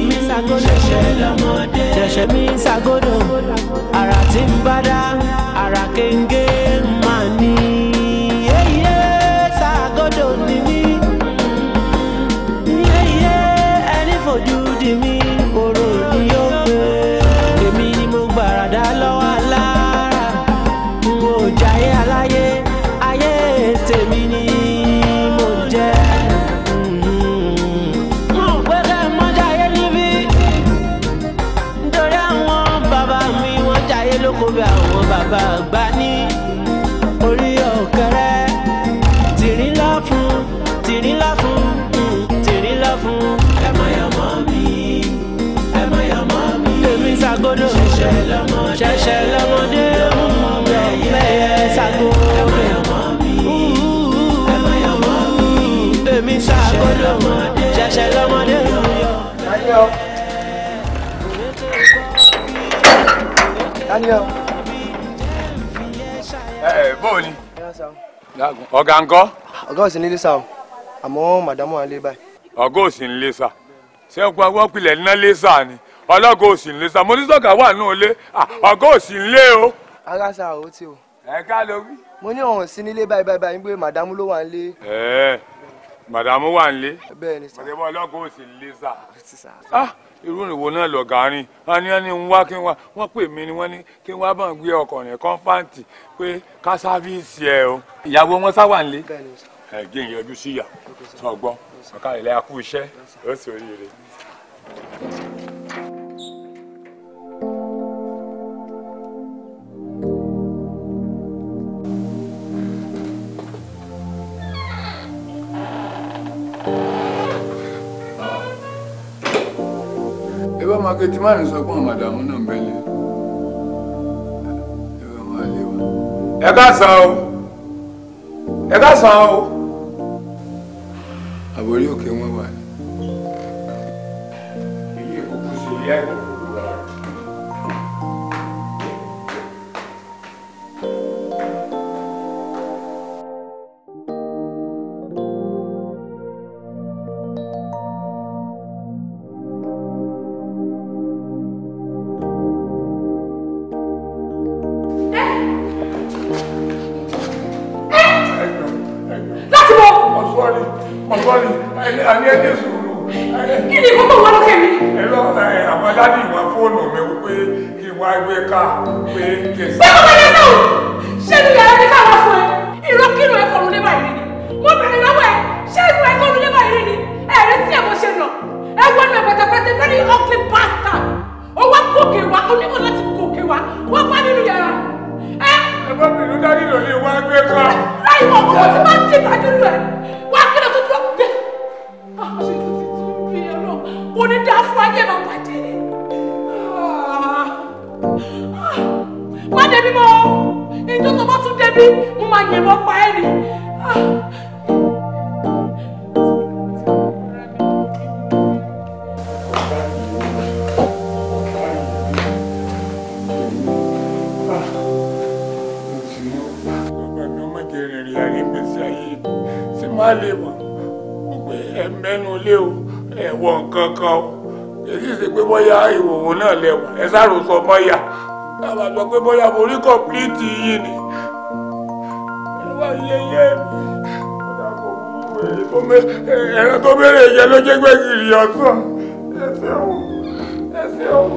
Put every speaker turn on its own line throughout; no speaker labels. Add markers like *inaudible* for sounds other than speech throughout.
ṣẹ̀ṣẹ̀ mi ṣàgódò ṣẹ̀ṣẹ̀ lọ́mọdé ṣẹ̀ṣẹ̀ mi ṣàgódò àrà tí ń bá dá àrà kéńgé.
Daniel.
Ẹ bóò ni. Ọ̀gá ńkọ́. Ọ̀gá òsì nílé sá o, àmọ́ màdámù wa lé báyìí. Ọ̀gá òsì nílé sá. Ṣé ọgbà wọ́pìlẹ̀ ní náà lé sá ni? ọlọ́gọ̀ òsì ńlẹ̀ sà mo ní sọ́kà wà nù ilé ọgọ́ òsì ńlẹ̀ o. ara sa ò tí o. ẹ ká ló wí. mo ní ọ̀hún sí nílé báyìí báyìí báyìí pé màdàmú ló wà ń lé. ẹ màdàmú wà ń lé. bẹ́ẹ̀ ni sà. ọ̀dẹ̀bọ̀ ọlọ́gọ̀ òsì ńlẹ̀ sà. ah irú ìwò náà lọ̀gá rìn wọn ní wọn ní ń wá kí wọn wọn pè mí ni wọn ní kí wọn bá ń gbé ọkọ̀ rìn kọ́ńfàǹtì pé ká sáfíìsì ẹ o. ìyàwó wọn sá wà ń lé. ẹ gé ìyọjú síyà sọgbọn ọkà ilẹ̀ akú ìbá máa ké tí márùn sọ fún màdàmú náà bẹ́lẹ̀ ìbá máa lé wa. ẹ ká san o ẹ ká san o àbórí òkè wọn wà ní. iye kúkú sí ilé ẹ̀kọ́. yàrá. ẹ̀gbọ́n mi ló dání lòlí wá gbé kọ́. láì mọ̀ kókó tí bá dé ìbàdí rẹ̀ wá kí ló tó tó gbé. àwọn ètò ti tún bí ẹ̀rọ onídàá fún ayé máa pàdé. Ah. Ah. má débi mọ́ ìjọ tó bá tún débi mo máa yìnbọn pa ẹ́ ni. Ah. wá lè mọ̀ pé ẹ mẹ́nu lé o ẹ nǹkan kan o èyí sì pé bóyá ìwòwò náà lẹ́wà ẹ sáré sọ bóyá àwa sọ pé bóyá mo rí kọ̀pìlìtì yìí ni ẹ wá yẹyẹ ẹran tó béèrè yẹn ló jẹ́ gbẹ́gìrì ọ̀sán
ẹ ṣeun ẹ ṣeun.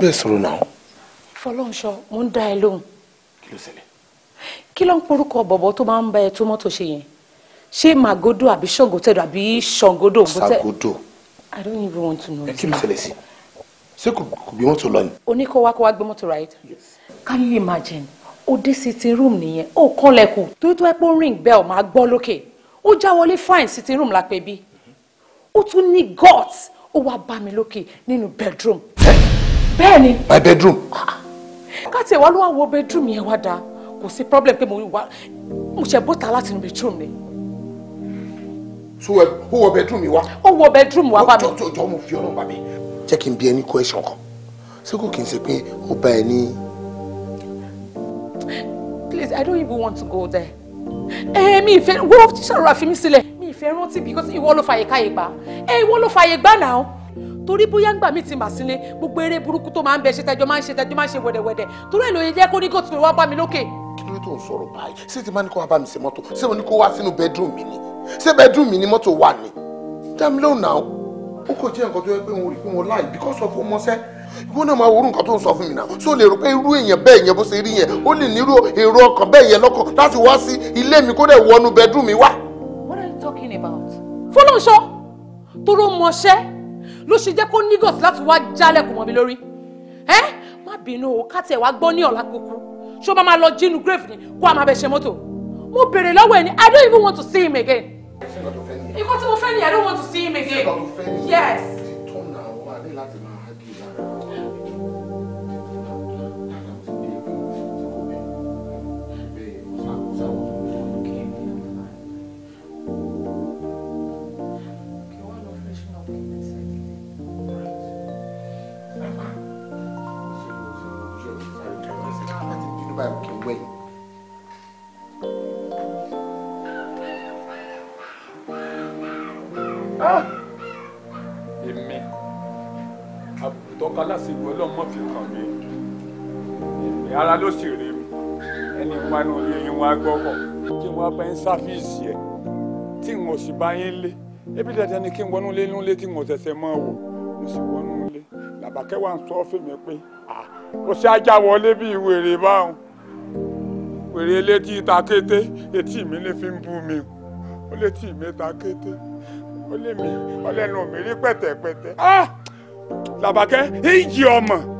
bẹ́ẹ̀ sọ̀rọ̀ náà.
fọlọ́nṣọ mo ń dá ẹ lóhùn. kí ló ṣẹlẹ̀. kí ló ń porúkọ bọ̀bọ̀ tó máa ń bá ẹ tó ṣe yẹn ṣé màgódò àbí ṣọ̀gòtẹ̀dọ̀ àbí ṣọ̀gòdò. ṣàgòdò. I don't even want to know. ẹ kí ló ṣẹlẹ̀ sí ṣé kò gbé mọ́tò lọ ni. o ní kó wá kó wá gbé mọ́tò right. Yes. Can you imagine o dé sitting room nìyẹn o kànlẹ̀kùn tó tó ẹ pé ó ring bell máa gbọ́ lókè ó já fine sitting room la pè bí ó tún ní guts ó wá bá mi lókè nínú bedroom bẹ́ẹ̀ my bedroom. káàtì ìwà ló wà wọ bedroom yẹn wá dáa kò sí problem pé mo wà mo ṣe bọ́ta láti inú bedroom ni. so ẹ ó wọ bedroom mi wá. ó wọ bedroom wá bá mi. jọ jọ mo fi ọ̀nà bá mi. jẹ́ kí n bi ẹni question kan ṣé kò kí n ṣe pé ó bá ẹ ní. please i don't even want to go there. ẹ mi ìfẹ́ wo ṣàròrà fi mí sílẹ̀ mi ìfẹ́ rántí because ìwọ ló fàyè káyè gbà ẹ ìwọ ló fàyè gbà náà torí bóyá ńgbà mi ti mà sílé gbogbo eré burúkú tó máa ń bẹ ṣe tẹjọ máa ń ṣe tẹjọ máa ń ṣe wẹ̀dẹ̀wẹ̀dẹ̀ torí ẹ̀ ló jẹ́ kó ní kó ti wá bá mi lókè. kí ló tó ń sọ̀rọ̀ báyìí ṣé ti máa ní kó wá bá mi ṣe mọ́tò ṣé mo ní kó wá sínú bedroom mi ni ṣé bedroom mi ni mọ́tò wà ní. dá mi lóhùn náà ó kò jẹ́ nǹkan tó yẹ pé mo rí pé mo láì because of ọmọṣẹ́ ìwọ náà máa worú nǹkan tó ń sọ fún mi náà so lè rò pé irú èèyàn bẹ́ẹ̀ yẹn bó ṣe rí yẹn ó lè nírú èrò ọkàn bẹ́ẹ̀ yẹn lọ́kàn láti wá sí ilé mi kó dẹ̀ wọnú bedroom mi wá. What are you talking about? fọlọ́nṣọ́ toró mọṣẹ́ ló ṣe jẹ́ kó nígọ̀sì láti wá jálẹ̀kùn mọ́ mi lórí ẹ́ má bínú o ká tiẹ̀ wá gbọ́ ní ọ̀la kúkú ṣó bá máa lọ jínú grave ni kó a máa bẹ̀ ṣe mọ́tò mo béèrè lọ́wọ́ ẹ̀ ni I don't even want to see him again. ìkọ́ tí mo fẹ́ ni I don't want to see him again. yes. ara ló sì rè mí ẹni wánú ilé yín wá gbọ́kọ̀ kí wọ́n bá ń sáfíìsì ẹ̀ tí n sì bá yín lé ebi dandan ni kí n wọnú ilé tí n ò mọ́ wò mo sì wọnú ilé làbàkẹ́ wa ń sọ fèmí pé ó ṣe ajá wọlé bíi wèrè báwọn wèrè létí ta kété etí mi lè fi ń bú mi ó létí mi ta kété ó lé mi ọlẹ́nu mi rí pẹ̀tẹ̀pẹ̀tẹ̀ ah! làbàkẹ́ ìjì ọmọ.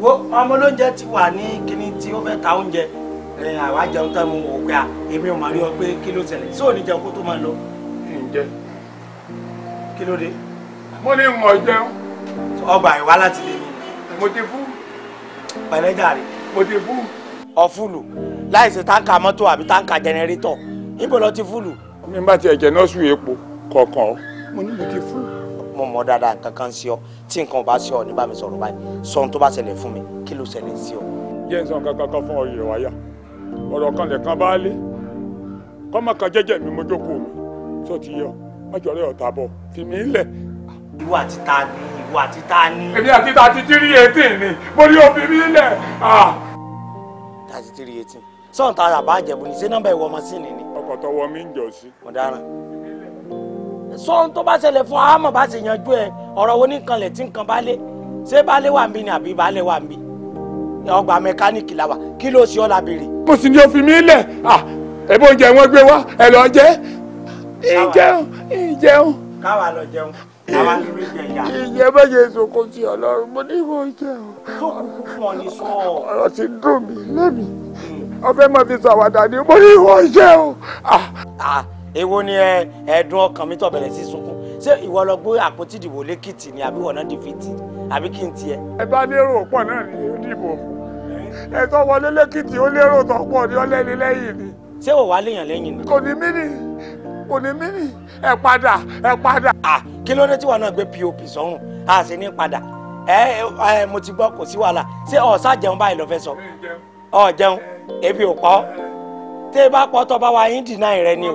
wo ọmọ olóúnjẹ ti wà ní kíní tí ó fẹ́ ta oúnjẹ ẹ̀yìn àwa jẹun tán mu wò pé à èmi ò máa rí ọ pé kí ló ṣẹlẹ̀ sí òní jẹun kó tó máa lọ. ǹjẹ́ kí ló dé. mo ní mọ̀ jẹun. ọgbà ìwá láti lè yìn. mo ti fún. pẹ̀lẹ́jà rè. mo ti fún. ọ̀fúlù láìsí táǹkà mọ́tò àbí táǹkà jẹnẹrétọ̀ níbo lọ ti fúlù. mi bá tiẹ̀ jẹ́ nọ́ọ̀sù epo kọ̀ọ̀kan mo ní mo ti fún mo mọ̀ dáadáa nǹkan kan sí ọ tí nǹkan bá sí ọ ní bá mi sọ̀rọ̀ báyìí sọ ohun tó bá ṣẹlẹ̀ fún mi kí ló ṣẹlẹ̀ sí ọ. jẹ́ ń sọ nǹkan kankan fún ọyẹ wáyà ọ̀rọ̀ kan lè kan bá lé kọ́mọ kan jẹ́jẹ́ mi mo jókòó mi tó ti yọ mọ́jọ rẹ̀ ọ̀tá bọ̀ fi mí lẹ̀. ìwọ àti ta ni ìwọ àti ta ni. èmi àti ta ti tírí eighteen ni mo ní òfin mi lẹ̀. ta ti tírí eighteen sọ̀ǹtà àbájẹ̀bù ni ṣé nọ́mbà ìwọ ọmọ sí ni ni. ọkọ̀ tọwọ́ mi ń jọ sí. mo dára sọ ohun tó bá ṣẹlẹ̀ fún àmọ̀ bá ṣe yanjú ẹ ọ̀rọ̀ wo nìkan lẹ̀ tí nǹkan bá lé ṣé bá lé wà mí ni àbí bá lé wà mí ọgbà mẹkáníìkì làwà kí ló ṣe ọ́ la béèrè. mo sì ní o fi mí lẹ̀ ẹ̀bùn oúnjẹ wọn gbé wá ẹ̀ lọ jẹ́ ìjẹun ìjẹun. káwa lọ jẹun káwa lórí ìjẹyà. ìyẹn bá yẹ sọkò sí ọlọ́run mo ní ìwọ ìjẹun. sókùnkùn fún ọ ní sọ. ọ̀rọ̀ ti dùn mí lẹ́mìí ọbẹ̀ èwo ni ẹ ẹ̀dùn ọkàn mi tó bẹ̀rẹ̀ sí sunkún ṣé ìwọ lọ gbé àpótí ìdìbò lẹ́kìtì ni àbí wọ̀nà dìfìtì àbí kí n tiẹ̀. ẹ bá lérò pọ̀ náà ni ó dìbò ẹ tó wọlé lẹ́kìtì ó lérò tó pọ̀ ní ọlẹ́ni lẹ́yìn ni. ṣé wò wá léèyàn lẹ́yìn ni. kò ní mí nì kò ní mí nì ẹ padà ẹ padà. kí ló dé tí wọn náà gbé pop sọ́rùn a sì ní padà ẹ ẹ mo ti gbọ́ kò sí wàhálà ṣé ọ̀sá jẹun báyìí lọ fẹ́ sọ ọ̀ jẹun ebi ò pọ̀ tẹ́ ẹ bá pọ̀ tọ́ bá wa yín dìnnà rẹ ni o.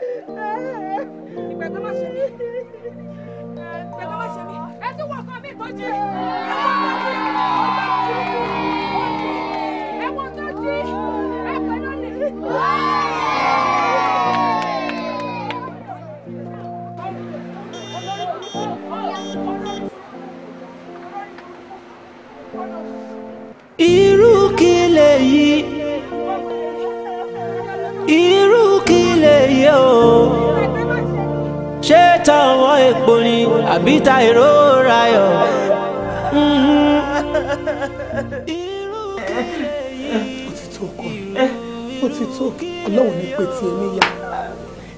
ìgbà tó má
irú kí lèyí irú yé o ṣé tọwọ́ epo ni àbí ta ìrora yọ.
Mm-hmm. ó ti tó ọlọ́run ní pé tí èmi yá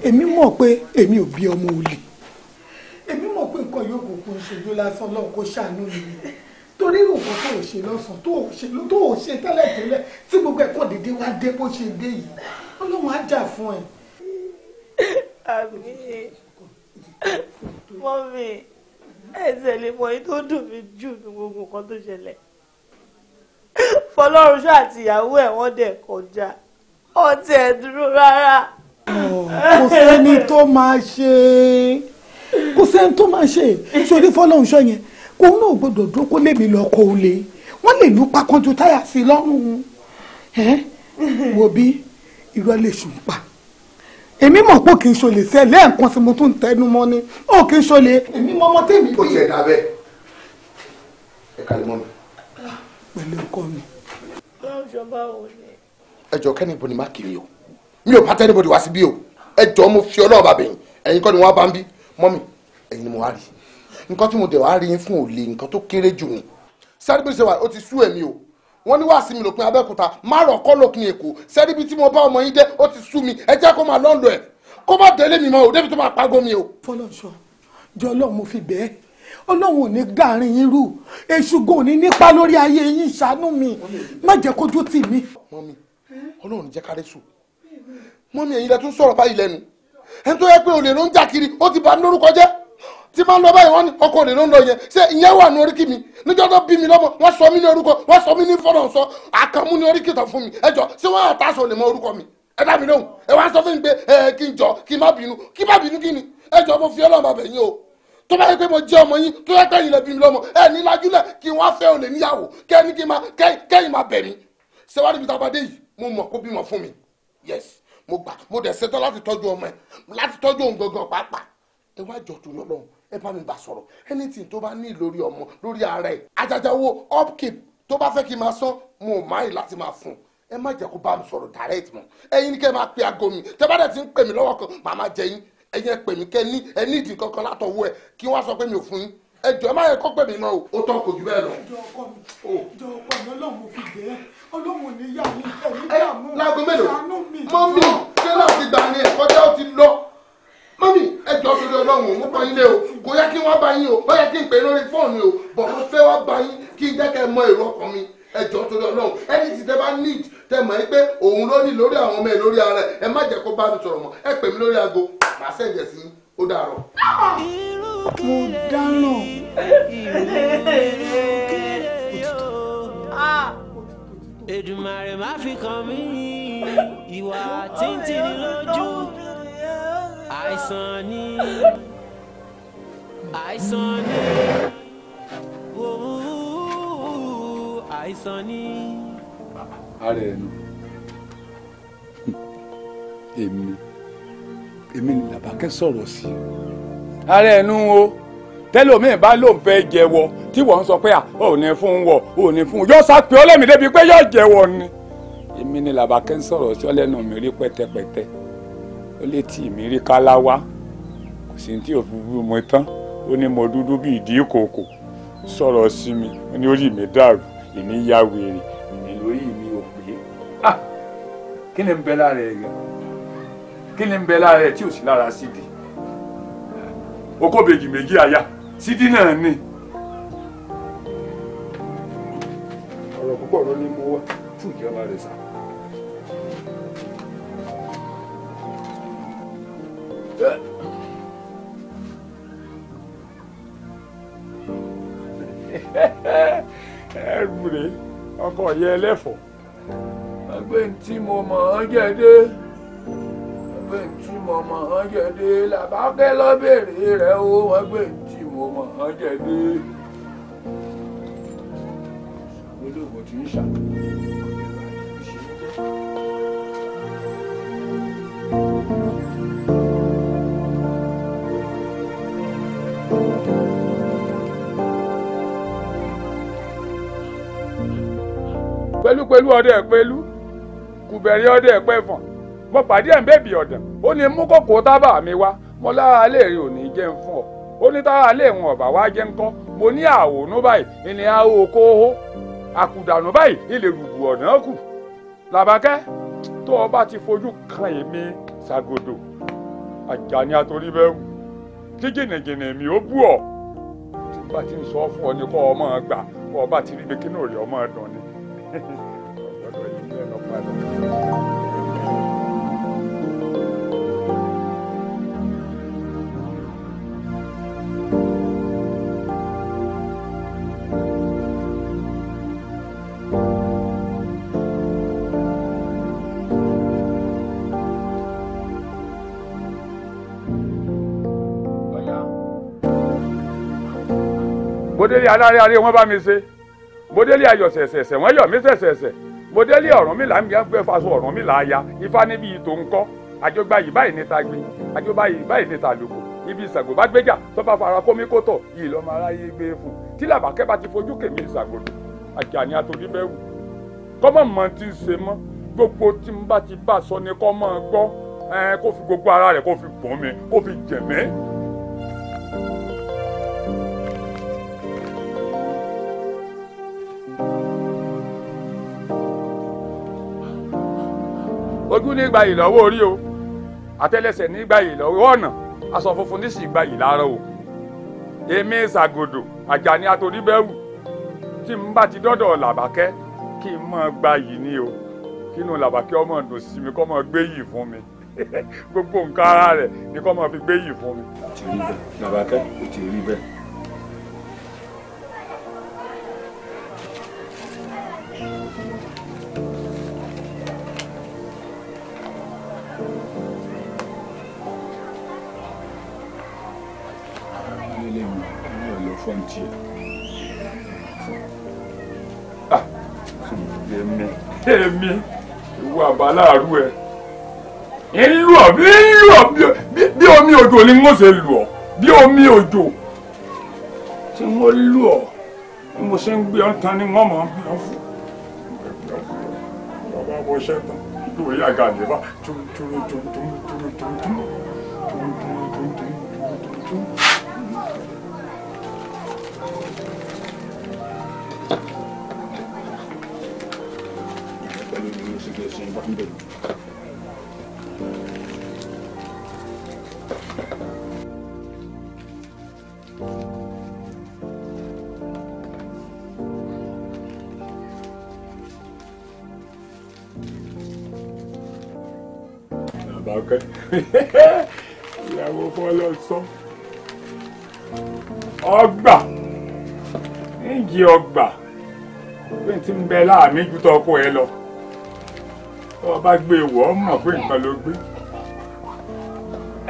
èmi mọ̀ pé èmi ò bí ọmọ olè èmi mọ̀ pé nǹkan yóò kò kó ṣojú lásán ọlọ́run kó ṣàánú mi torí nǹkan tó ò ṣe lọ́sàn-án tó ò ṣe tó ò ṣe tẹ́lẹ̀tẹ́lẹ̀ tí gbogbo ẹ̀kọ́ dédé wá dé bó ṣe dé yìí ọlọ́run á jà fún ẹ̀ àmì mọ́mì ẹ̀sẹ̀ lè mọ èyí tó dùn mí
jù ní gbogbo nǹkan tó ṣẹlẹ̀ fọlọ́runṣọ́ àti ìyàwó ẹ̀ wọ́n dẹ̀ kọjá ọtí ẹ̀ dúró rárá. kò sẹ́ni
tó máa ṣe kò sẹ́ni tó máa ṣe sórí fọlọ́runṣọ́ yẹn kò náà gbọ́dọ̀ dúró kó lèmi lọ kó o lè wọ́n lè lù pa kan ju táyà sí lọ́rùn wo bí irọ́ lè ṣùn pa èmi mọ̀ pé kì í ṣolè sẹ́ lẹ́ẹ̀kan sí mo tún tẹnu mọ́ ni ó kì í ṣolè èmi mọ ọmọ tèmi. ó tiẹ̀ dà ẹ kàlẹ́ mọ́ mi. pẹ̀lú ọkọ mi. ẹ jọ kẹ́ni bo ni má kiri o mi ò bá tẹ́ni bo di wá sí bí o ẹ jọ mo fi ọlọ́ọ̀bà bẹ̀yìn ẹ̀yin kọ́ ni wọ́n bá ń bí mọ́ mi ẹ̀yin ni mo wá rí nǹkan tí mo dẹ̀ wá rí fún òòlì nǹkan tó kéré jù ni sáré bí ó ṣe wà ó ti sú ẹ̀mí o wọ́n ní wàá sinmi lópin abẹ́òkúta má rọ̀ kọ́ lópin èkó sẹ́ni ibi tí mo bá ọmọ yín dé ó ti sú mi ẹ jẹ́ kó máa lọ́ọ̀lọ́ ẹ̀ kó má délé mi mọ́ ò débi tó máa pagó mi o. fọlọ́sọ jọ lọ́ọ̀ mo fi bẹ́ẹ̀ ọlọ́run ò ní gàárín yín rú èṣù gan ò ní nípa lórí ayé yín ṣàánú mi má jẹ́ kójú tì mí. mọ́mí ọlọ́run jẹ́ kárẹ́ sùn mọ́mí ẹ̀yin lẹ tún sọ̀rọ̀ báyìí lẹ́nu ẹni tó yẹ pé olè ló ń jà kiri ó ti bà mí lórúkọ jẹ́ tí máa ń lọ báyìí wọ́n ní ọkọ òde ló ń lọ yẹn ṣé ìyẹn wà ní oríkì mi níjọ́ tó bí mi lọ́mọ wọ́n sọ mí ní orúkọ wọ́n sọ mí ní fọ́nà sọ àkàmú ní oríkì tán fún mi ẹ jọ ṣé wọ́n àtàṣọ lè mọ orúkọ mi ẹ dá mi lóhùn ẹ wá sọ fún mi pé ẹ kí n jọ kí n má bínú kí n má bínú kí ni ẹ jọ mo fi ọlọ́mọ bẹ̀ yín o tó bá yẹ pé mo jẹ́ ọmọ yín tó yẹ kẹ́yìn lẹ́bi mi lọ́mọ ẹ ní lajúlẹ̀ yes mo gbà mo dẹ̀ ṣetán láti tọ́jú ọmọ ẹ láti tọ́jú òun gangan pàápàá ẹ wá jọ tó ẹ bá mi bá sọ̀rọ̀ anything tó bá ní lórí ọmọ lórí ara ẹ̀ àjàjà owó upkeep tó bá fẹ́ kí n máa san mo ò máa yìí láti máa fún un ẹ má jẹ́ kó bá mi sọ̀rọ̀ direct mọ́ ẹ̀yin ni kẹ́ máa pe aago mi tẹ́ bá dẹ̀ ti ń pè mí lọ́wọ́ kan màá máa jẹ yín ẹ̀yin ẹ pè mí kẹ́ ní ẹ ní ìdí kankan látọwọ́ ẹ kí wọ́n sọ pé mi ò fún yín ẹ jọ̀ọ́ má yẹ kó pè mí mọ́ o ó tán jù bẹ́ẹ̀ lọ. ìjọ ọkọ mi ìjọ ọkọ mi Ọlọ́run mo fi bẹ́ẹ̀ Ọlọ́run ò ní yà mí ẹ̀mí dààmú mọ́ Mami, ẹjọ́ torí ọlọ́run mo pọ̀ yín lé o kò yẹ kí wọ́n bá yín o ó yẹ kí n pè lórí fóònù o bọ̀ mo fẹ́ wá bá yín kí n jẹ́ kẹ́ ẹ mọ èrò ọkàn mi ẹjọ́ torí ọlọ́run ẹni tí tẹ bá need tẹ mọ̀ ẹ́ pé òun ló ní lórí àwọn ọmọ ẹ lórí ara ẹ má jẹ́ kó bá mi sọ̀rọ̀ mọ́ ẹ pè mí lórí aago màá sẹ̀jẹ̀ sí ó dàárọ̀.
mo dáná
Èdùmàrè má fi kàn mí ìwà tíntìn lójú àìsàn ni àìsàn ni àìsàn ni.
ara ẹ̀ nù èmi èmi ni làbákẹ́ sọ̀rọ̀ sí i ara ẹ̀ nù o tẹlomi bá lóun fẹ́ jẹ́wọ́ tí wọ́n sọ pé ò ní fún wọ ò ní fún yóò sá pé ó lẹ́mìí débi pé yóò jẹ́wọ́ ni èmi ni làbákẹ́ ń sọ̀rọ̀ sí ọ mi rí pẹ́tẹ́pẹ́tẹ́ ó lè tì mí rí káláwá kò sí tí ò fi bú mi tán ó ní mo dúdú bí ìdí ìkòkò sọ̀rọ̀ sí mi ó ní orí mi dàrú èmi ya wèrè èmi lórí mi ò pé. Ah! kí ni ń bẹ lára ẹ gan kí ni ń bẹ lára ẹ tí ò sí lára sídi ah! okó bèjì méjì àyà sídi náà ni. ọ̀rọ̀ púpọ̀ ló ní mo wá fún ìjọba rẹ̀ sáà. ọkọ̀ yẹ ẹlẹ́fọ̀. ẹgbẹ́ tí mo mọ̀ ọ́n jẹ́ ẹgbẹ́ tí mo mọ̀ ọ́n jẹ́ làbákẹ́ lọ rẹ̀ o ẹgbẹ́ tí mo mọ̀ ọ́n jẹ́ dé. olóògùn ti ń ṣàkóso. pẹ̀lú ọdẹ pẹ̀lú kùbẹ̀rẹ̀ ọdẹ pẹ̀fọ̀n mo pàdé ẹ̀ ń bèbí ọ̀dàn ó ní mú kòkó tábà mi wá mo lára alẹ́ rẹ̀ ò ní jẹ́ ń fún ọ ó ní tára alẹ́ ìwọ̀n ọ̀bà wá jẹ́ ń kọ́ mo ní àwòrán báyìí ìní aró oko àkùdànù báyìí ilẹ̀ rùbù ọ̀dàn kù làbákẹ́ tó o bá ti fojú kan èmi ṣàgòdò àjàní àtòrí bẹ́ẹ̀ wù kí jìnnìjìnnì mi ó bú ọ tí bá ti ń sọ fún ọ ní kọ́ ọmọ gbà kọ́ ọ bá ti rí mi kí náà rí ọmọ dùn ni. *laughs* bódélé aláré aré wọn bá mi ṣe bódélé ayọ̀ ṣẹ̀ṣẹ̀ṣẹ̀ wọn yọ̀ mí ṣẹ̀ṣẹ̀ṣẹ̀ bódélé Ọ̀rúnmìlà ń gbẹ faṣọ Ọ̀rúnmìlà ya ifá níbi ìtò ńkọ́ àjọgbá yìí báyìí níta gbé àjọgbá yìí báyìí níta lòkò ibi ìsàgbò bá gbéjà tó bá fara kómi kó tọ̀ yìí lọ́mọ aráyé gbé fún tí làbàkẹ́ bá ti fojú kèmí ìsàgbòdò àjàní àtòrí bẹ́ẹ̀ wù kọ́mọ̀ mọ̀ ti ń ṣe mọ́ gbogbo tí n bá ti bá sọ ni kọ́ mọ́ gbọ́ kó fi gbogbo ara rẹ̀ kó fi bọ́ mi kó fi jẹ̀ mí. ojú ní gbayì lọ́wọ́ orí o àtẹ́lẹsẹ̀ ní gbayì lọ́wọ́ ọ̀nà aṣọ funfun ní sì gbayì lára o èmi ṣàgòdò àjàní àtòríbẹ́wù tí n bá ti dọ́dọ̀ làbákẹ́ kí n mọ̀ gbayì ni o kí inú làbákẹ́ ọmọ dùn sí mi kọ́ mọ̀ gbé yìí fún mi *laughs* gbogbo nǹkan ara rẹ̀ ni kọ́ mọ̀ fi gbé yìí fún mi. ó ti rí bẹ́ẹ̀ làbákẹ́
ó ti rí bẹ́ẹ̀.
lélẹ̀ mi ni mo ṣe lù ọ bí omi òjò tí mo lù ọ bí mo ṣe ń gbé ọ ni wọn mọ ọ bí ọ fún
bàbá bọ ṣẹ
tán. 노래 you. ìyàwó fọlọ sọ ọgbà níjì ọgbà pé tí ń bẹ láàmì ju tọkọ ẹ lọ tó o bá gbé wọ ọ mọ̀ pé nǹkan ló gbé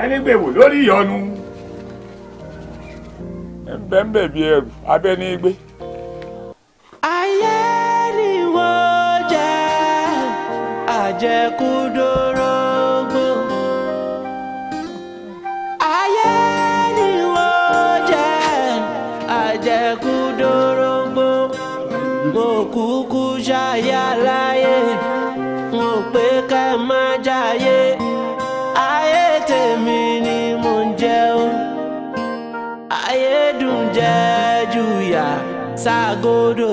ẹni gbé wò lórí ìyọnu ẹ ń ẹrù abẹ́ni gbé.
ayé ni wọ́n jẹ́ àjẹkù. I go to.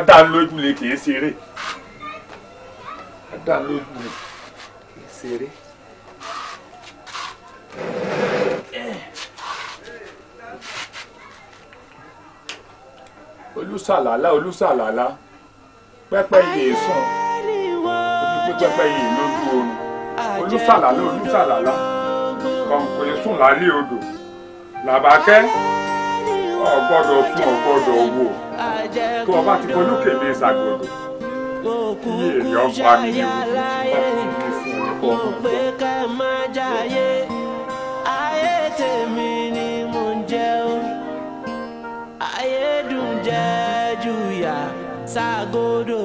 adánlójú ni kì í ṣeré adánlójú ni kì í ṣeré. olùsàlálà olùsàlálà pẹ́pẹ́ yìí sùn ojú pẹ́pẹ́ yìí lójú oorun olùsàlálà olùsàlálà kọ̀ǹkọ̀ yìí sùn lálẹ́ odò làbákẹ́ ọgbọ́dọ̀ fún ọgbọ́dọ̀ owó tó ọba ti fọ lókè ní ìsàgbọ̀dọ̀ kí èèyàn bá ní ìwé tí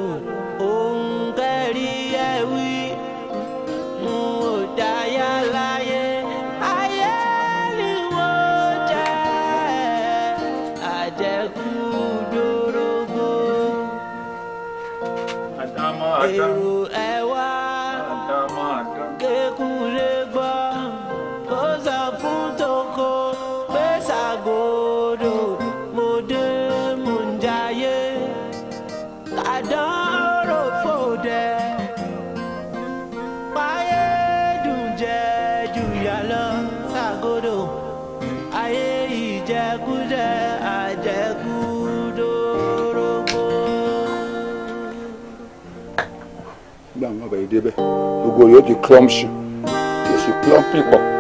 débẹ̀ gbogbo yóò di clumpsy yóò sì clumpy pọ̀.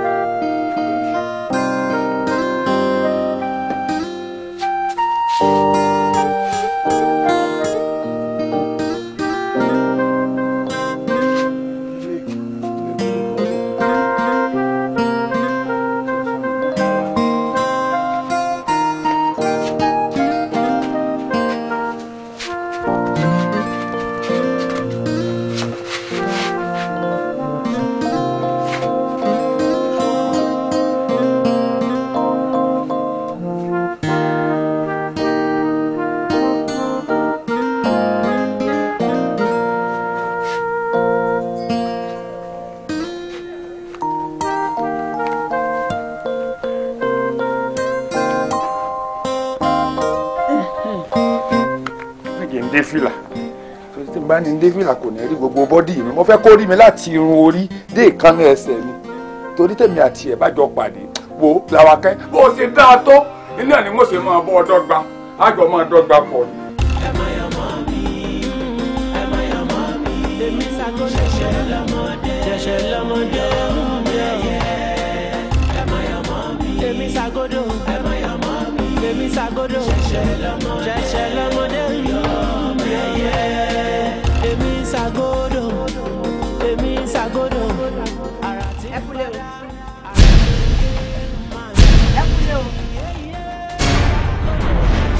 bá ní dẹ́fìlà kò ní rí gbogbo bọ́dì mi mo fẹ́ kó rí mi láti irun orí dé ìkànnì ẹsẹ̀ mi torí tèmi àti ẹ̀ bá pàdé wo làwákẹ́ bó o ṣe dáa tó ilé ẹ̀ ni mo ṣe máa bọ́ ọ dọ́gba àjọ máa dọ́gba pọ̀ ni. ẹ má yọ mọ́ mi
ẹ má yọ mọ́ mi èmi ṣàkó ṣẹ̀ṣẹ̀ lọ́mọdé ṣẹ̀ṣẹ̀ lọ́mọdé ọ̀hún ẹ má yọ mọ́ mi èmi ṣàgódò ẹ má yọ mọ́ mi èmi ṣàgódò ṣẹ̀ṣẹ̀ lọ́mọdé ṣẹ̀ṣẹ̀ lọ́mọdé.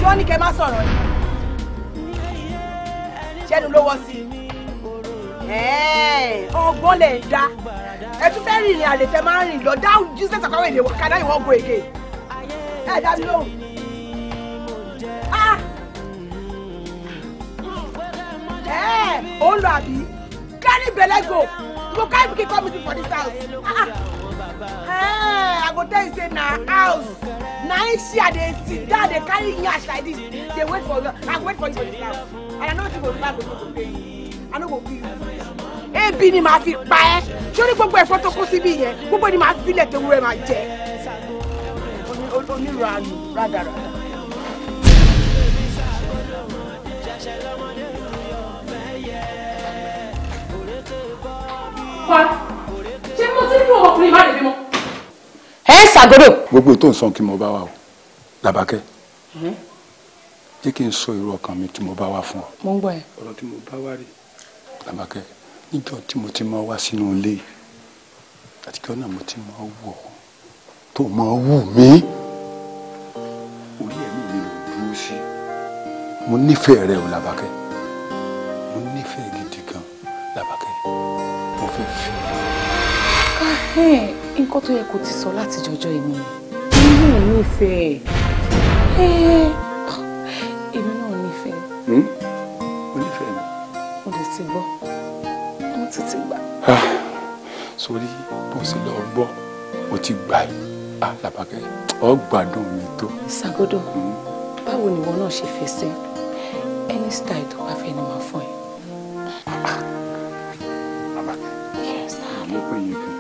wọ́n ní kẹ́ má sọ̀rọ̀ yìí ṣẹ́nu ló wọ́ sí i ọgbọ́n lè dá ẹ tún fẹ́ rìnrìn àlè tẹ máa ń rìn lọ dáhùn jíṣẹ́ sàkáwé lè wọ kàdá ìwọ́n go èké ẹ dá mi lóhùn. Ah! ó ń lọ àbí kẹ́rì bẹ̀lẹ́gò ìwọ káyọ̀ kíkọ́ mi ti for this house. Ah, ah. Hey, I go tell you say na house. Na Aisha dey sit down dey carry yansh like this. Dey wait for you. I go wait for you for the house. And I know wetin go do I go do to pay you. I no go give you. Ebi ni màá fi pa ẹ́. Sori gbogbo ẹ̀fọ́ tó kó síbí yẹn, gbogbo ni màá filẹ̀ tó wúrẹ́ máa jẹ. Onírò àlù rádaràda. What? sí nínú ọmọkùnrin má lè bímọ. ẹ ṣàgọ́dọ̀. gbogbo tó ń sọ kí mo bá wà o làbákẹ́ mhm. jẹ́ kí n sọ irú ọkàn mi tí mo bá wà fún ọ. mo ń gbọ́ ẹ. ọ̀rọ̀ tí mo bá wà rí làbákẹ́ níjọ́ tí mo ti máa wá sínú ilé àtijọ́ náà mo ti máa wọ̀ tó máa wù mí
orí ẹ̀mí mi ò dúró
sí mo nífẹ̀ẹ́ rẹ o làbákẹ́. nǹkan tó yẹ kó ti sọ láti jọjọ́ èmi èmi náà nífẹ̀ẹ́ èmi náà nífẹ̀ẹ́. o hmm? nífẹ̀ẹ́ mi. o lè ti gbọ́ wọ́n ti ti gbà. Ah, sórí bó ṣe lọ gbọ́ o ti gbà yìí alábàkẹ́ ah, ọ gbádùn mi tó. Ṣàgódò hmm? báwo ni ìwọ náà ṣe fèsì any style tó bá fẹ́ ni màá fún ẹ. àbàkẹ́ yẹ sáà ló pè yín fún mi.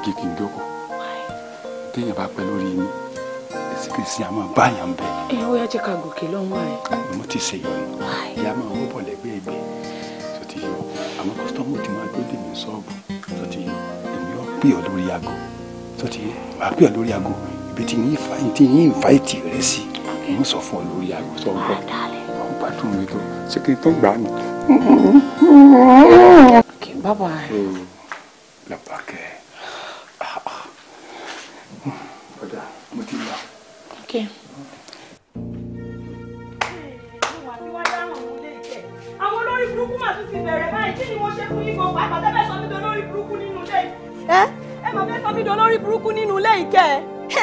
ajé kí n jókòó téèyàn bá pẹ́ lórí yín ẹ̀sìnkìsì àmọ́ báyà ń bẹ. ẹ ó yá jẹ́ ká gòkè lọ́hùn àyè. mo ti ṣe ìyọnu ìyá máa wọ́ bọ̀ lẹ́gbẹ́ ẹgbẹ́
tó ti yọ àwọn kọ́sítọ́mù ti máa gbé dèmí sọ́ọ̀bù tó ti yọ èmi ò pè ọ́ lórí aago tó ti yẹ wà á pè ọ́ lórí aago ibi tí yín fa ti yín fa ìtì rẹ sí
mo sọ fún ọ lórí aago tó gbọ́ ọ ah, gbádùn mi tó ṣe tó gbà mí. bàbá ẹ. burúkú mà tún ti bẹ̀rẹ̀ báyìí kí ni mo ṣe fún yín gan pàápàá tẹ́lẹ̀ sọ mí di olórí burúkú nínú ilé yìí. ẹ ẹ mà fẹ́ sọ mí di olórí burúkú nínú ilé yìí kẹ́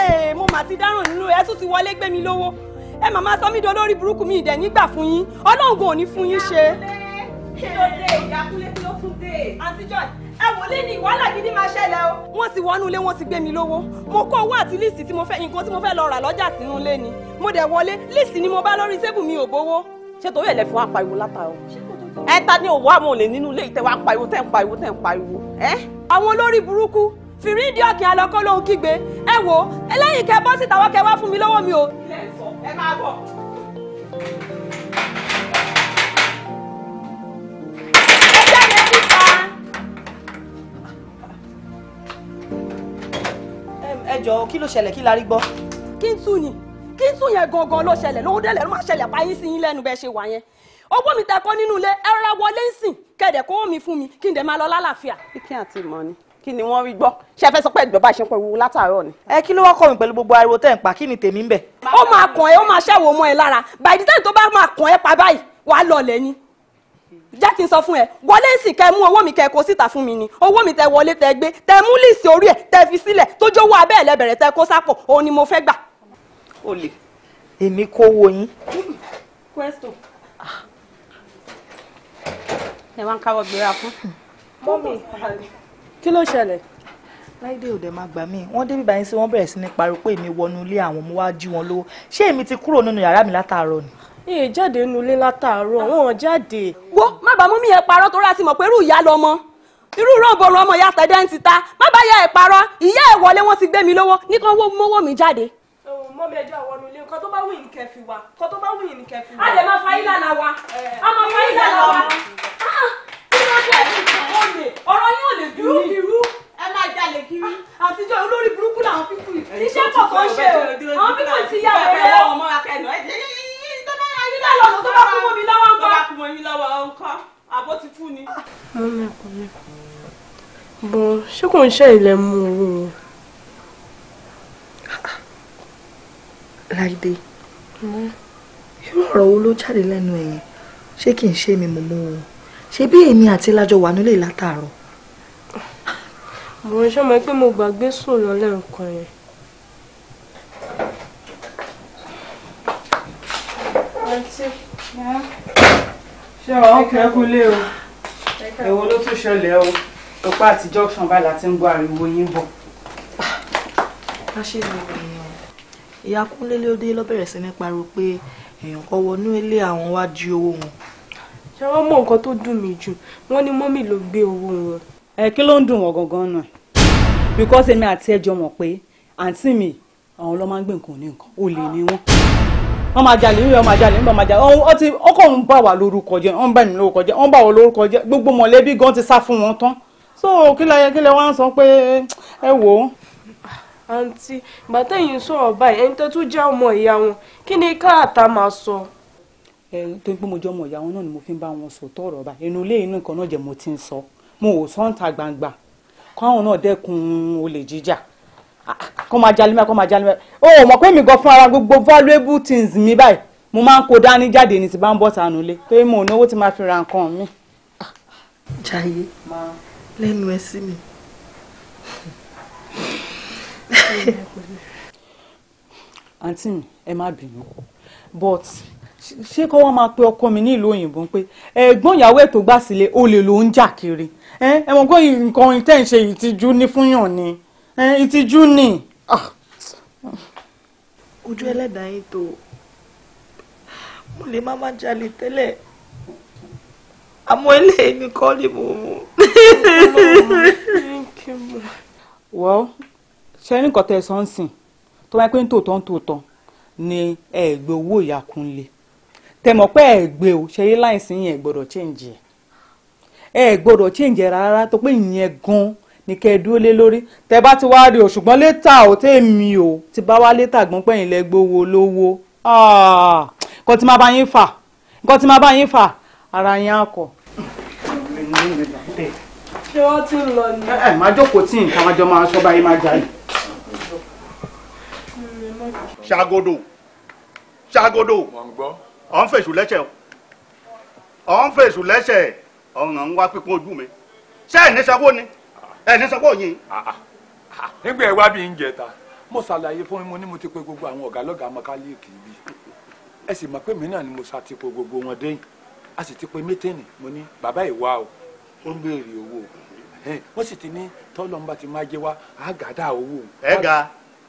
ẹ mo mà ti dáràn nínú ẹ tún ti wọlé gbé mi lówó ẹ mà máa sọ mí di olórí burúkú mi ìdẹ̀ nígbà fún yín ọlọ́run gan ò ní fún yín ṣe. kí ló dé ìyàkúlé kí ló tún dé àǹtí George ẹ wò lé ní wàhálà gidi máa ṣẹlẹ̀ o. wọ́n ti wọnú ilé wọ́n ti gbé mi lówó mo kó owó àti líìsì tí mo fẹ́ nǹkan tí mo fẹ́ lọ rà lọ́jà sínú ilé ni mo dẹ̀ wọlé líìsì ni mo bá lórí tébù mi ò bówó. ṣé torí ẹ̀ lẹ fún apariwo látàrọ. ṣé ẹ ta ni òwò àmọ́ òlè nínú ilé ìtẹ̀wá ń pariwo tẹ̀ ń pariwo tẹ̀ ń pariwo ẹ. àwọn olórí burúkú fìrídìí ọ̀kìn àlọ́kọ́ lòún kígbe ẹ wò ẹlẹ́yìn kẹ bọ́ síta wọ́n kẹ wá fún mi lọ́wọ́ mi o. ilé ìsọ ẹ máa bọ̀. ẹ jáde síta. ẹ jọ̀ọ́ kí ló ṣẹlẹ̀ kí la rí gbọ́. kí n tún ni kí n tún yẹn gangan ló ṣẹlẹ̀ lówó délẹ̀ ló má ṣẹlẹ̀ báyìí sí yín lẹ́nu bẹ́ẹ̀ ṣe wà yẹn owó mi tẹ kó nínú ilé ẹ rọra wọlé ń sìn kẹdẹ kówó mi fún mi kí n dẹ máa lọ lálàáfíà. kíkí àti ìmọ̀ ni kí ni wọ́n rí gbọ́ ṣe fẹ́ sọ pé ìgbọ̀nba ṣe ń pẹ́ látàárọ̀ ni. ẹ kí ló wá kọ́ mi pẹ̀lú gbogbo ariwo tẹ̀ ń pa kí ni tèmi ń bẹ̀. ó máa kàn ẹ́ ó máa ṣàwò ọmọ ẹ lára by the time tó bá máa kàn ẹ́ pa báyìí wàá lọ lẹ́yìn jẹ́ kí n sọ fún ẹ wọlé sì kẹ mú owó mi kẹ kó síta fún mi ni owó mi tẹ wọlé tẹ gbé tẹ mú lìsì orí ẹ tẹ fi sílẹ̀ tó jówó abẹ́ ẹ̀ tẹ kó sápò òun ni mo fẹ́ gbà. olè èmi kó yín. question
ẹ wá ń káwọ́ gbéra fún. mọ́mì
kí ló ṣẹlẹ̀. láìdé òde máa gbà mí wọ́n débi báyìí sí wọ́n bẹ̀rẹ̀ sí ní pariwo pé èmi wọnú ilé àwọn mo wá jí wọn lówó ṣé èmi ti kúrò nínú yàrá mi látàárọ̀ ni èè jáde nu ilé látàárọ̀ ah. wọn jáde. wo má bàa mú mi yẹn parọ́ torí a ti mọ̀ pé irú ìyá lọmọ irú rọ̀bọ̀rọ̀ ọmọ ìyá tẹ̀dẹ́ ń ti ta má bàa yẹ ẹ̀ parọ́ ìyá ẹ̀ wọlé wọn ti gbé mi mi jáde mọ́ mi ẹjọ́ àwọn ọ̀nà nǹkan tó bá wù ní kẹfì wa nǹkan tó bá wù ní kẹfì wa. a lè máa fa ìlànà wa a máa fa ìlànà wa. tí wọ́n jẹ́ ìfọ̀kànlè ọ̀rọ̀ yóò lè dúró kiri ẹ máa jalè kiri àtijọ́ olórí burúkú làwọn pípù iṣẹ́ kọ̀ọ̀kan ṣe o àwọn pípù ti yá ẹ̀rẹ́ o. ìlànà tó bá kú mọ́ mi lọ́wọ́ ńkọ́. tó bá kú mọ́ mi lọ́wọ́ ńkọ́ àbó ti fún ni. mo ṣé kò ń ṣe ilẹ̀ mú owó láìdé mo irú ọ̀rọ̀ wo ló jáde lẹ́nu ẹ̀yìn ṣé kì í ṣe mi mo mú o ṣé bí èmi àti lájọ wà nílé látàárọ̀.
mo ń ṣọmọ pé mo gbàgbé sùn lọ lẹ́ǹkan yẹn. ṣé ọ ọkùnrin kú lé
o èwo ló tún ṣẹlẹ̀ o òpá àti junction báyìí láti ń gbọ́ ariwo yín bọ̀. a ah, ṣe lè wọ̀nyí ìyá kúnlélé ó dé ló bẹ̀rẹ̀ sí ní pariwo pé èèyàn kan wọnú ilé àwọn wá jí owó wọn. ṣé wọ́n mọ nǹkan tó dùn mí jù wọ́n ní mọ́mì ló gbé owó wọn. ẹ kí ló ń dùn wọ́n gangan náà because èmi àti ẹjọ mọ̀ pé àǹtí mi àwọn ló máa ń gbé nǹkan ní nǹkan olè ni wọ́n wọ́n máa jalè ń yọ máa jalè ń bá máa jalè ó ti ọkọ̀ ń bà wá lórúkọ jẹ́ wọ́n bá mi lórúkọ jẹ́ wọ́n bà wọ́n lórúkọ jẹ́ gbogbo mọ̀lẹ́bí gan ti sá fún wọn tán so kí lẹ kí lẹ wá ń sọ pé ẹ wò ó
àǹtí ìgbà tẹ̀yìn sọ̀rọ̀ báyìí ẹni tó tún jẹ́ ọmọ ìyá wọn
kí ni káàtà máa sọ. ẹ tó ń pé mo jẹ́ ọmọ ìyá wọn náà ni mo fi ń bá wọn sọ tọ̀rọ̀ bá inú ilé inú nǹkan náà jẹ́ mo ti ń sọ mo ò sọ ń ta gbangba káwọn náà dẹ́kun olè jíjà kọ́ máa jalè mẹ́kọ́ máa jalè mẹ́kọ́ o mọ̀ pé mi gan fún ara gbogbo valuable things mi báyìí mo máa ń kó dání jáde ní ti bá ń bọ̀ sànú lé pé mo lẹ́nu ẹ sí mi àǹtí *laughs* mi ẹ má bínú but ṣé kọ́ wọ́n máa pe ọkọ mi ní ìlú òyìnbó pé ẹ̀gbọ́n ìyàwó ètò gbà sílé olè ló ń jà kiri ẹ mọ̀ pé nǹkan tẹ́ ń ṣe ìtìjú ní fúnyàn ni ìtìjú ni. Ah. ojú ẹlẹ́dàá yín tó mo lè má má jalè tẹ́lẹ̀ àmọ́ eléyìí nìkan ni mo mú ṣe ní nǹkan tẹ́ ẹ sọ ń sìn tó wáyé pé ń tòótọ́ ń tòótọ́ ni ẹ gbé owó ìyá Kúnlé tẹ mọ̀ pé ẹ gbé o ṣe yé láìsí yẹn gbọ́dọ̀ change ẹ ẹ gbọ́dọ̀ change rárá tó pé ìyẹn gan ni kẹ́ ẹ dúró lé lórí tẹ bá ti wá rí o ṣùgbọ́n létà ò tèmi o ti bá wá létà gbọ́n pẹ̀yìn lẹ gbowó lówó ah, nǹkan tí máa bá yín fà nǹkan tí máa bá yín fà ara yín á kọ̀
ṣé wọ́n ti lọ ni.
ẹ ẹ máa jókòó tí nǹkan máa máa sọ báyìí máa jà yìí ṣàgòdò ṣàgòdò ọ̀ ń fèsù lẹ́sẹ̀ ọ̀ ń fèsù lẹ́sẹ̀ ọ̀ràn ń wá pípọ́n ojú mi
ṣé ẹ̀ ní sanwó ni
ẹ̀ ní sanwó yìí. Ah, ah, ah. nígbà ẹ wá bí ń jẹta mo ṣàlàyé fún mi mo ní mo ti pe gbogbo àwọn ọ̀gá lọ́gàá mọ́kálíìkì bí ẹ sì mọ̀ pé mi náà ni mo ṣàti po gbogbo wọn dẹ́yìn a sì ti pe mítẹ́nì mo ní bàbá ìwà o ó ń béèrè owó wọ́n sì ti ní tọ́lọ́mbà ti máa jẹ́ wá àgàdà owó. ẹ ga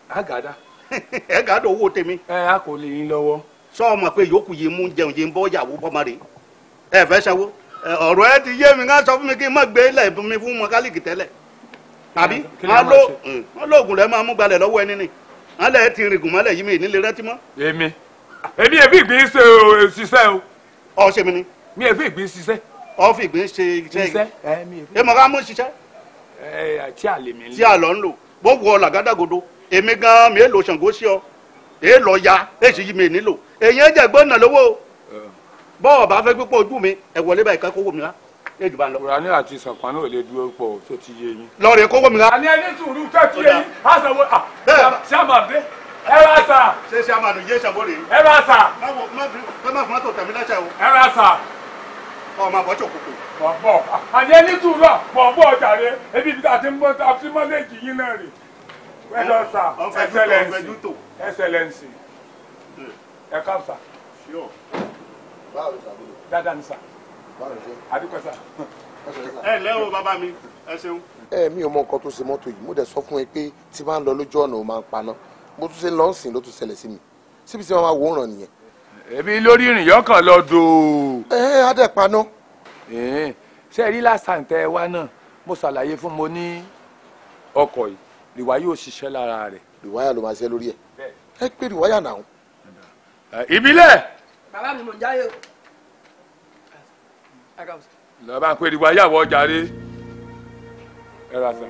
àgàdà. *laughs* ẹ ga á dọ̀ owó tèmi. ẹ a kò lè yín sọ ma pé yòókù yìí mú jẹun yìí ń bọ́ yàwó bọ́mọ rè é fẹ́ sanwó ọ̀rọ̀ ẹ ti yé mi ká sọ fún mi kí n má gbé mi fún tẹ́lẹ̀ àbí wọn mm, rẹ máa mú gbalẹ̀ lọ́wọ́ ẹni ti rìngùn mọ́lẹ̀ yìí mi nílé mọ́. èmi èmi èmi ìgbín ṣe o. ọ ṣe mi ni. mi èmi ìgbín ṣiṣẹ́. ọ fi ìgbín ṣe iṣẹ́ yìí. ẹ mi èmi. èmi mú ṣiṣẹ́. ẹ ti àlè mi. èmi gan mi èlò ṣàngó sí ọ èlò ya èsì yìí mi nílò èyí ẹ jẹ gbọ́nà lówó bọ́ọ̀ bá fẹ́ pípọ̀ ojú mi ẹ wọlé báyìí ká kówó mi rá èjì bá ń lọ. Kùránì àti ìsànpá náà lè dúró pọ̀ tó ti yé yín. lọ́ọ̀rì kówó mi rá. àní ẹni sùúrù tó ti yé yín á sọ wọ́n à ṣàmàdé ẹ bá sà. ṣé ṣàmàdé yé ṣàbọ̀lẹ̀. ẹ bá sà. báwo má fún mọ́tò tẹ̀mí lẹ́sẹ̀ o. ẹ bá sà. ọ máa bọ́ ṣòkòkò. bọ̀ bọ̀ àní ẹni sùúrù bọ̀ bọ̀ jàre ebi àti mọ́lẹ́jì yín náà rè well done sir excellency excellency ẹ káàbọ̀ sà. dáadáa ni sà adúpẹ́ sà. ẹ lẹ́ o bàbá mi ẹ ṣeun. ẹ mi ò mọ nǹkan tó ṣe mọ́tò yìí mo dẹ̀ sọ fún ẹ pé tí bá ń lọ lójú ọ̀nà ò máa ń paná mo tún ṣe lọ́ọ̀sìn ló tún ṣẹlẹ̀ sí mi síbi tí wọ́n máa wòran nìyẹn. èmi lórí ìrìn yọkàn lọ dòó. ẹ ẹ á dẹ̀ paná. ṣé ẹ rí lásán tẹ náà mo ṣàlàyé fún mo ní ọkọ̀ yìí rìwáyà ò ṣiṣẹ́ lára rẹ̀. rìwáyà ló máa ṣe lórí ẹ̀ ẹ pé rìwáyà náà. ìbílẹ̀. bàbá mi mò ń jáyé o. lọ́ba ń pè rìwáyà wọ jàre ẹ ra sà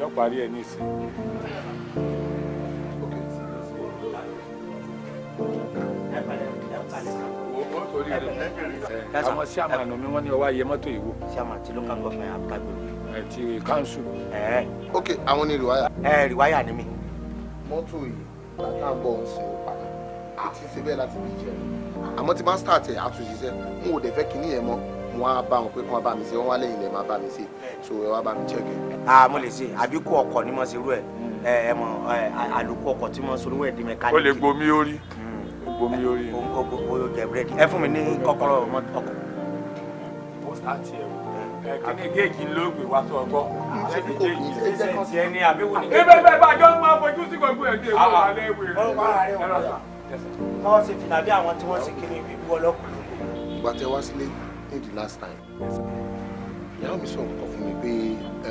yọ parí ẹ ní ìsìn. àwọn sí àmàlà mi wọ́n ní ọwọ́ ayé mọ́tò yìí wò. sí àmàlà tí ló ká gbọ́ fún yàrá kágbé ti kanṣu. ok àwọn ni rìwáyà. ẹ rìwáyà ni mi.
mọ́tò yìí bàtà bọ̀ ń sin
ìpàdé àti síbẹ̀ láti fi jẹ àmọ́ tí máa ń start ẹ̀ àtúnṣiṣẹ́ mo ò dẹ̀ fẹ́ kinní yẹn mọ́ wọn á bá wọn pé kí wọn bá mi ṣe wọn wá lẹ́yìn lẹ́ẹ̀ máa bá mi ṣe so ẹ wá bá mi check ẹ. a mo lè ṣe àbí kó ọkọ ni mo ṣe rú ẹ ẹ ẹ mọ àlùkò ọkọ tí mo ṣe rú ẹ di mẹkáníìkì. o lè gbomi orí hmm. gbomi orí. o o o jẹ búrẹ́dì ẹ fún mi ní kọ́kọ́rọ́ ọkọ. o sáà tiẹ̀ wọ kíní géèjì ló gbé wá sọ ọgbọ́ ṣẹ́bi géèjì ṣẹ́ǹtì ẹni àbíwò ní géèjì. bẹ́ẹ̀ bẹ́ẹ̀ bá a jọ máa fojú sí gbogbo ẹ̀dẹ̀ ìwọ alẹ́ ìwé ah, ah. rẹ̀ ẹ̀rọ sà. báwọn ṣe fìlà bí àwọn tí wọ́n ṣe kíní ìbú ọlọ́kùnrin. ìgbà tẹ wá sílé ní the last time ìyàwó mi sọ nǹkan fún mi pé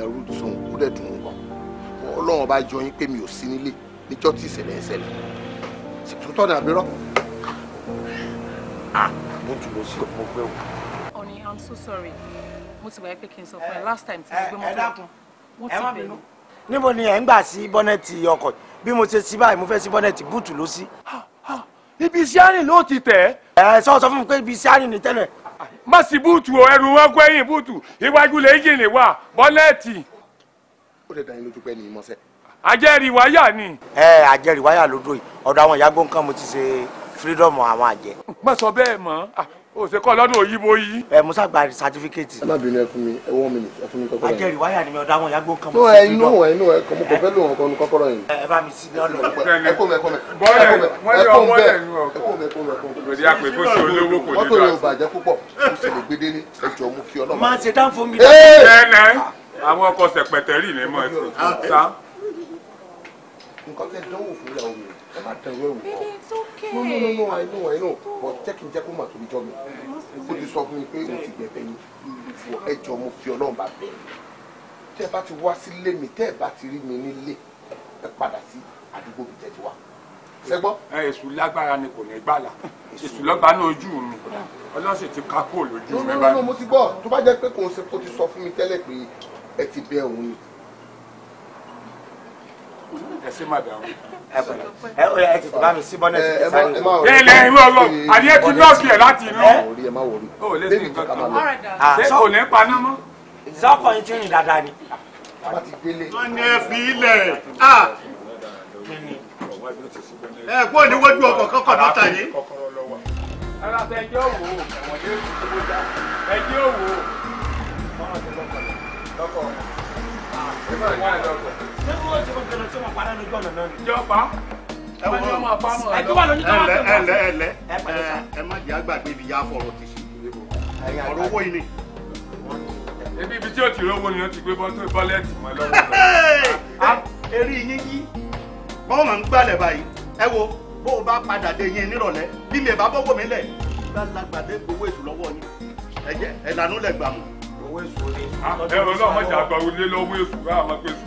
ẹrú sọ nǹkú dẹ̀ dùn ún kan ọlọ́run bá jọ yín pé mi ò sí nílé níjọ́ tí ìṣẹ̀lẹ̀ ìṣẹ̀lẹ̀ tó tọ́ dàbí rọ́ ah, mo jùlọ sí ọmọ gbẹ́wò. honey i'm so sorry mo ti wáyé pé kí n sọ fún ẹ eh, last time tí mo eh, gbé eh, mọ́tò mo ti bẹ̀rẹ̀. níbo ni ẹ ń gbà sí bọ́nẹ́ẹ̀tì ọkọ̀ bí mo ṣe sí báyìí mo fẹ́ sí bọ́nẹ́ẹ̀tì búùtù ló sí. ibi iṣẹ́ àrìn ló ti tẹ̀. ẹ sọ sọ fún mi pé ibi iṣẹ́ àrìn ni tẹ́lẹ̀. má sì búùtù o ẹrù wọn kó ẹ̀yìn búùtù iwájú lẹ́yìn wà bọ́nẹ́ẹ̀tì. ó lè dá lójú pé ní ìmọ̀ọ́sẹ́. ajẹ́rìíwáyà ni. ẹ ajẹ́rìíwáyà lódò yìí ọ̀dọ̀ àwọn ìyá o ṣe kọ́ lọ́dún òyìnbó yìí. ẹ musa gba certificate. ẹ má bínú ẹ fún mi ẹ wọ́n mi nì ẹ fún mi kọ́kọ́rọ́ yẹn. ajẹ́rìí wáyà ni mi ọ̀dà wọn yàgbó kan. ẹ inú ẹ inú ẹ kọ́ mo kò fẹ́ lò wọn kọ́ ní kọ́kọ́rọ́ yẹn. ẹ bá mi sí ní ọ̀nà. ẹ kó mẹ kó mẹ. bọ́ọ̀lù ẹ kó mẹ ẹ kó mẹ kó mẹ kó mẹ. lòdì àpè kó sí olówó kò ní bá. mọ́tò yóò bàjẹ́ púpọ̀ kó sì lè gbé délé ẹ jọ mú kí ọlọ́mọ. máa ṣe dáńfó mi dáńfó. àwọn ọkọ̀ sẹ̀pẹ̀tẹ̀rì ni mo ti sá. nǹkan tẹ dánwò fún ìyàwó mi ẹ má dẹrù ẹwù kọ no no no no i know i know but check kí check, jẹ́ kó mà tóbi jọ mi kó ti sọ fún mi pé mo ti gbẹ̀bẹ̀ yín fún ẹjọ́ mo fi ọlọ́run bá bẹ̀ tẹ́ ẹ bá ti wá sílé mi tẹ́ ẹ bá ti rí mi nílé ẹ padà sí àdúgbò mi tẹ́ ti wá sẹ́gbọ́. èṣù lágbára ni kò ní gbàlà èṣù lọ́ba ní ojú mi ọlọ́sìn ti ká kó no, no, no, mo ti gbọ́ tó bá jẹ́ pé kò ń ṣe kó ti sọ fún mi tẹ́lẹ̀ pé ẹ ti bẹ òun ni ẹ ṣe má dàrú. ẹ ẹ ẹ ti bá mi sí bọ́nẹ̀tì kẹta yìí. ẹ lẹ ìwọ lọ àdìẹ ti nọ́ọ̀sì ẹ o lè sí nǹkan kan ṣé ah, kò ní paná mọ́. sọ́kọ̀ yín ti rìn dáadáa ni. wọ́n ní ẹ fi ilẹ̀ ah! ẹ kó níwájú ọkọ̀ kọ́kọ́ náà ẹlẹ ẹlẹ
ẹ má jẹ àgbàgbé ibi ya fọ̀rọ̀ ti ṣe ọ̀rọ̀ owó
yìí ni. ebi ibi tí o ti rówó ni o ti gbé bọ́tò bọ́lẹ́ẹ̀tì mọ́ lọ́wọ́. eré yín yí bọ́ọ̀mù ń gbalẹ̀ báyìí ẹ wo bó o bá padà dé yín nírọ̀lẹ́ bí mi bá bọ́wọ́ mi lẹ̀ gbàlagbàdé gbowó èṣù lọ́wọ́ yín ẹ̀jẹ̀ ẹ̀lànà lẹ̀ gbàmù. owó èṣù ni. Ah, ẹ lọ́wọ́ èṣù rẹ̀ àmọ́ pé èṣù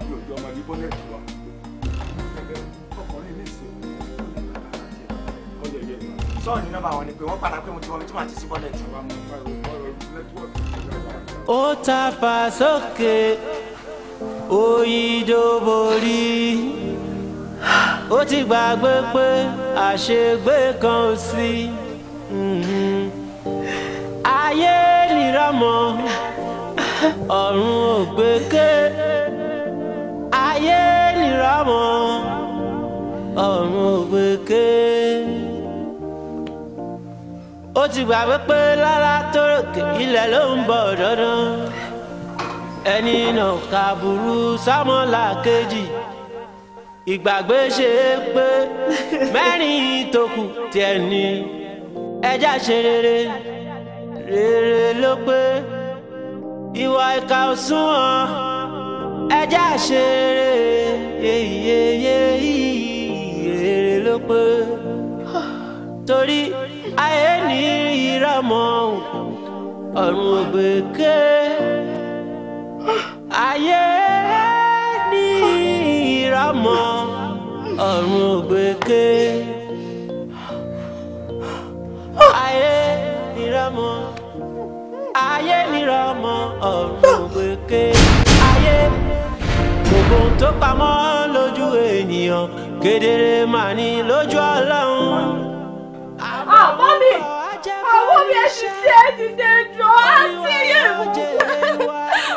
yọ ọmọ ní bọ́nẹ̀tì wa ọkùnrin ní ìsìn ni pé wọ́n padà
ó ta fà sókè òyìnbó ó ti gbàgbé pé àṣegbé kan ò sí ayé nìramọ ọ̀run ògbéké ayé nìrọ̀mọ́ ọ̀run ògbèké. ó ti gbàgbé pé lọ́lá tó ròkè ilẹ̀ ló ń bọ̀ dandan ẹni náà kà burú sámọ́là kejì ìgbàgbé ṣe é pé mẹ́rin ìtòkù tiẹ̀ ni ẹja ṣe rere rere ló pé ìwà ìka òsùnwọ̀n ẹjẹ́ àṣeré èrè ló pé torí ayé ní ìrọ̀mọ́ ọ̀run ògbèké ayé ní ìrọ̀mọ́ ọ̀run ògbèké ayé ìrọ̀mọ́ ayé nírọ̀mọ́ ọ̀run ògbèké ayé ohun tó pamọ́ lójú ènìyàn kedere mà ní lójú ọlọ́run.
àmọ́ mi àwọn mi ẹ ṣì ṣe é dìde jọ á sí ìlú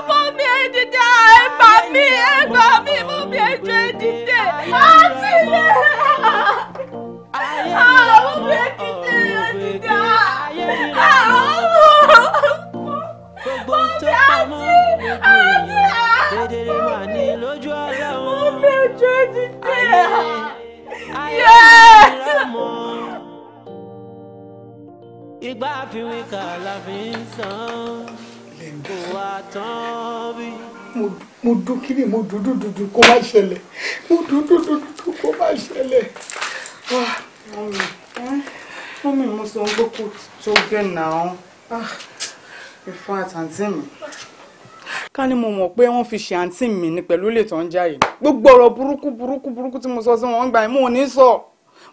mọ mi ẹ dìde ẹ bà mí ẹ bà mi ẹ jọ ẹ dìde á sí ìlú àwọn
*laughs* *laughs* Kedere mà ní lójú ọlọ́run. Ó fẹ́ ojú ojú tẹ̀. Ayé ìlọ́mọ. Igbá àfiwé kà la fi ń san. Kò wá
tán bí. Mo dún kí ni mo dún dún dún dún kó má ṣẹlẹ̀. Mo dún dún dún dún kó má ṣẹlẹ̀. Ah. Mọ́mí mo sọ gbókù tó gbẹ̀ náà. Ah. In fact, mi ká ní mo mọ̀ pé wọ́n fi ṣe àǹtí mi ní pẹ̀lú lè tán jáyé gbogbo ọ̀rọ̀ burúkú burúkú burúkú tí mo sọ sí wọn gbà yẹn mo ò ní sọ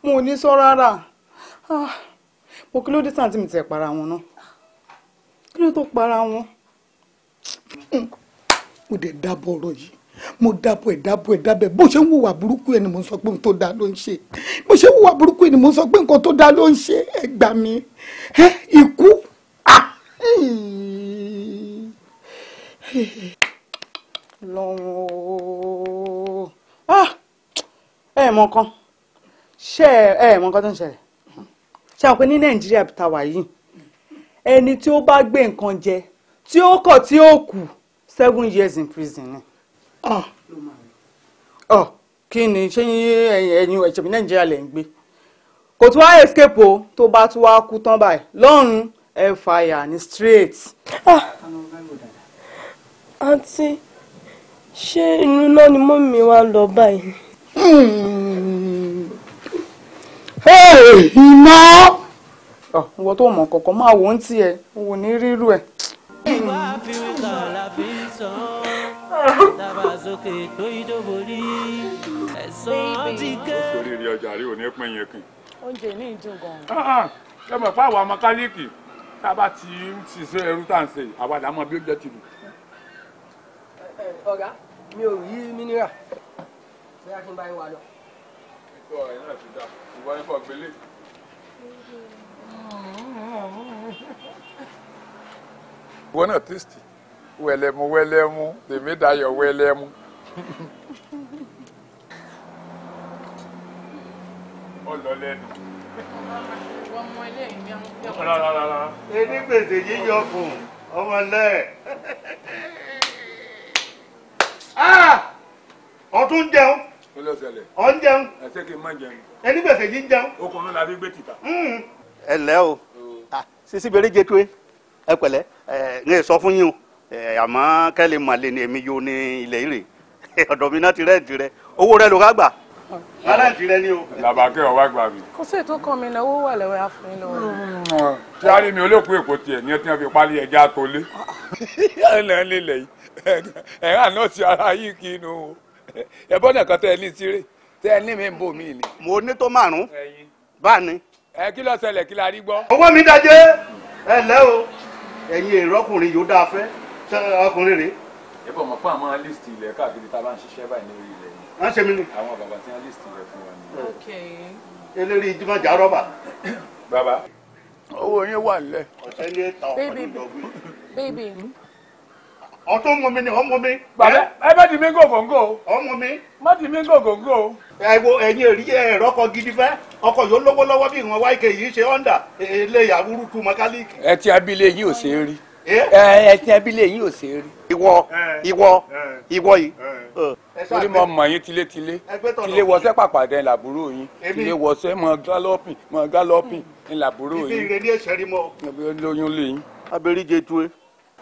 mo ò ní sọ rárá ah, mo kí ló dé tàǹtí mi tẹ̀ para wọn náà kí ló tó para wọn. mo dẹ̀ dábọ̀ ọ̀rọ̀ yìí mo dábọ̀ ẹ̀ dábọ̀ ẹ̀ dábẹ̀ bó ṣe ń hùwà burúkú ẹ̀ ni mo sọ pé nǹkan tó dáa ló ń ṣe bó ṣe ń hùwà burúkú ẹ̀ ni mo sọ pé nǹkan tó dáa ló ń ṣe ẹ gbà mí ikú lọ́wọ́ ah! ẹ mọ kan ṣé ẹ mọ nǹkan tó ń ṣẹlẹ̀ ṣé àwọn pé ní nàìjíríà ta wà yìí ẹni tí ó bá gbé nǹkan jẹ tí ó kọ̀ tí ó kù seven years in prison ni ọ ah! oh, kí ni ṣé ẹ̀yin ẹ̀ṣẹ̀bí nàìjíríà lẹ̀ ń gbé kò tún wá escape o tó bá tún wá kú tán báyìí lọ́run ẹ fàyà ní straight. Ah àǹtí ṣé inú náà ni mọ́mí mi wá lọ báyìí. iná ah, ìwọ tó mọ̀ kọ̀ọ̀kan máa wò ó ń tiẹ̀ wò ní rírú ẹ̀. oúnjẹ ní ìdùn gan. ẹ mọ̀ fáwọn mọkálíìkì tá a bá ti ń ṣiṣẹ́ ẹrú tá à ń ṣe àwàdà mọ́ bí ó jẹ́ tìlù ọ̀gá mi ò rí mínírà bóyá kí n bá yín wà lọ. ètò ọ̀rẹ́ náà ti dà ìwọ ní fọ̀gbélé. ìwọ náà tẹ́sítì wẹ́lẹ́mu wẹ́lẹ́mu tèmi dayọ̀ wẹ́lẹ́mu. ọlọ lẹ́nu. ọmọ ilé ìgbẹ́ ń pẹ́. rárá rárá. ẹni gbèsè yíyọ kù ọmọ lẹ́ẹ̀. Ah!
ọtún jẹun
ọ̀n jẹun ẹni gbèsè yìí ń jẹun. okùnrin la fi gbé tìta. Hmm.
ẹ lẹ́ o ah, sisi bẹ̀rẹ̀ jẹ́ tó e. ẹ pẹ̀lẹ́
ẹ ń sọ fún yín o àmọ́ kẹ́lẹ́ màlẹ́ ni èmi yóò ní ilẹ̀ ìrè *laughs* ọ̀dọ̀ mi náà ti rẹ́ ìdí rẹ owó rẹ ló ká gbà aláǹtí rẹ ní o. làbàkẹ́ ọ̀wá gbà mí. kò sí ètò kan mi náà owó wà lẹ́wọ̀ àfin lọ́wọ́. tí hmm. a rí mi olóòkú èkó tiẹ̀ ní ẹtí wọn fi pálí ẹja tó lé. *laughs* ẹ lẹ́ ń lélẹ̀ yìí ẹ hàn náà ti ara yìí kí inú o ẹ bọ́ nìkan tẹ ẹ ní tirẹ̀ tẹ ẹ ní mi ń bò mí ni. mo ní tó márùn bá ní. ẹ kí ló ṣẹlẹ̀ kí la rí gbọ́. owó mi dajé ẹ lẹ́ o ẹ̀yin èrò ọkùnrin yóò dáa fẹ́ ọkùnrin rèé ẹ bọ̀ mọ̀ fún àwọn list ilẹ̀ káàkiri tá a bá ń ṣiṣẹ́ báyìí lórí ilẹ̀ yìí. wọ́n ṣe mí ni. àwọn bàbá tí wọ́n list ilẹ̀ fún wa nìyẹn. eléré ìdímọ̀ jà rọ́bà. bàbá owó yín wà nílẹ̀. ọ̀sẹ̀ ní eight thousand. bébì bébì ọ̀n tó mú mi ni ọ̀n mú mi. bàbá ẹ bá ti mí gògóńgò. ọ̀n mú mi. má ti mí gògóńgò. ẹ wo ẹ̀yin èrí ẹ̀rọ ọkọ̀ gidi fẹ́ ọkọ̀ yóò lówó lọ́wọ́ bí ìwọn wáìkè yìí ṣe ọ̀ndà e, ilé yàrúrú tu mẹkáníìkì. ẹ ti abilé yìí ò ṣeé rí. ẹ ti abilé yìí ò ṣeé rí. ìwọ ìwọ ìwọ yìí. torí mo mọ̀ yín tilétilé tilé wọṣẹ́ pàpàdé làbúrò yín tilé wọṣẹ́ mọ gálọ́pìn mọ gálọ́pìn làbúrò yín. ibi ìrẹ́lẹ̀ ẹ̀ṣẹ̀ rí mọ́. lóyún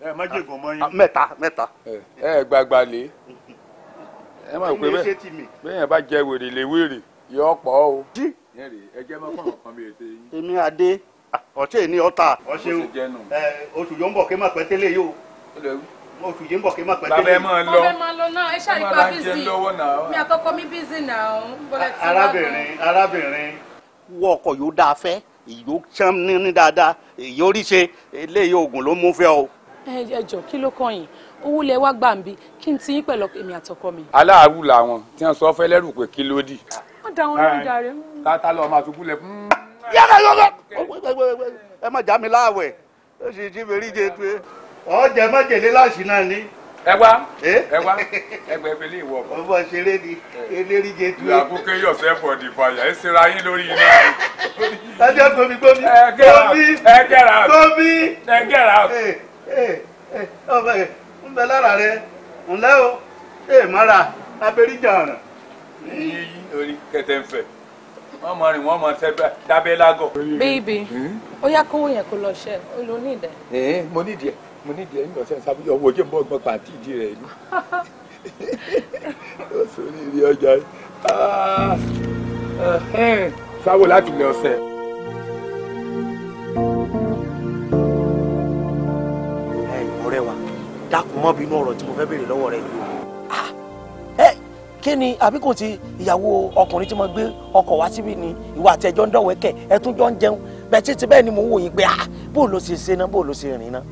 ẹ má jẹ̀gàn mọ́ yín. Ah, mẹ́ta mẹ́ta. ẹ eh, eh, gbàgbà lé ẹ má pé bẹ́ẹ̀ bẹ́ẹ̀ bá jẹ wèrè lé wèrè yọ pọ̀ o. jí ẹ jẹ́ mọ́ fún ọkàn mi ètè yín. èmi adé ah, ọtí ní ọta. ọṣẹ o eh, oṣù yóò ń bọ̀ kí n má pẹ́ tẹ́lẹ̀ yìí o oṣù yìí ń bọ̀ kí n má pẹ́ tẹ́lẹ̀ bàbá ẹ máa lọ bàbá ẹ máa lọ náà ẹ ṣáà nípa mi àkọ́kọ́ mi bízì náà. arábìnrin arábìnrin wọ ọkọ yóò dáa fẹ́ ìyó sán ní dáadáa ìyó rí ṣe eléyìí oògùn ló mú fẹ́ o. ẹ jọ kí ló kàn yín owó lẹ wá gbà ń bi kí n ti yín pẹ̀lú èmi àtọkọ mi. aláàrú làwọn tí wọn sọ fẹ́ lẹ́rù pé kí ló dì. wọn dá wọn lórí jàre. tata lọ máa tukú lẹ. Hmm. yàrá yọgọ ẹ má já mi láàwẹ̀ ó sì ti fèrè jẹ pé ọ̀ọ́ jẹ mọ́jẹ̀lé láṣìí náà ni ẹ wá eh? ẹ wá ẹgbẹ́ ìpínlẹ̀ ìwọ kan. ọmọ ṣeré ni eh. eléré jẹ tu. you are cooking yourself for the fire ẹ sinra yín lórí iná. lọ́jọ́ tóbi gbómi gbómi gbómi ẹ gẹ̀rà ọmọ ẹ eh, ń bẹ lára rẹ ńlẹ́ o ẹ mara abẹ́rìjà ọ̀ràn. yíyí orí kẹtẹ ń fẹ wọn mọ rìn wọn mọ sẹbẹ dábẹ lágọ. bíbí hmm? ó yá kówó yẹn kó lọ ṣe olóníìdẹ. mo nídìí ẹ mo ní ìdíyẹ nínú ọ̀sẹ̀ sábà ọwọ́ ojú ìbọn ọgbọ́n pàǹtí ìdí rẹ̀ ni *laughs* ó sọ ní ilé ọjà ah. sáwọ láti ilé ọ̀sẹ̀. ọ̀rẹ́ wa dákun mọ́ bínú ọ̀rọ̀ tí mo fẹ́ béèrè lọ́wọ́ rẹ yìí ah. o. kí ni àbí kò ti ìyàwó ọkùnrin tí mo gbé ọkọ̀ wá síbí ni ìwà àtẹ̀jọ́ ń dọ̀wẹ́kẹ̀ ẹ̀ tún jọ ń jẹun bẹ́ẹ̀ títí bẹ́ẹ̀ ni mo wòye pé ah, bó ló ṣe ṣe náà bó ló ṣe rìn náà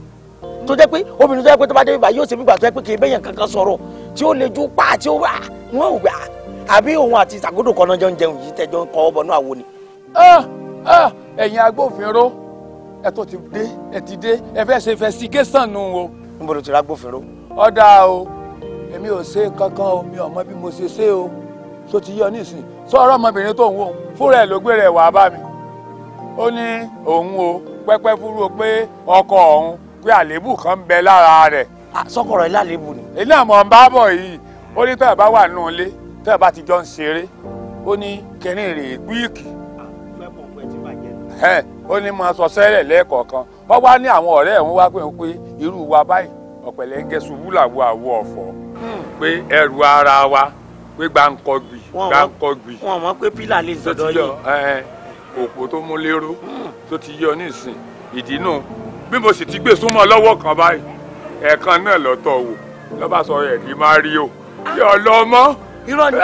tó jẹ́ pé obìnrin tó jẹ́ pé tó bá dé bíbá yóò ṣe bíbá tó jẹ́ pé kì í bẹ́yàn kankan sọ̀rọ̀ tí ó le ju pa tí ó wà wọ́n ò àbí òun àti ìsàgódò kan náà jọ jẹun yìí tẹjọ ń kọ ọ bọnú àwo ni. Ah, ah, ẹ̀yin agbófinró ẹ tó ti dé ẹ ti dé ẹ fẹ́ ṣe investigation nù o. níbo ló ti rà agbófinró. ọ̀dà o èmi ò ṣe kankan o mi ò mọ bí mo ṣe ṣe o so ti yọ nísìn sọ̀rọ̀ ọmọbìnrin tó ń wò fúnra ẹ̀ ló gbé rẹ̀ wá bá mi ó ní òun o pẹ́pẹ́ fúru o pé ọkọ òun pé àléébù kan ń bẹ lára rẹ̀. Ah, sọkọrọ ilé àléébù ni. ilé àmọ́ ń bá bọ̀ yìí ó ní tẹ́ ẹ̀ bá wà nù ilé tẹ́ ẹ̀ bá ti jọ ń ṣeré ó ní kẹrin rèé gbíìkì. ó ní máa sọ sẹ́lẹ̀ lẹ́ẹ̀kọ̀ọ̀kan wọ́n wá ní àwọn ọ̀rẹ́ ẹ̀hún wá pé ń pé irú wa báyìí ọ̀pẹ̀lẹ́ńgẹ́ ṣubú làwọ̀ àwọ̀ ọ̀fọ̀ hmm. pé ẹrù ara wa pé gbàǹkọ̀gbì gbàǹkọ̀gbì. wọn mọ pé òpó tó mú lérò hmm. tó ti yọ nísìn ìdí náà bí mo sì ti gbé súnmọ́ lọ́wọ́ kan báyìí ẹ̀ẹ̀kan náà lọ́tọ̀ wò lọ́ba sọ ẹ̀ kí máa rí o kí ọlọ́mọ irọ́ ni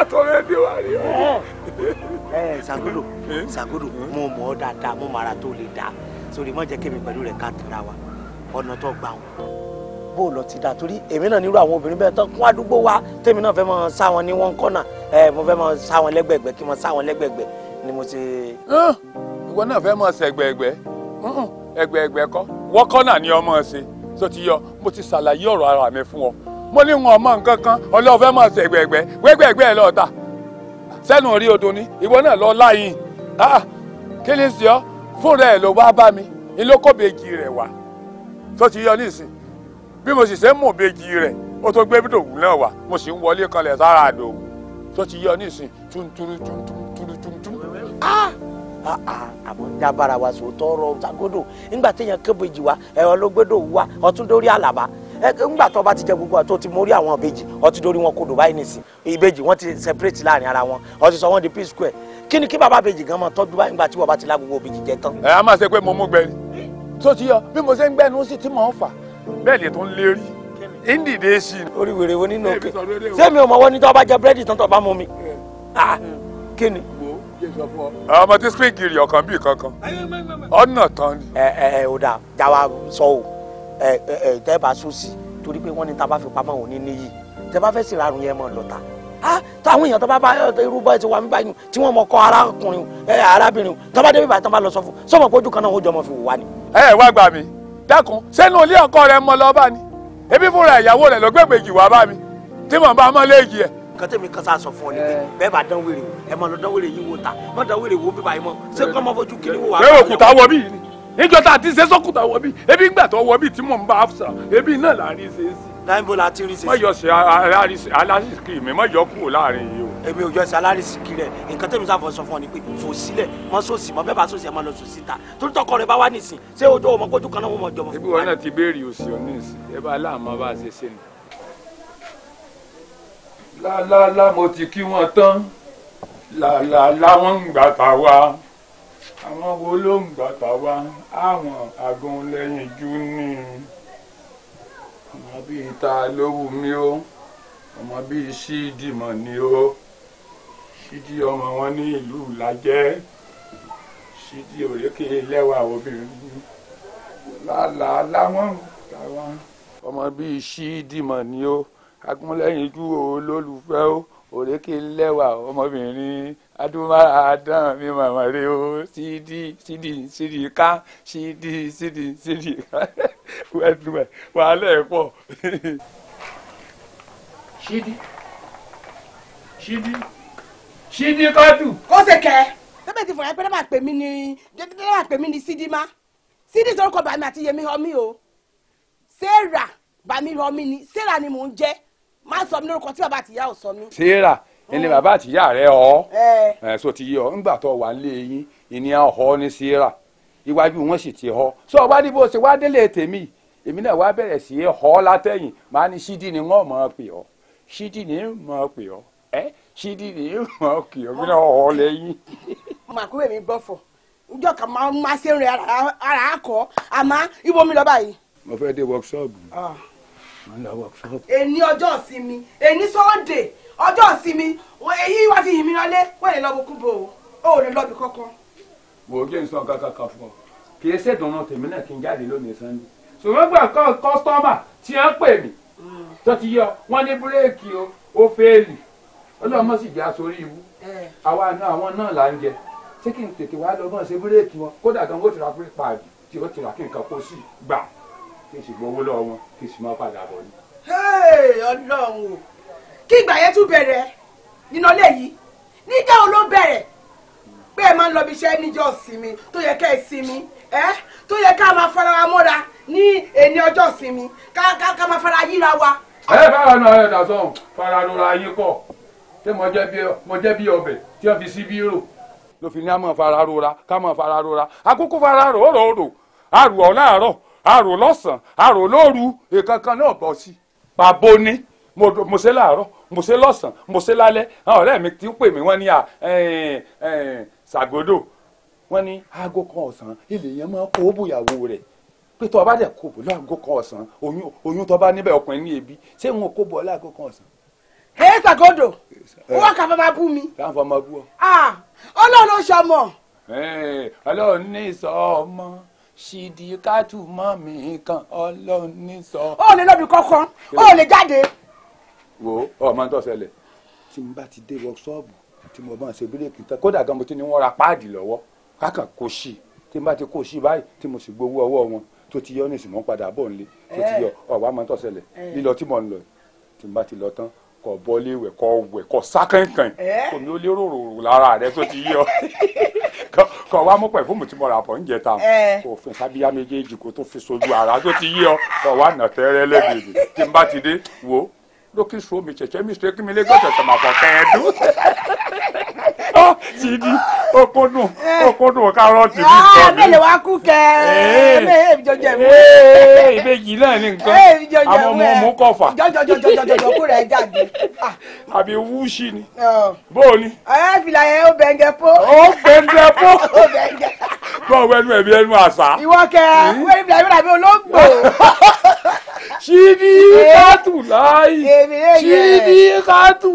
ọtọ rẹ ti rí o. ẹ ṣàgódò ṣàgódò mo mọ̀ ọ́ dáadáa mo mara tó lè dá sórí mọ́ jẹ́ kémi pẹ̀lú rẹ̀ ká tẹ̀ra wa ọ̀nà tó gbà wọn bó lọ ti dà torí èmi náà nírú àwọn obìnrin bẹ́ẹ̀ tán kún àdúgbò wa tèmi náà fẹ́ mọ sá wọn ní wọn kọ́nà ẹ mo fẹ́ mọ sá wọn lẹ́gbẹ̀gbẹ́ kí mo sá wọn lẹ́gbẹ̀gbẹ́ ni mo ṣe. ìwọ náà fẹ́ mọ sẹ́gbẹ̀gbẹ́ ẹgbẹ́ ẹgbẹ́ kọ wọ́kọ́ náà ni ọmọ ṣe tó yọ mo ti ṣàlàyé ọrọ ara mi fún ọ mo ní wọn ọmọ nǹkan kan ọlọ́ọ̀fẹ́ máa ṣe ẹgbẹ̀ẹ̀gbẹ́ gbẹ́gbẹ́ẹ̀gbẹ́ lọ́ọ̀ta sẹ́nu orí odò ni ìwọ náà lọ láyìn ah, kí ni sí fún rẹ ló wá bá mi bí mo sì ṣe ń rẹ tó gbé bídòwú náà wá mo sì ń wọlé kanlẹ̀ sára Ah, ah, àmọ́ ń dábàrà wa sòótọ́ ọ̀rọ̀ ṣàgódò nígbà téèyàn kébèjì wa ẹ̀rọ ló gbẹ́dọ̀ wá ọtún dórí àlàbà nígbà tó bá ti jẹ gbogbo àtó ti mórí àwọn ìbejì ọtún dórí wọn kodò báyìí nìsín ìbejì wọn ti separate láàrin ara wọn ọtún sọ wọn di peace square kí ni kí bàbá ìbejì gan mọ tọ́jú báyìí nígbà tí wọ́n bá ti lá gbogbo ìbejì jẹ tán. ẹ á máa ṣe pé mo mú gbẹni tó ti yọ bí mo ṣe ń gbẹnu sí tí mò ń fà bẹ́ẹ̀ tó ń lérí ndìdé sí i. wo nínú òkè sẹ́mi ò mọ̀ wọ́n ní tó bá jẹ búrẹ́dì tán tó bá mú mi. Ah, kí ni ọmọ tí springiri ọkàn bíi kankan ọ̀nà tán ni. ẹ ẹ ò dà jáwa sọ o ẹ ẹ tẹ́ bá sùn sí torí pé wọ́n ní tá a bá fi pamọ́ òní níyì tẹ́ bá fẹ́ sì rárun yẹn mọ̀ lọ́ta táwọn èèyàn tó bá bá irú bá ti wà mí báyìí tí wọn mọ kọ arákùnrin arábìnrin tó bá débi báyìí tó bá lọ sọ fún sọmọ pé ojú kan náà ó jọ ọmọ fi wà ní. ẹ wá gbà mí dákun sẹ́nu ilé ọkọ rẹ mọ lọ bá ní ebi fúnra ìyàwó rẹ lọ gbẹgbẹgì wá bá mi tí mò ń bá mọ léègì ẹ nǹkan tẹ̀mí kan sáà sọ fún ọ ni pé eh. bẹ́ẹ̀ bá dán wèrè o ẹ máa lọ dán wèrè yìí wò ta má dán wèrè wò bíbá yìí mọ́ ṣé eh. kọ́ máa fojú kiri wò wá. bẹ́ẹ̀ òkúta wọ bí yìí ni níjọ́ tá a ti ṣe sọ́kúta wọ bí ebi ńgbà tó wọ bí tí mò ń bá afsa ebi náà láàrin ṣe é sí. láìpẹ́ la ti rí ṣe sí. má yọ ṣe alárìsíkì mi má yọ kúrò láàrin yìí o. èmi ò yọ ṣe alárìsíkì rẹ nǹkan tẹ̀mí sáfọ̀ sọ fún ọ ni pé fò sílẹ̀ mọ sósì mọ bẹ́ẹ̀ bá sósì ẹ máa lọ sùn síta torí tọkọ rẹ bá wà nísìn ṣé ojú ọmọ kojú kan náà wọ́n mọ̀ jọmọ. ebi wọn náà ti béèrè òsì ọ ní ìsìn ẹ bá aláàmọ bá a ṣe ṣe ni lálálá mo ti kí wọn tán lálálá wọn ń gbà tà wá àwọn wo ló ń gbà tà wá àwọn àgùn lẹ́yìn jú ní ọmọ bíi ta ló wù mí o ọmọ bíi ṣídìmọ̀ ni o ṣídì ọmọ wọn ní ìlú làjẹ́ ṣídì òrékè lẹ́wà obìnrin lálálá wọn ń gbà wá ọmọ bíi ṣídìmọ̀ ni o agúnlẹ́yìn ju olólùfẹ́ o òrékè lẹ́wà ọmọbìnrin adúmáradán mi màmá rẹ o sídì sídì sídì ká sídì sídì sídì ká wàhálà ẹ̀ pọ̀. sídì sídì sídì kọ́tù. ó ṣe kẹ́ ẹ́ tẹ́lẹ̀ ti fọ̀rọ̀ ẹ pé dábàá pè mí ni dábàá pè mí ni sídì má sídì sọ́kọ̀ bàmí àti yèmí ọmí o sarah bàmí ọmí ni sarah ni mò ń jẹ́ má sọ mi lórúkọ tí bàbá àtìyá ò sọ mi. sarah ẹni bàbá àtìyá rẹ ọ ẹ so ti yí ọ ńgbà tó wà nílé yín ìní ọhọ ní sarah iwájú wọn sì ti họ sọ wá ní bó ṣe wá délé tèmi èmi náà wá bẹ̀rẹ̀ sí í họ látẹ̀yìn màá ní ṣídì ni wọ́n mọ̀ ọ́ pè ọ́ ṣídì ni mọ̀ ọ́ pè ọ́ ẹ́ ṣídì ni mọ̀ ọ́ pè ọ́ mi náà họ lẹ́yìn. màkúrò mi gbọ́ fọ̀ njọ́ kan máa ń máa ṣe ń rìn ara àkọ́ àmọ́ ibo mi lọ báyìí. mo fẹ́ dé workshop. Ah èní ọjọ́ ìsinmi èní Sunday ọjọ́ ìsinmi èyí wá fi yìn mí lọlé wọ́n lè lọ́ọ́ kú bò ó ò lè lọ́ọ́bì kankan. wò ó jẹ́ ìsọ̀ kankan kan fún ọ kì í ṣèdùnnú tèmi náà kí n jáde lónìí Sunday ṣùgbọ́n gbà kọ́ kọ́sítọ́mà tí wọ́n pè mí mm. tó ti yọ wọ́n ní búrẹ́ẹ̀kì o ó fẹ́ẹ̀lì ọlọ́mọ sì jẹ́ aṣorí ibú àwa náà àwọn náà là ń jẹ ṣé kí n tètè wá lọ́gbọ́n ṣe búrẹ́ẹ̀kì wọn kódà gan ó ti ra búrẹ́ẹ̀kì pààyàn tí ó ti ra kí nǹkan kó sí gbà kí n sì gbowó lọ́wọ́ wọn kí n sì máa padà bọ̀ ni. ọlọ́run o kí ìgbà yẹn tún bẹ̀rẹ̀ nínú ilé yìí nígbà wo ló bẹ̀rẹ̀ pé ẹ máa ń lọ bí iṣẹ́ níjọ́ ìsinmi tó yẹ ká ẹ sinmi ẹ tó yẹ ká máa fara wa mọ́ra ní èní ọjọ́ ìsinmi ká máa fara yíra wa. ẹ fara náà ẹ dàtọ̀ fara rora ayé kọ̀ tí mo jẹ́ bí ọbẹ̀ tí wọ́n fi sí bírò ló fi ní a máa fara rora ká máa fara rora akókó fara ròóròó àrùọ̀ láàárọ̀ àrò lọ́sàn àrò lóru ìkankan náà bọ̀ sí pàbó ni mo ṣe láàárọ̀ mo ṣe lọ́sàn mo ṣe lálẹ́ àwọn ọ̀rẹ́ mi ti ń pè mí wọ́n ní ṣàgódò wọ́n ní aago kan ọ̀sán ilé yẹn máa kó bòyàwó rẹ̀ pé tó o bá dẹ̀ kó bò láago kan ọ̀sán oyún tó bá níbẹ̀ ọkùnrin ní ebi ṣé wọn kó bò láago kan ọ̀sán. ẹ ṣàgódò wọn kà fẹ́ máa bú mi. kà fẹ́ máa ọ. ọlọ́run ṣọmọ. ọlọ́run ní ìsọ ṣìdíkàtù mọ́ mi kan ọlọ́run ní sọ. ó lè lọ́bi kankan ó lè jáde. wo ọmọ tó ṣẹlẹ̀ tí mo bá ti dé wọ́ọ̀ṣọ́ọ̀bù tí mo bá ń ṣe bírèkì tán kódà gan mo ti ní wọ́n ra páàdì lọ́wọ́ kákan kò sí tí mo bá ti kò sí i báyìí tí mo sì gbowó ọwọ́ wọn tó ti yọ ní ìsìnmọ́ padà bọ̀ nílé tó ti eh. yọ ọ̀wá ọmọ tó ṣẹlẹ̀ eh. lílọ tí mo ń lọ tí mo bá ti lọ tán kọ bọ́lé wẹ̀ kọ wẹ̀ kọ sákànkàn eh. kò ní ó lérò rò *laughs* kọ wá mú pẹ̀fúmù tí mo rà pọ̀ ń jẹ ta kò fin sábíyá méjèèjì kó tó fi sojú ara tó ti yí ọ kọ wá nà tẹ́rẹ́ lẹ́gbẹ̀ẹ́dì tí n bá ti dé wò lókè so mi mi ṣe kí mi lé gbọ́dọ̀ sọ̀mọ̀ àpọ̀ kẹ́ẹ̀dún ti di okunu okunu kárọ̀tì ní ìtọ́ mi. mélòó wá kú kẹ ẹ ẹ jọjọ ìwé. ìbejì náà ni nǹkan àmọ́ mo mú kọfà. jọjọjọjọjọ kú rẹ jáde. àbí wúṣì ni bóò ni. ẹ fìlà yẹn ó bẹ̀ǹgẹ̀ po. ó bẹ̀ǹgẹ̀ po. bọ́ọ̀ wẹ́nu ẹ̀mí ẹnu àṣà. ìwọ kẹ wẹ́n fìlà yẹn dàbí olóńgbò. ṣíbí kátù láàyè ṣíbí kátù.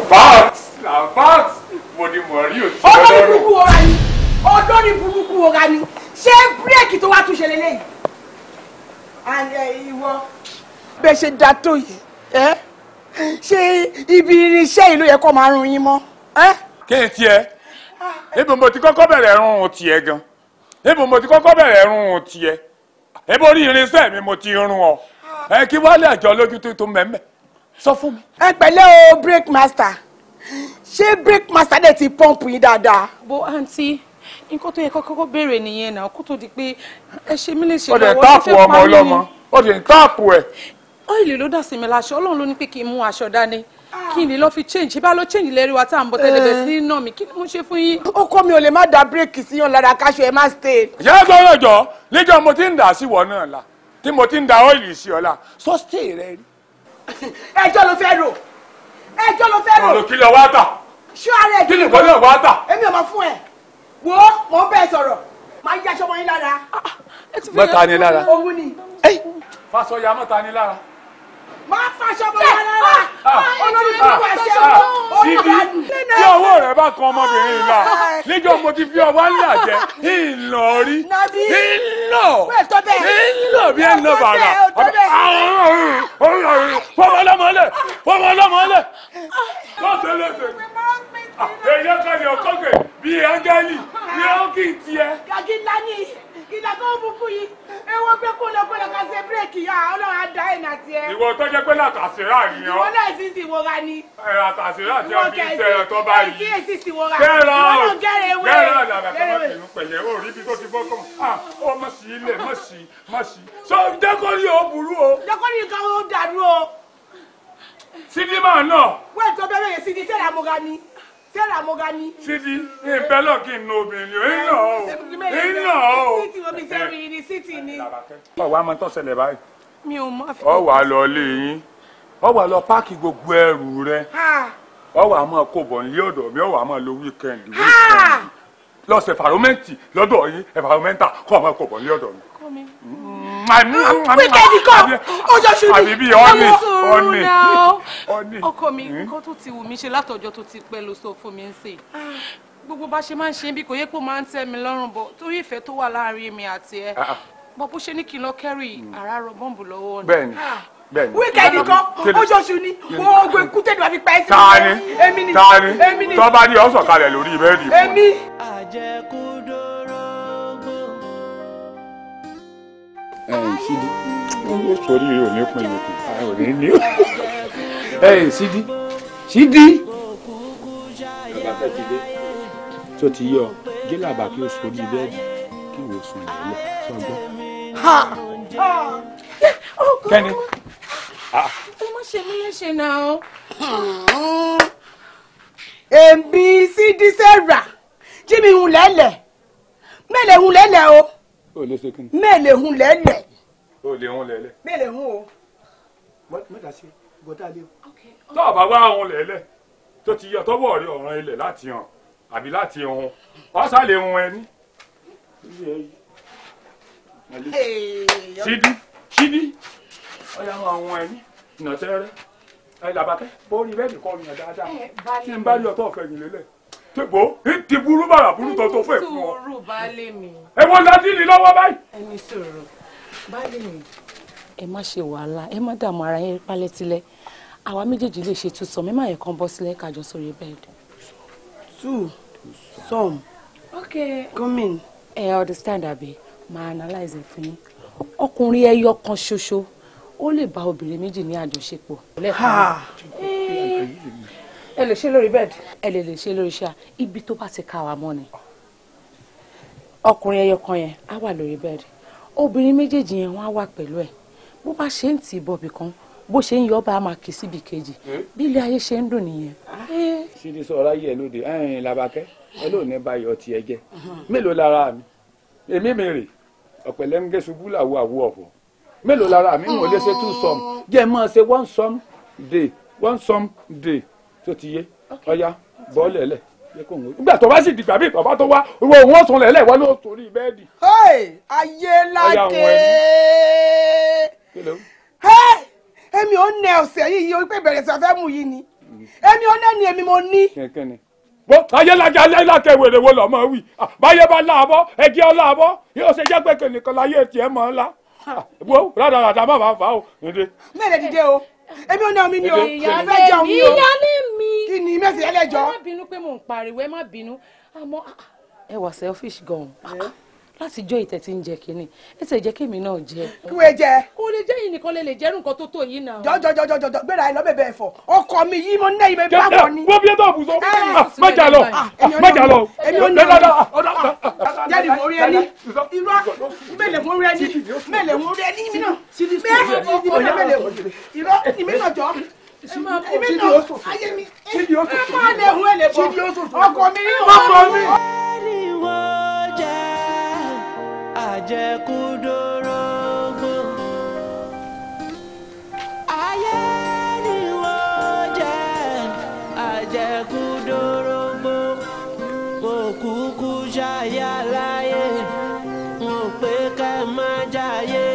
nabat nabat mo ni mo rí òsì lọ́dọ́rùn. olórí burúkú ọ̀rá ni olórí burúkú ọ̀rá ni ṣé bírèkì tó wá tún eh, ṣe lélẹ́yìí ìwọ bẹ́ẹ̀ ṣe da tó yìí ṣé ibi irinṣẹ́ ìlú yẹ kó máa rún yín mọ́. kí tiẹ̀ ebi mo ti kọ́kọ́ bẹ̀rẹ̀ rún tiẹ̀ gan ebi mo ti kọ́kọ́ bẹ̀rẹ̀ rún tiẹ̀ ebi orí irinṣẹ́ mi mo ti rún ọ kí wálé àjọ lójú tó mẹ́mẹ́ sọ fún mi. ẹ pẹ̀lẹ́ o break master ṣé break master dẹ̀ ti pọ́ǹpù yín dáadáa. bo àǹtí nǹkan tó yẹ kọ́kọ́ béèrè nìyẹn náà kó tó di pé ẹ ṣe mí lè ṣe lọ́wọ́ ó ti fẹ́ pa mí ni. ó ti ń táàpù ẹ̀. ọ́ìlì ló dà sí mi láṣọ ọlọ́run ló ní pé kí n mú aṣọ dání ah. kí ni lọ fi change bá lọ change lẹ́rìí wa tá à ń bọ̀ tẹ́lẹ̀ bẹ̀ sí iná mi kí ni mo ṣe fún yín. ọkọ mi ò lè má da bírèkì síyàn lára káṣọ ẹ má stay. ìyá ẹ sọ ọjọ́ níjọ́ mo ti ń dà sí ìwọ náà la tí mo ti ń da ọ́ìlì sí ọ la sọ stay rẹ rí ẹjọ́ ló fẹ́ rò ẹjọ́ ló fẹ́ rò. ọ̀rọ̀ kí ló wá tà. ṣé ara ẹ̀ kí ni kò ló wá tà. èmi ò máa fún ẹ wo mò ń bẹ́ẹ̀ sọ̀rọ̀ máa yá aṣọ mọ́ yín lára. mọ́ta ni lára. òun ni. fásọyà mọ́ta ni lára máa fàṣọ bọ̀ rárá ah, ah, ah, olórí tó wà ṣe owó ìlànà. tí ọwọ́ rẹ̀ bá kan ọmọbìnrin ńlá níjọ́ mo ti fi ọwọ́ ńlá jẹ ìlọ rí ìlọ ìlọ bí ẹ̀ ń lọ bàrà fọwọ́ lọ́mọlẹ̀ fọwọ́ lọ́mọlẹ̀ lọ́sẹ̀ lẹ́sẹ̀ èyí ọkọ̀ ni ọkọ̀ gbẹ̀ bíi ángẹ́lì ni ó kì í tiẹ̀. gàgí lánìí ìdàgbọ́ òbúkú yìí ewo pé kó lọ gbọ́dọ̀ ká ṣe bírèkì yá ah, ọlọ́run á dá ẹ̀nà tiẹ̀. ìwọ tó jẹ́ pé làtàsírà ni ọ. ìwọ náà sì sì wọra ni. làtàsírà tí a fi ṣe ẹ̀rọ tó bá yìí. kí sì wọra. kẹ́rọ kẹ́rọ làbàtà má bínú pẹ̀lẹ́ ó ibi tó ti bọ́ kàn ah, ó má sí ilẹ̀ má sí má sí. sọ dẹ́kọ́rì ó o. dẹ́kọ́rì kan ó dàrú o. sinimá náà. wẹ́ẹ̀ tó sarah mogani. sidi ní ìbẹ́ lọ kí n na obìnrin o iná o iná o. ní sítì omi sẹ́rí ní sítì ni. ọ̀wá máa tọ́ ṣẹlẹ̀ báyìí. mi ò mọ àfikún. ọ̀wá lọ lé yín ọ̀wá lọ páàkì gbogbo ẹrù rẹ ọ̀wá máa kó bọ̀ nílé ọ̀dọ̀ mi ọ̀wá máa lo wíkẹ́ndì wíkẹ́ndì lọ́sẹ̀ fàrómẹ́ǹtì lọ́dọ̀ yín ẹ̀fàrómẹ́ǹtà kọ́ máa kó bọ̀ nílé ọ̀dọ̀ mi wíkẹ́ẹ̀dì kan ojoṣù ni ọmọ sòrò náà ọkọ Oh, come in. ti to see me. She tó ti pẹ́ to see fún so for me gbogbo bá ṣe máa ń ṣe bí kò yẹ kó máa ń tẹ́ mi lọ́rùn bọ̀ torí ìfẹ́ tó wà láàárín mi àti ẹ ah, ah. bọ́ bó ṣe ní kí n lọ kẹ́rì ara hmm. rọ bọ́ǹbù lọ́wọ́ ni. bẹ́ẹ̀ni ah. bẹ́ẹ̀ni wíkẹ́ẹ̀dì kan ojoṣù ni oògùn èkúté ló fi pa ẹsẹ̀ mi. tani tani tọ́ba ni ọ̀sọ̀kalẹ̀ lórí bẹ́ẹ̀ni. èmi. àjẹkúdó ẹ̀yìn sídi ó sọrí rẹ ò ní pinlẹ̀kùn ò ní ní ẹ̀yìn sídi sídi tó ti yọ gíláàbà kí o sọrí bẹ́ẹ̀dì kí o sùn lẹ́lẹ̀ sọgbọ́n. kẹ́ni. o ah. má ṣe mí léṣe náà o. èmi sídi sẹ́ra jí mi hùn lẹ́lẹ̀ mẹ́lẹ̀ hùn lẹ́lẹ̀ o mẹ́lẹ̀ hùn lẹ́lẹ̀ o lè hun lẹ́lẹ̀. mi lè hun o. mọ́tà sí gọ́tà lé o. tó o bá wá hun lẹ́lẹ̀ tó ti yọ tọ́wọ́ rẹ ọ̀ràn ilẹ̀ láti hàn àbí láti hun ọ̀sà lè hun ẹni. sídí sídí ọ̀yà hun àwọn ẹni ìnàtẹ́rẹ́ ẹ làbàkẹ́ bórí bẹ́ẹ̀ nìkan ọ̀nà dáadáa tí n bá rí ọtọ́ ọ̀fẹ́yìn lélẹ̀ tẹ̀gbọ́ ti burú bàrà burú tọ́tọ́ fún ẹ̀ fún ọ. ẹ wọ́n dájú ní lọ́wọ́ báyìí. ẹni sọ̀rọ̀ ẹ má ṣe wàhálà ẹ má dààmú ara yín pálẹ́tílẹ́ àwa méjèèjì lè ṣe tú sọm ẹ má yẹ kán bọ́ sílẹ̀ kájọ sórí bẹ́ẹ̀dì. tú sọm. ok come in. ẹ understand àbí máa analyze fún yín ọkùnrin ẹyọ kan ṣoṣo ó lè bá obìnrin méjì ní àjọṣepọ̀ lẹ́ẹ̀kan eh. ẹ lè ṣe lórí bẹ́ẹ̀dì. ẹ lè lè ṣe lórí ṣá ibi tó bá ti ká wa mọ́ ni ọkùnrin ẹyọ kan yẹn á wà lórí bẹ́ẹ̀dì obìnrin méjèèjì yẹn wọ́n á wà pẹ̀lú ẹ̀ bó bá ṣe ń tì í bọ̀ bìkan bó ṣe ń yọ ọba máa kì í síbi kejì hmm? bí ilé ayé ṣe ń dùn nìyẹn. Ah. ṣídì sọ̀rọ̀ ayé ẹ̀ lóde ẹ̀yìn làbákẹ́ ẹ lóò ní bá yọ tiẹ̀ jẹ́ uh-huh. mélòó lára mi èmi mi rè ọ̀pẹ̀lẹ̀ ń gé ṣubú làwọ̀ àwọ̀ ọ̀fọ̀ mélòó lára mi mò lè ṣe two sum oh. jẹ́ ẹ máa ṣe one sum day one sum day tó ti yé ọya bọ́ọ̀lẹ̀ lẹ̀ nígbà tó bá sì dìgbà bí bàbá tó wá owó òun ọ̀sán lẹ́lẹ̀ wá ló torí bẹ́ẹ̀dì. ayé lákè èmi ò nẹ ọ̀sẹ̀ yìí yìí pé bẹ̀rẹ̀ sọ fẹ́ mú yìí ni èmi ò nẹ́ni èmi mo ní. bó ayé lákè ayé lákè wèrè wo lọ́mọ wì báyé bá láàbọ̀ ẹ̀jẹ̀ ọ láàbọ̀ yóò ṣe jẹ́ pé kìnìkan láyé tiẹ̀ mọ́ ńlá wo rádaràdà má bàa fà á o. mẹ́rẹ̀ o èmi ò ní omi ni o fẹ́ jẹ omi o kí ni mẹ́sì ẹlẹ́jọ́. ẹ má bínú pé mò ń pariwo ẹ má bínú àmọ́. Ah, ah, ẹ wà selfish gan láti jọ ìtẹ̀ tí ń jẹ kínní ẹ sì jẹ́ kémi náà jẹ. kí wọ́n jẹ. kò lè jẹ́ yìí nìkan lè lè jẹ́rù nǹkan tó tó yìí náà. jọjọ jọjọ jọjọ gbéra ẹ lọ́bẹ̀ bẹ́ẹ̀ fọ ọkọ mi yìí mo nẹ́ ibẹ̀ bá ni. wọ́n fi ẹ́ tó bùsọ. lọ má lọ. èmi ò ní ọ̀rọ̀ jáde mo rí ẹni irọ́ mẹ́lẹ̀ mo rí ẹni mẹ́lẹ̀ mo rí ẹni mi náà mẹ́lẹ̀ irọ́ ìmí náà jọ ìmí náà ayé mi ẹ máa lẹ̀ hun ẹ̀ lẹ̀ bọ̀ ọkọ mi rí ọkọ mi àjẹkúdórógbò.
ayé ni wọ́n jẹ́ àjẹkúdórógbò òkúkú ṣáyà láyé wọn ò pé ká má jáyé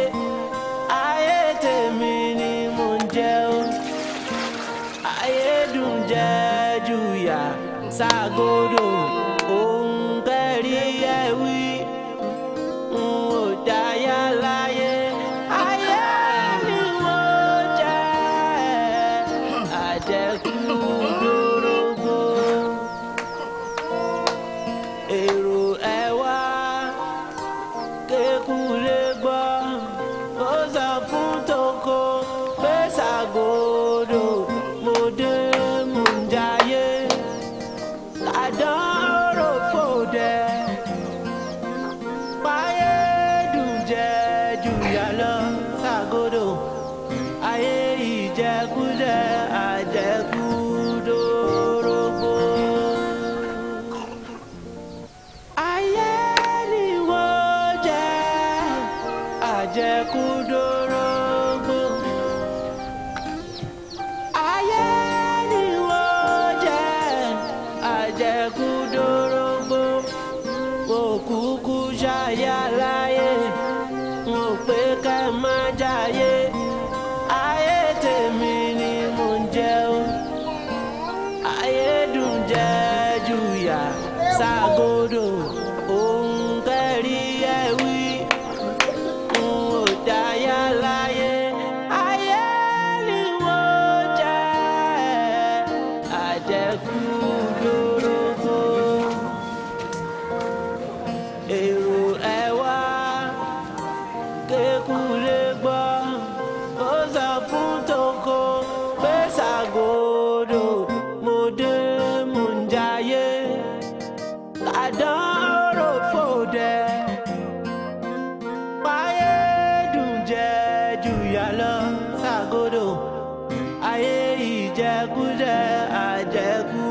ayé tèmi ni mò ń jẹ ìjẹkújẹ àjẹkù.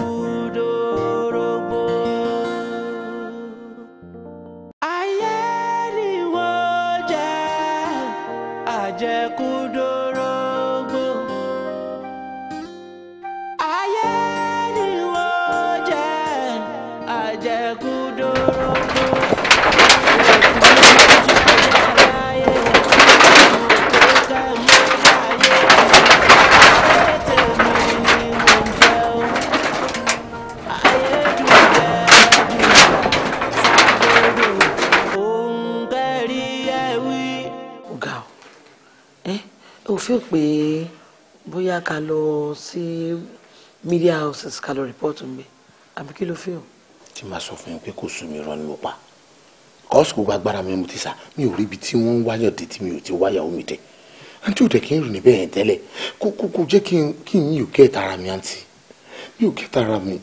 pé bóyá ká lọ sí
media houses ká lọ report mi àbí kí ló fi hàn. tí màá sọ fún yín pé kò sùn mí rán ni mo pa kọ́ọ̀sì gbogbo agbára mi mo ti sà mi ò rí ibi tí wọ́n ń wáyọ̀ dé tí mi ò ti wáyà omi dé àǹtí ò dẹ̀ kí n rìn níbẹ̀ yẹn tẹ́lẹ̀ kó kó kó jẹ́ kí n yí ò kẹ́ẹ̀ta ara mi àǹtí mi ò kẹ́ẹ̀ta ara mi.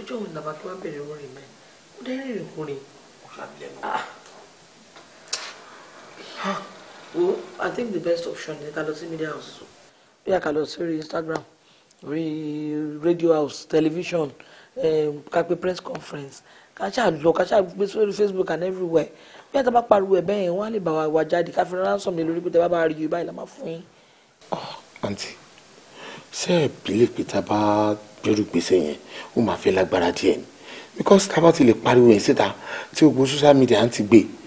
ọjọ́ òun nàbà kí wọ́n bẹ̀rẹ̀ orí mẹ́ kó dẹ́rìn rìn Well, i think the best option is ká media house bí a instagram rí radio house television ká pe press conference ká ṣáà lọ ká ṣáà facebook and everywhere We a ta bá pariwo Ben, bẹ́ẹ̀ wọ́n á lè bá wa jáde ká fi ransom lé lórí pé tẹ́ bá bá rí
ah, believe pé tá a bá gbẹrù gbèsè yẹn ó máa fẹ́ because tá a bá ti lè pariwo yẹn síta tí gbogbo social media ń ti gbé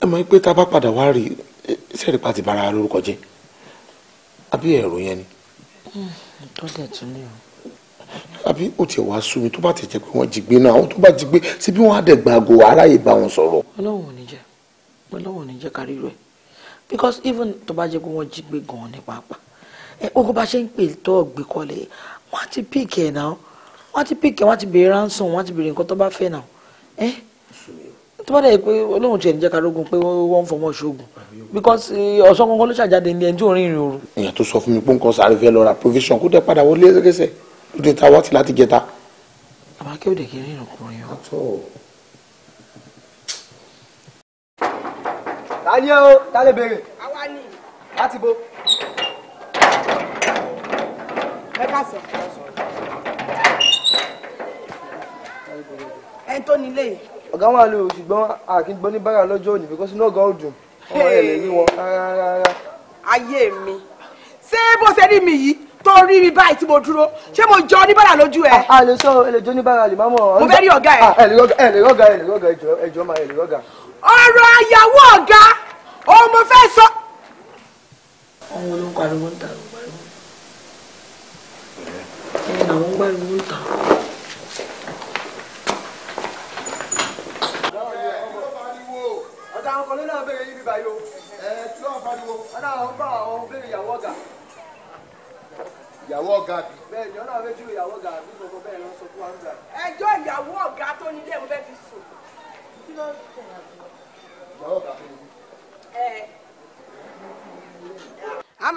ẹ mọ̀ pé tá a bá padà wá rí sẹ́ẹ̀rì pa ti bára lórúkọ jẹ́ àbí ẹ̀rọ yẹn ni. Hmm, tó o.
àbí ó tiẹ̀ wá sú mi tó bá tẹ̀ jẹ́ pé wọ́n jí gbé náà àwọn tó bá jí gbé síbí wọ́n á dẹ̀ gbàgò aráyè bá wọn sọ̀rọ̀. ọlọ́run ò ní jẹ́ ọlọ́run ò ní jẹ́ kárí rẹ̀ because even tó bá jẹ́ pé wọ́n jí gbé gan-an ní pàápàá ẹ ogun bá ṣe ń pè tó ọ̀gbẹ́ kọ́lé wọ́n á ti píìkì ẹ̀ tó dẹ̀ pé olóhùn tiẹ̀ níjẹ́ karógun pé wọ́n ń fọmọ́ ṣoògùn because eh, ọ̀sán kankan ló ṣàjáde ní ẹni tí ò ń rìnrìn òru.
èèyàn tó sọ fún mi pé nǹkan sáré fẹ́ lọ ra provision kó tẹ́ padà
wọlé lẹ́sẹ̀ ló dé ta wọ́ọ̀tì láti jẹta. àmọ́ akéwòde kì í rìn ọkùnrin o. ẹ tó nílé yìí ọ̀gá wà lóru ṣùgbọ́n àkíngbọ́n ní bára lọ́jọ́ òní bíkọ́sí náà ọ̀gá ọ̀dùn ọmọ ẹ̀ lè rí wọn rárá rárá. ayé mi ṣé bó ṣe rí mi yìí tó rí mi báyìí tí mo dúró ṣé mo jọ oníbàrà lójú ẹ. a lè sọ ẹ lè jọ oníbàrà lè má mọ. mo fẹ́ rí ọ̀gá ẹ. ẹ lè rọ́gà ẹ lè rọ́gà ẹ jọ máa ẹ lè rọ́gà. ọ̀rọ̀ àyàwó ọ̀gá òun mo fẹ́ sọ. ọmọ ló ń pariwo ń ta ló ń pariwo. ẹ àwọn ń pariwo ń ta. àwọn kan lónà béèrè yín bíbá yìí o ẹ tí wọn fariwo ọ̀nà àwọn bá àwọn béèrè ìyàwó ọ̀gá. ìyàwó ọ̀gá bi. bẹ́ẹ̀ ni ọ̀nà lọ sọ fún wa ẹjọ́ ìyàwó ọ̀gá tó mo fẹ́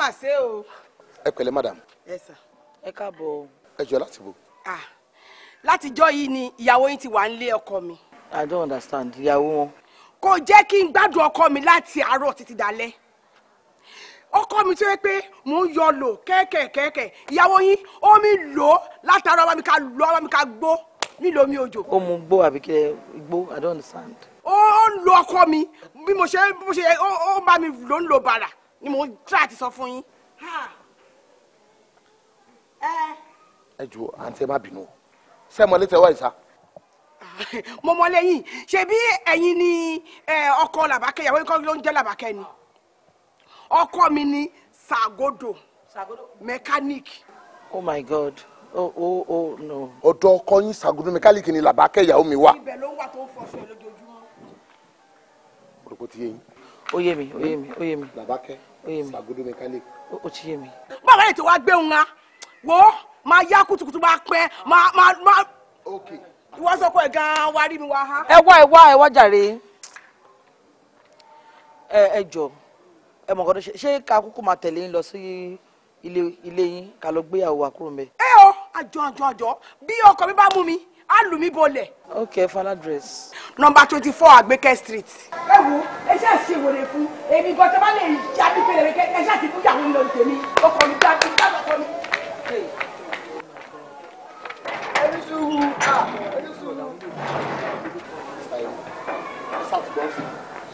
a ṣe o. ẹ madam. ẹ sà ẹ káàbọ̀ ẹ jọ láti látijọ́ ni ìyàwó yín ti wà ọkọ mi. I don't understand ìyàwó wọn. kò jẹ́ kí n gbádùn ọkọ mi láti àárọ̀ títí dalẹ́ ọkọ mi tó yẹ pé mò ń yọ lò kẹ́kẹ̀kẹ́kẹ́ ìyàwó yín ó mi lò ó látara ọba mi ká lò ọba mi ká gbó mi lò mi òjò. ó mu gbó àbí kí ẹ
gbó i don't understand.
ó ń lo ọkọ mi bí mo ṣe bí mo ṣe ó bá mi lò ń lo bàrà ni mò ń tíra àti sọ fún yín. ẹ jù àǹtí ẹ má bínú sẹ́mọ̀lẹ́tẹ̀ wáyé sá. *laughs* mo mọ lẹ́yìn ṣebí ẹ̀yin ni ọkọ làbákẹ́ ìyàwó nǹkan ló ń jẹ́ làbákẹ́ ni ọkọ mi ni Ṣàgódò mẹkáníìkì. oh my god oh oh oh no. ọ̀dọ̀ ọkọ yín Ṣàgódò mẹkáníìkì ni làbákẹ́ ìyàwó mi wà. ibẹ̀ ló ń wà tó ń fọṣọ ẹ lójoojúmọ́. o rò pé ó yé yín. ó yé mi ó yé mi ó yé mi. làbákẹ́ Ṣàgódò ó ti yé mi. báwo ni ètò wa gbé wọn wo máa yá kutukutu máa pẹ́ máa máa. okay ìwọ sọ pé gan-an wa rí mi wá há. ẹ wá ẹ wá ẹ wá jàre ẹ ẹ jọ ẹ mọ̀ kọ́dọ̀ ṣé ká kúkú máa tẹ̀lé yín lọ sí ilé ilé yín ká lọ gbéyàwó wa kúrò mẹ́. ẹ o àjọ àjọ àjọ bí ọkọ mi bá mú mi á lù mí bolẹ̀. ok fala dress. nọmba twenty four àgbékẹ́ street. ẹ wo ẹ ṣáà ṣe wòlé fún èmi gan-an a bá lè yá nípele rẹ kẹ ẹ ṣáà ti fún ìyàwó mi lọ tèmi ọkọ mi dá mi dá lọ.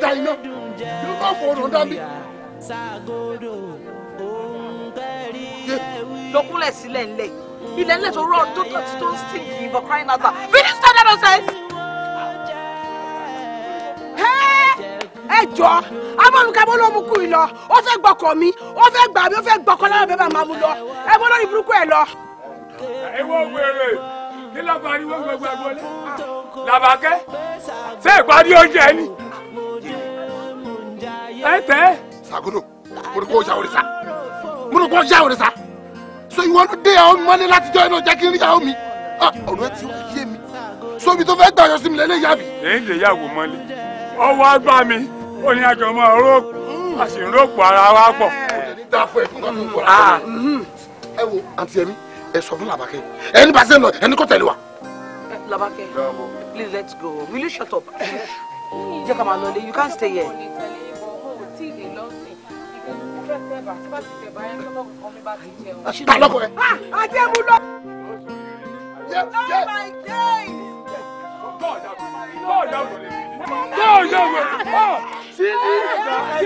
dá iná ló bá fọ̀rọ̀ dá mi.
lọkúnlẹ̀ sílẹ̀ ńlẹ̀ ilẹ̀ ńlẹ̀ tó rọ̀ tó dọ̀tí tó ń sìn yìí for crying out loud finish that nonsense. ẹ jọ amọ̀nukẹ́bọ́ ló mú kú yìí lọ ó fẹ́ gbọ́kọ̀ mi ó fẹ́ gbà mí ó fẹ́ gbọ́kọ̀ lára bẹ́ẹ̀ máa mú lọ ẹ bọ́ lórí burúkú ẹ lọ. ẹ wọ́n wẹ̀rẹ̀ kí lọ́ọ́ parí wọ́n gbẹgbẹ́ gbọ́lé làbàkẹ́ ṣé ìparí oúnjẹ ni ẹ tẹ. sagodo mo ní kó yà òrìṣà mo ní kó yà òrìṣà so ìwọ ló dé àwọn mọ́lẹ́ láti jọ inú jẹ́ kí n rí àwọn mi ah, ọ̀rọ̀ ẹ ti wá so omi tó fẹ́ gbà yọ sí mi lẹ́lẹ́ yá mi. èyí lè yàwó mọ́lẹ̀ ọwọ́ àgbà mi ó a sì ń rògbò ara wa pọ̀. da fún ẹ fún kọ́tù kọ́ ara ẹ wo àǹtí ẹ̀mí ẹ sọ fún làbákẹ́ please let's go will you shut up jẹ́ ká you can't stay here ẹ̀bà tí bá ti tẹ̀ bá yẹn tọ́lọ́kù kan mi bá ti jẹun. ta lọkọ ẹ. Ah, àti ẹmu lọ. yóò oh yóò wẹ̀ ọ́ sídi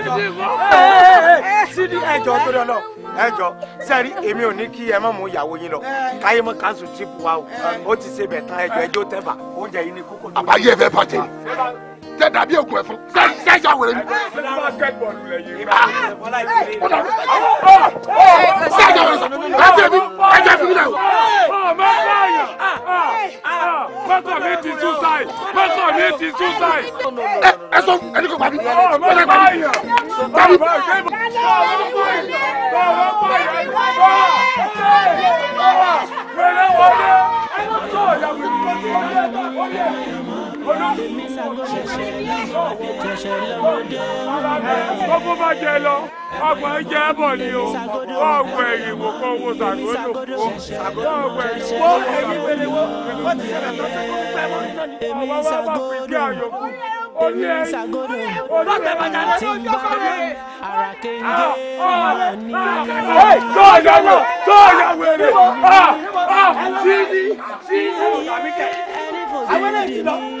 sídi mọ́. sídi ẹjọ́ tó lọ ẹjọ́ sẹ́rí èmi ò ní kí ẹ má mú ìyàwó yín lọ káyé mọ́ káńsù tíìpù wa o ti ṣe bẹ̀ tán ẹjọ́ ẹjọ́ tẹ́ bá oúnjẹ yìí ni kókó. àbáyé ẹ fẹ́ bàjẹ́ jẹ́ dàbí ògùn ẹ̀fọn ṣe ṣe àwòrán mi. ṣe àjọ wọn sọ láti ẹbí ẹjẹ fún mi náà.
mọ́tò mi ti suicide
mọ́tò mi ti suicide. ẹ ẹ sọ ẹni kò pàbí ẹni kò pàbí pàbí.
Wẹ̀lẹ̀ wọlé, ẹnu sọ̀rọ̀
yàgò ìfọ̀sí ọ̀yẹ́ ọ̀yẹ́ èmi sago ṣẹ̀ṣẹ̀ lọ́wọ́ ṣẹ̀ṣẹ̀ lọ́mọdé wúwo. gbogbo bá jẹ lọ ọgbọ̀n jẹ́ bọ̀ ni o ọgbọ̀n ẹ̀yìn wò owó sàgódò kó ọgbọ̀n ẹ̀yìn wò kọ́ owó sàgódò kó èmi sago èmi sagodo bàbá bàjá lọ sí ọjọ́ kọ́lẹ̀ ara kéńgé ọmọ ní
ọmọ.
tó ọjà wò tó ọjà wò èrè
ah sí ní sí ní ọjà mi kẹ àwọn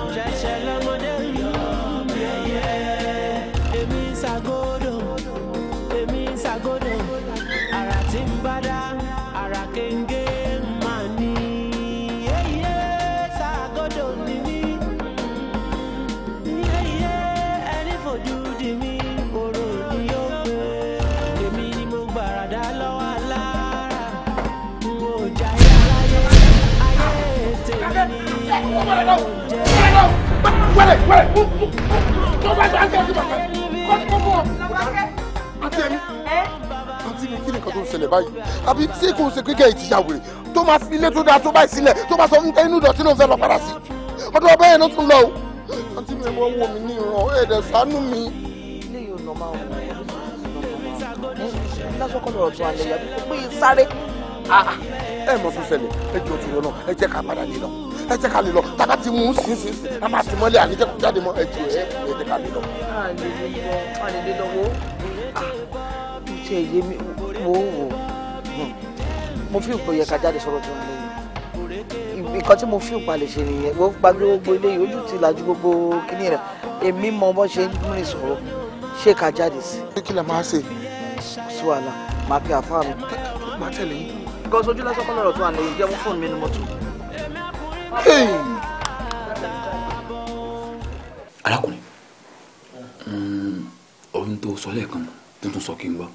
wẹ́rẹ̀ wẹ́rẹ̀
tó bá dá ẹgbẹ́ àti bàbá kọ́ tó bọ̀
àti ẹ̀mí àti mi kí ni nǹkan tó ń ṣẹlẹ̀ báyìí àbí tí kò ń ṣe kékeré ìtìjà wèrè tó máa fi ilé tó dáa tó báyìí sílẹ̀ tó bá sọ nǹkan inú ìdọ̀tí ló ń fẹ́ lọ padà sí ọdún ọbẹ̀ yẹn ló tún lọ o àti mi ẹ̀wọ̀n wò mí ní ìran ẹ̀ẹ́dẹ̀ ṣàánú mi. ilé yóò nọ máa wọ ọ́ lásán kọ́ lọ́rọ̀ tó alẹ́ yàtọ̀ pé sáré Ah, ah. ẹ mọ tó ṣẹlẹ̀ ẹ jọ tó yọ náà ẹ jẹ́ ká padà lè lọ ẹ jẹ́ ká lè lọ tàkà ti mú sínsìnsìn a máa ti mọ́lẹ̀ àní jẹ́ kó jáde mọ́ ẹ jọ ẹ ẹ jẹ́ ká lè lọ. àlejò lọ́wọ́ ìṣe èyí mi wò ó wò mo fi ìpò yẹ ká jáde sọ̀rọ̀ tó ń lẹ́yìn nǹkan tí mo fi ìpò àlè ṣe nìyẹn wọ́n gba gbogbo eléyìí ojú ti lajú gbogbo kíní rẹ̀ èmi mọ bó ṣe ń rìn sọ̀rọ̀ ṣé ká jáde sí. kí la máa ṣe. sí wàhálà
máa àfáà mi. máa tẹ̀lé yín
because ojú lásán kọ́ lọ́rọ̀ tó wà ní ìjẹ́ mú fóònù mi ní mọ́tò. arákùnrin mm, ohun tó sọ lẹ́ẹ̀kan tuntun sọ kí n gbọ́.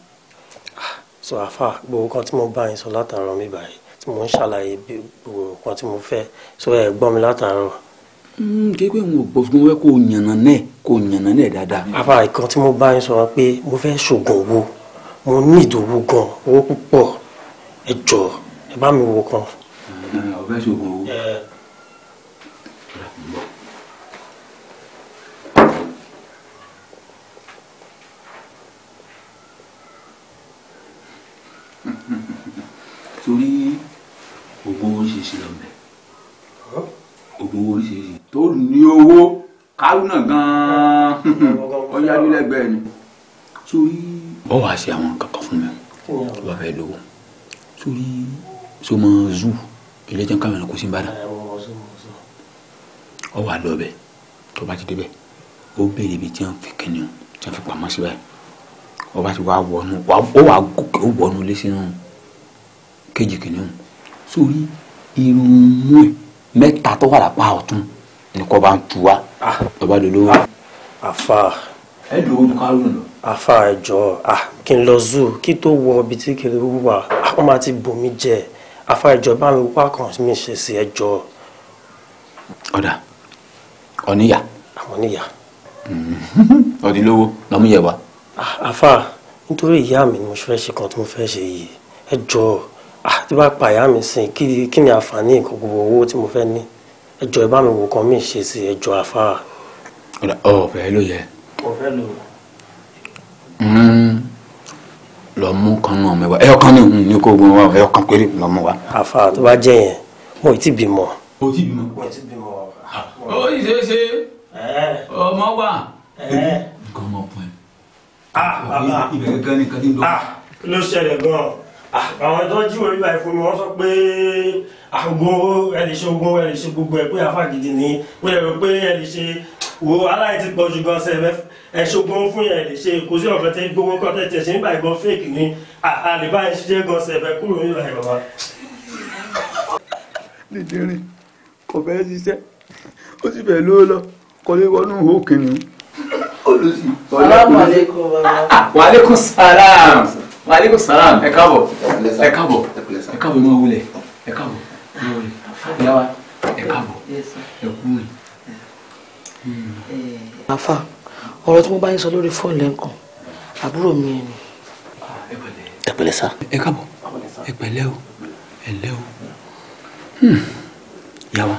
sọ àfà gbogbo kan tí mo bá yín sọ látàárọ̀ mi báyìí tí mo ń ṣàlàyé gbogbo kan tí mo fẹ́ sọ ẹ gbọ́ mi látàárọ̀ mm, kéèké ń gbọ́ fún wẹ́ kó yànnà náà kó yànnà náà dáadáa. àbá ìkan tí mo bá yín sọ pé mo fẹ́ ṣògùn owó mo ní ìdòwú gan owó púpọ̀ ẹ jọ ẹ bá mi wo kan. ọbẹ̀ ṣoògùn owó. torí ògùn owó ṣèṣe lọ́bẹ̀ ògùn owó ṣèṣe
tó ní owó kárúnà gan-an ọjà lílẹ̀gbẹ́ ni. torí.
ó wàá ṣe àwọn kankan fún mi wọ́n fẹ́ lówó sórí sọmọ zu ilé tí ń kàwọn ẹranko sí ń bàdàn ọ wà lọ bẹ tó bá ti débẹ̀ ó
béèrè ibi tí wọ́n fi kíni o tí wọ́n fi pamọ́ sí báyìí ọ bá ti wá wọnú ó wà gòkè
ó wọnú lé sínú kéjì kíni o sórí irun mú ẹ tó wà lápá ọ̀tún ni kò bá ń tu wa ah. lọ́ba lọ́lọ́wọ́. àfa ẹ lò afa ẹjọ ah kí n lọ zoo kí tó wọ ibi tí kiri wúwa àwọn máa ti bò jẹ afa ẹjọ bá mi wá kàn mí ṣe sí ẹjọ. ọ̀dà ọ̀níyà. àmọ́níyà. *laughs* ọ̀dìlówó lọ́múyẹ̀ wá. afa nítorí ìyá mi ni mo fẹ́ ṣe kan tí mo fẹ́ ṣe yìí ẹjọ tí bá pa ìyá mi sìn kí ni àǹfààní gbogbo owó tí mo fẹ́ ní ẹjọ ẹ wò kan mí ṣe sí ẹjọ afa. ọ̀dà ọ̀ bẹ́ẹ̀ ló yẹ kò fẹ́ lò. Hmm. lọ mú kan náà mẹ́wàá ẹyọ kan hmm, ní kó gbọ́n wa ẹyọ kan péré lọ wa. àfa tó bá jẹ yẹn mo ì tí bímọ. o ti bímọ. o ti bímọ. o ì ṣe é ṣe ọmọ wa. nǹkan ọmọ pọ̀ ẹ̀. ibẹ̀ gẹ́gẹ́ ni kàdí lọ. Ah, kí ló ṣẹlẹ̀ gan ah, àwọn tó jíwèé bíbá ìfowópamọ́ wọn sọ pé àgbo ẹni ṣe ogun ẹni ṣe gbogbo ẹ pé àfàgìdì ni pé ẹ̀rọ pé ẹni ṣe wo aláì ti pọ̀jù gan ṣe ẹ ṣogun fún yẹn lè ṣe kò sí ọ̀fẹ́ tí ń gbowó kọ́ tẹ̀tẹ̀ ṣe nígbà ìbọn fèkì ni àlèbá ẹ ṣe gan ṣe ẹ kúrò nígbà ìbàbá.
nìdírín kò fẹ́ ṣiṣẹ́ ó sì fẹ́ lówó lọ kọ́lé wọnú ìhó kìnìún olùsí. salamu
aleykum baba. Ah, ah,
ah, wa aleykum salam wa aleykum salam ẹ káàbọ̀ ẹ káàbọ̀ ẹ káàbọ̀ ẹ máa wulẹ̀ ẹ káàbọ̀ ẹ máa wulẹ̀ ìyá
wa ẹ káàbọ̀ ẹ kúrò. Hmm.
àfà ọ̀rọ̀ tí mo bá yín sọ lórí fóònù lẹ́ǹkan àbúrò mi ni.
ẹ sá. ẹ káàbọ̀ ẹ o ẹ lẹ́ o hmm. yàwá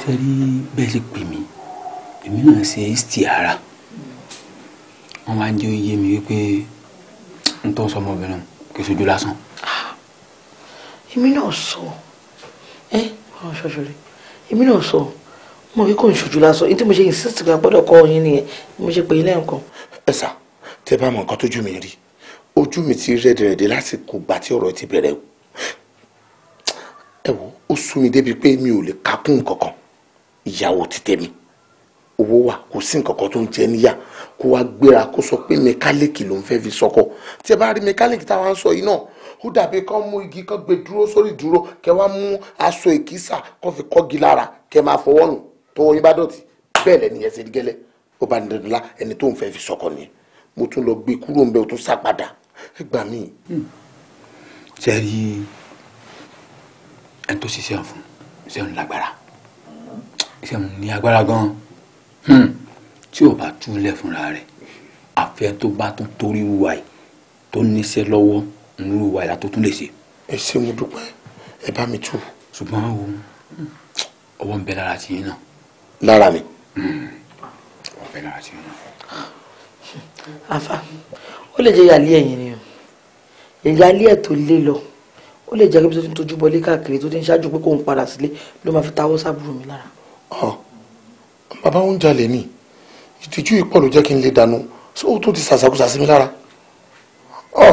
ṣe rí bẹ́ẹ̀ ṣe pè mí èmi náà ṣe ìsítì ara wọ́n máa ń jẹ́ oyé mi wípé n tó ń sọ ọmọbìnrin kì í ṣojú lásán. Ah.
èmi náà sọ ẹ ọ̀rọ̀ ṣọṣọ rẹ èmi náà sọ. So. Eh? mo rí kò ń ṣojú lásán ní tí mo ṣe insist pé a gbọ́dọ̀ kọ́ ọyìn nìyẹn
mo ṣe pé ilé nǹkan. ẹ sà tẹ bá mọ nǹkan tójú mi rí ojú mi ti rẹ́dẹ̀rẹ́dẹ̀ lásìkò gbà tí ọ̀rọ̀ ti bẹ̀rẹ̀ o ẹ wo ó sú mi débi pé mi ò lè kakún nǹkan kan ìyàwó ti tẹ̀ mí owó wà kò sí nǹkan kan tó ń
jẹ níyà kó wá gbéra kó sọ pé mẹkáníìkì ló ń fẹ́ fi sọkọ tí bá rí mẹkáníìkì táwa ń sọ yìí náà ó dàbí kán mú igi kan gbé dúró sórí dúró kẹ wá mú aṣọ ìkísà kó fi kọ́gi lára kẹ máa fọwọ́ nù tọwọ́ yín bá dọ̀tí bẹ́ẹ̀ lẹ́ni yẹn ṣe gẹ́lẹ́ ó bá dandan la ẹni tó ń fẹ́ fi sọkọ nìyẹn mo tún lọ gbé kúrò ńbẹ o tún sá padà ẹ gbà mí.
ṣe rí ẹni tó ṣiṣẹ́ fún iṣẹ́ ń lágbára iṣẹ́ ń ní agbára gan-an hmm. tí ò bá
túlẹ̀ fúnra rẹ̀ àfẹ́ tó bá tún torí wà yìí tó níṣẹ́ lọ́wọ́ ń wà yìí látó tún lè ṣe. ẹ ṣé mo dúpẹ́ ẹ bá mi tù. ṣùgbọ́n o
ọwọ́ ń bẹ lára tiyín náà lára mi.
ọ̀fẹ́ náà ti ń àfà ó lè jẹ́ ìyáálé ẹ̀yìn ni o ìyáálé ẹ̀ tó lé lọ ó lè jẹ́ kí tó ti ń tojú bọlé káàkiri tó ti ń ṣáájú pé kò ń padà sílé ló máa fi tawọ́ sábúrò mi lára.
ọ bàbá ń jalè ni ìtìjú ìpọ̀ ló jẹ́ kí n lè dànù sóò tó ti sàṣàkóṣà sí mi lára ọ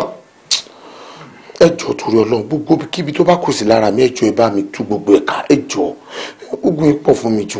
ẹ jọ̀ọ́ torí Ọlọ́run gbogbo kíbi tó bá kù sí lára mi ẹ ẹ bá mi tú gbogbo ẹ̀ka ẹ jọ̀ọ́
ogun ìpọ̀ fún mi jù.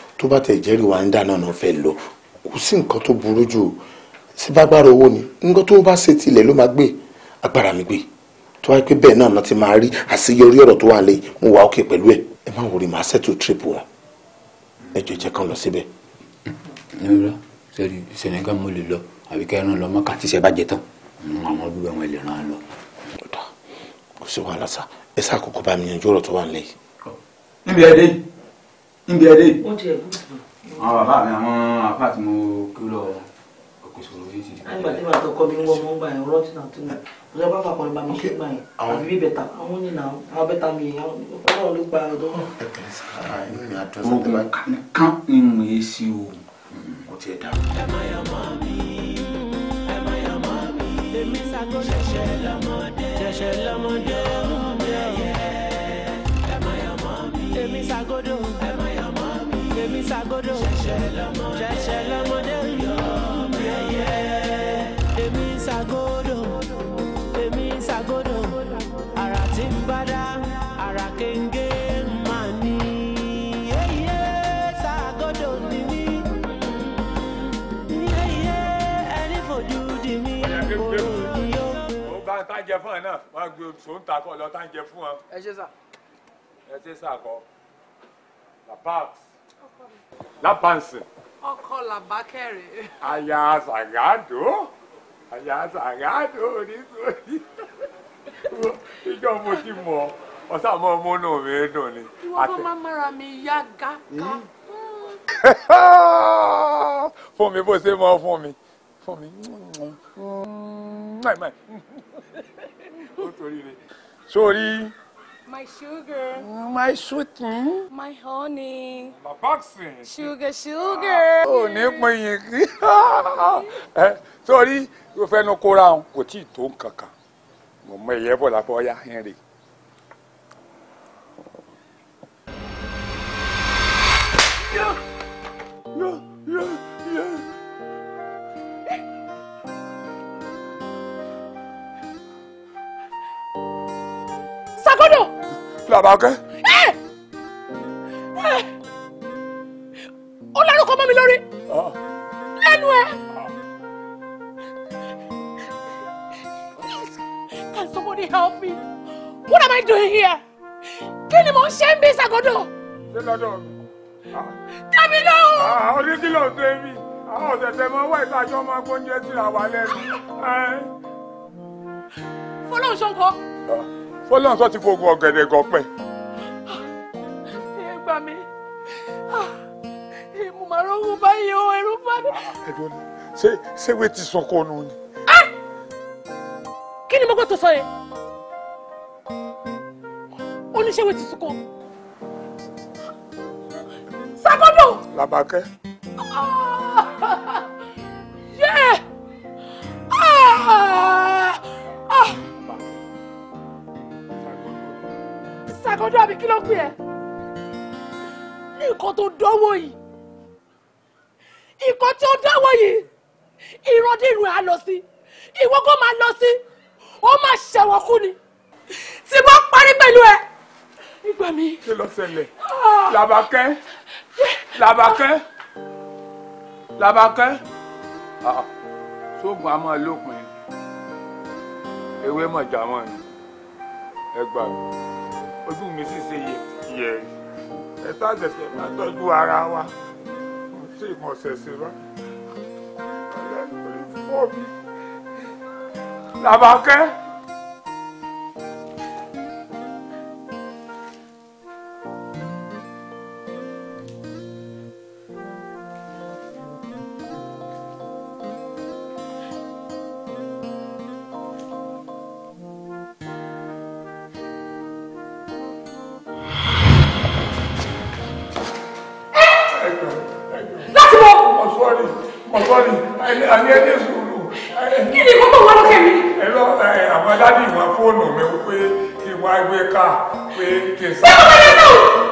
tó bá tẹ̀ jẹ́ Rwanda náà náà fẹ́ lọ kò sí nǹkan
tó burú jù sí bágbára owó ni nǹkan tó bá ṣe tilẹ̀ ló máa gbé agbára mi gbé tó wáyé pé bẹ́ẹ̀ náà náà ti máa rí àṣeyọrí ọ̀rọ̀ tó wà lé mo wà ókè pẹ̀lú ẹ̀ ẹ má wòrí màá ṣètò trip wọn ẹ jọ jẹ́ kán lọ síbẹ̀. nígbà sẹ́ni Senegal mo lè lọ àbí kẹ́rin lọ mọ́kà tí sẹ́ bá jẹ tán àwọn gbogbo àwọn ilé ràn án lọ. kò sí wàhálà sá ẹ sá àkókò bá mi yanjú ọ̀rọ̀ tó wà nílẹ̀ yìí. níbi ẹ
dé níbi ẹdẹ yìí. àwọn bàbá mi àwọn apá tí mo kí lọ òkè sòrò yìí ti di. àgbà tí màá
tọkọ mi ń wọ ọmọ ń gbà yẹn ọlọ́tí náà
tó mọ̀ ọ̀sẹ̀ bá fà kọrin bá mi ṣe gbà yẹn àbí bí bẹ̀tà àwọn ní nà àwọn bẹ̀tà mi yẹn ọlọ́run ló gba ọ̀dọ́. oògùn kankan ni mo yẹ sí oògùn kò tiẹ̀ dà. ẹ má yà má mi
ẹ má yà má mi èmi ṣàkóso ṣẹ̀ṣẹ̀ lọ́mọdé ṣẹ̀ṣẹ̀ lọ́mọdé. ṣàgódò ṣẹ̀ṣẹ̀ lọ́mọdé yọ̀ọ́mẹ́yẹ. èmi ń ṣàgódò èmi ń ṣàgódò àrà tí ń bá dá àrà kéńgé máa ní. yẹ́yẹ́ ṣàgódò ni mí yẹ́yẹ́ ẹni fojú di mí
kóró ni yó. ó bá ń tán jẹ fún ẹ náà wọn gbé sóńtà kọ lọ tán jẹ fún ọ. ẹ ṣe sà. ẹ ṣe sà kọ. la part. Labansin. Ọkọ Làbákẹ́rẹ́. Aya Zàgádò. Aya Zàgádò nítorí. Ìjọ mo ti mọ̀ ọ̀sán àmọ́ ọmọ náà mi dùn ni. Ìwọ tó máa mára mi yá gágá. *laughs* Fún mi bó ṣe mọ fún mi. Fún mi. Máì máì. Ó torí ni. Sórí. My sugar. My sweetening. Eh? My honey. My boxing. Sugar, sugar. Ah, oh, ní pinyin kí. Sọ́rí *laughs* eh, o fẹ́nu kora. òun kò tí ì tó nǹkan Mo mọ ìyẹ́ bọ̀ lápá ọ̀yá Henry.
Yeah, yeah, yeah,
yeah. Sagodo! làbá kẹ́. ó lárúkọ mọ́ mi lórí lẹ́nu ẹ̀. Can somebody help me? What am I doing here? kí ni mò ń ṣe ń bí ṣàgọ́dọ̀. ṣé lọ́dọ̀ mi. dábì lọ́wọ́. ọdún How ló ṣe mí àwọn your máa wá ìtajọ́ máa gbóúnjẹ síra wa lẹ́nu. fọlọ́ọ̀ṣọ́ nǹkan fọlọ́n sọ ti fògùn ọ̀gẹ̀dẹ̀ gọ̀pẹ̀. ẹ gbà mí mo máa rọrùn báyìí o ẹ̀rù bá mi. ẹ̀dùn ṣé ṣé wé ti sọkọ nù ni. Ah! kí ni mo kò tó sọ yẹn oníṣẹ́wé ti sọkọ. sábọ́dọ̀. làbàkẹ́. Ah! yẹ́ẹ̀. Ah! ṣàkójú àbí kí ló pè ẹ́ ní nǹkan tó dánwò yìí nǹkan tó dánwò yìí ìrandíran á lọ sí ìwọ kó máa lọ sí ó máa ṣẹ̀wọ̀n kú ni tí mo parí pẹ̀lú ẹ nígbà mi. kí ló ṣẹlẹ̀ ah. làbàkẹ́ làbàkẹ́ làbàkẹ́ sóògùn ah. a máa lópin ewé mọ̀jà mọ́ ni ẹ gbà mí ojú mi sì ṣe yẹ ẹ tá àtẹ̀tẹ̀ máa tọ́jú ara wa mo ṣe ìmọ̀ sí wa ọ̀lẹ́ ìfọ́ mi làbàkẹ́. ká pé kí n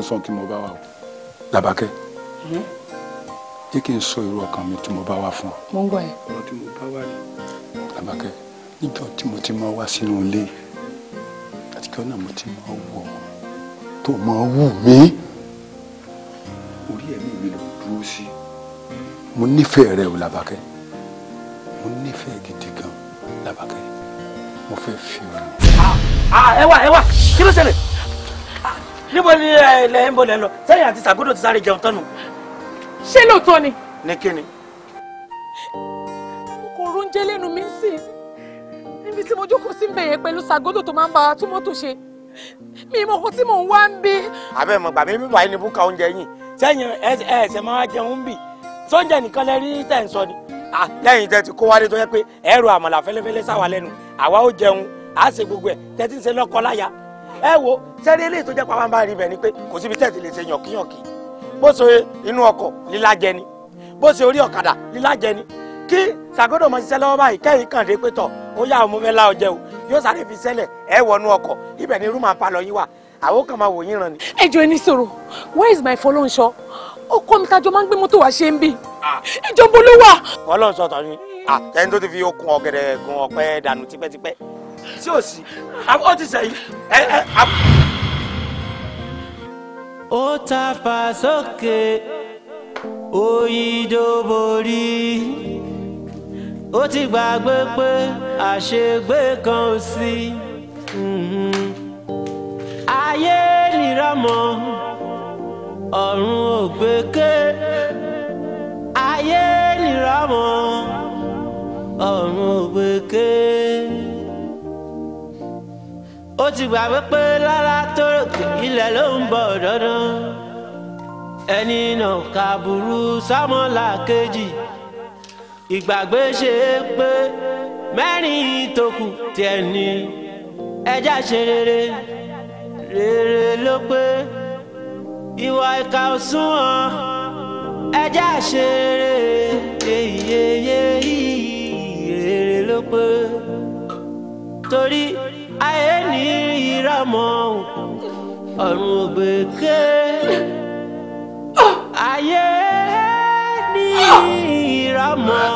ń sọ kí mo bá wà o làbákẹ́ mhm. jẹ́ kí n sọ irú ọkàn mi tí mo bá wà fún ọ. mo ń gbọ́ yẹn. ọ̀rọ̀ tí mo bá wà rí. làbákẹ́ níjọ́ tí mo ti máa wá sínú ilé àtijọ́ náà mo ti máa wọ̀ tó máa wù mí orí ẹ̀mí mi ló dúró sí mo nífẹ̀ẹ́ rẹ o làbákẹ́ mo nífẹ̀ẹ́ gidi gan làbákẹ́
mo fẹ́ fi ọ.
Ah, ah, ẹ wá ẹ wá kí ló ṣẹlẹ̀ níbo ni ilẹ̀ ń bolẹ̀ lọ sẹ́yìn àti sàgódò ti sáré jẹun tọ́nu. ṣé lóòótọ́ ni. ní kíni. mo kò róúnjẹ lẹ́nu mi sí níbi tí mo jókòó sí mbẹ̀yẹ pẹ̀lú sàgódò tó máa ń bá wa tún mọ́tò ṣe mi mọ̀ kó tí mò ń wá ń bí. àbẹ́ mọ̀ gbàgbé mi wà ní búkà oúnjẹ yìí sẹ́yìn ẹ̀ẹ́sẹ̀ máa jẹun bì sọ́njẹ nìkan lẹ rí tẹ̀ ń sọ ni. lẹ́yìn tẹ́ ti kó wálé tó yẹ pé ẹ̀rọ àmàlà fẹ́lẹ́fẹ́lẹ́ sáwà lẹ́nu àwa ó jẹun àá ṣe gbogbo ẹ̀ tẹ́tí ń ṣe lọ́kọ láya ẹ wo sẹ́rí eléyìí tó jẹ́ pàápàá bá rí bẹ̀ ni pé kò síbi tẹ́ẹ̀tì lè ṣe yànkíyànkí bó ṣe inú ọkọ̀ lílájẹ ni bó ṣe orí ọ̀kadà lílájẹ ni kí Ṣàgódò mọ ṣiṣẹ́ lọ́wọ́ báyìí kẹ́yìn kàn dé pé tọ̀ ó yá ọmọ mẹ́lá ọjẹ́ o yóò sáré fi sẹ́lẹ̀ ẹ wọnú ọkọ̀ ibẹ̀ ni rúmà pa lọ yín wà àwọn kan máa wò yín ràn ni. ẹ jọ ẹni sọ̀rọ̀ where is my fọlọ́nṣọ́ ọkọ mi tajọ máa ń gbé mọ́tò wá ṣe ń bì ah. ìjọba olówó. fọlọ́nṣọ́ tọ́ ni ah, ẹni tó ti fi okun ọ̀gẹ̀dẹ̀ gun ọ̀pẹ dànù tipẹ́tipẹ́ tí ò sí ó ti sẹ́yìn
ó ta fà sókè òyìnbó borí ó ti gbàgbé pé àṣegbé kan ò sí mm-hmm. ayé nìrọ̀mọ́ ọ̀run ògbéké ayé nìrọ̀mọ́ ọ̀run ògbéké ó ti gbà pé lálá tó ròkè ilẹ̀ ló ń bọ̀ dandan ẹni náà kà burú sámọ́là kejì ìgbàgbé ṣe é pé mẹ́rin ìtòkù tiẹ̀ ní ẹja ṣe rere rere ló pé ìwà ìka òsùnwọ̀n ẹja ṣe rere yeyeyeye rere ló pé torí. Ayeni ní ìramọ̀ ọ̀run Ayeni ayé ní ìramọ̀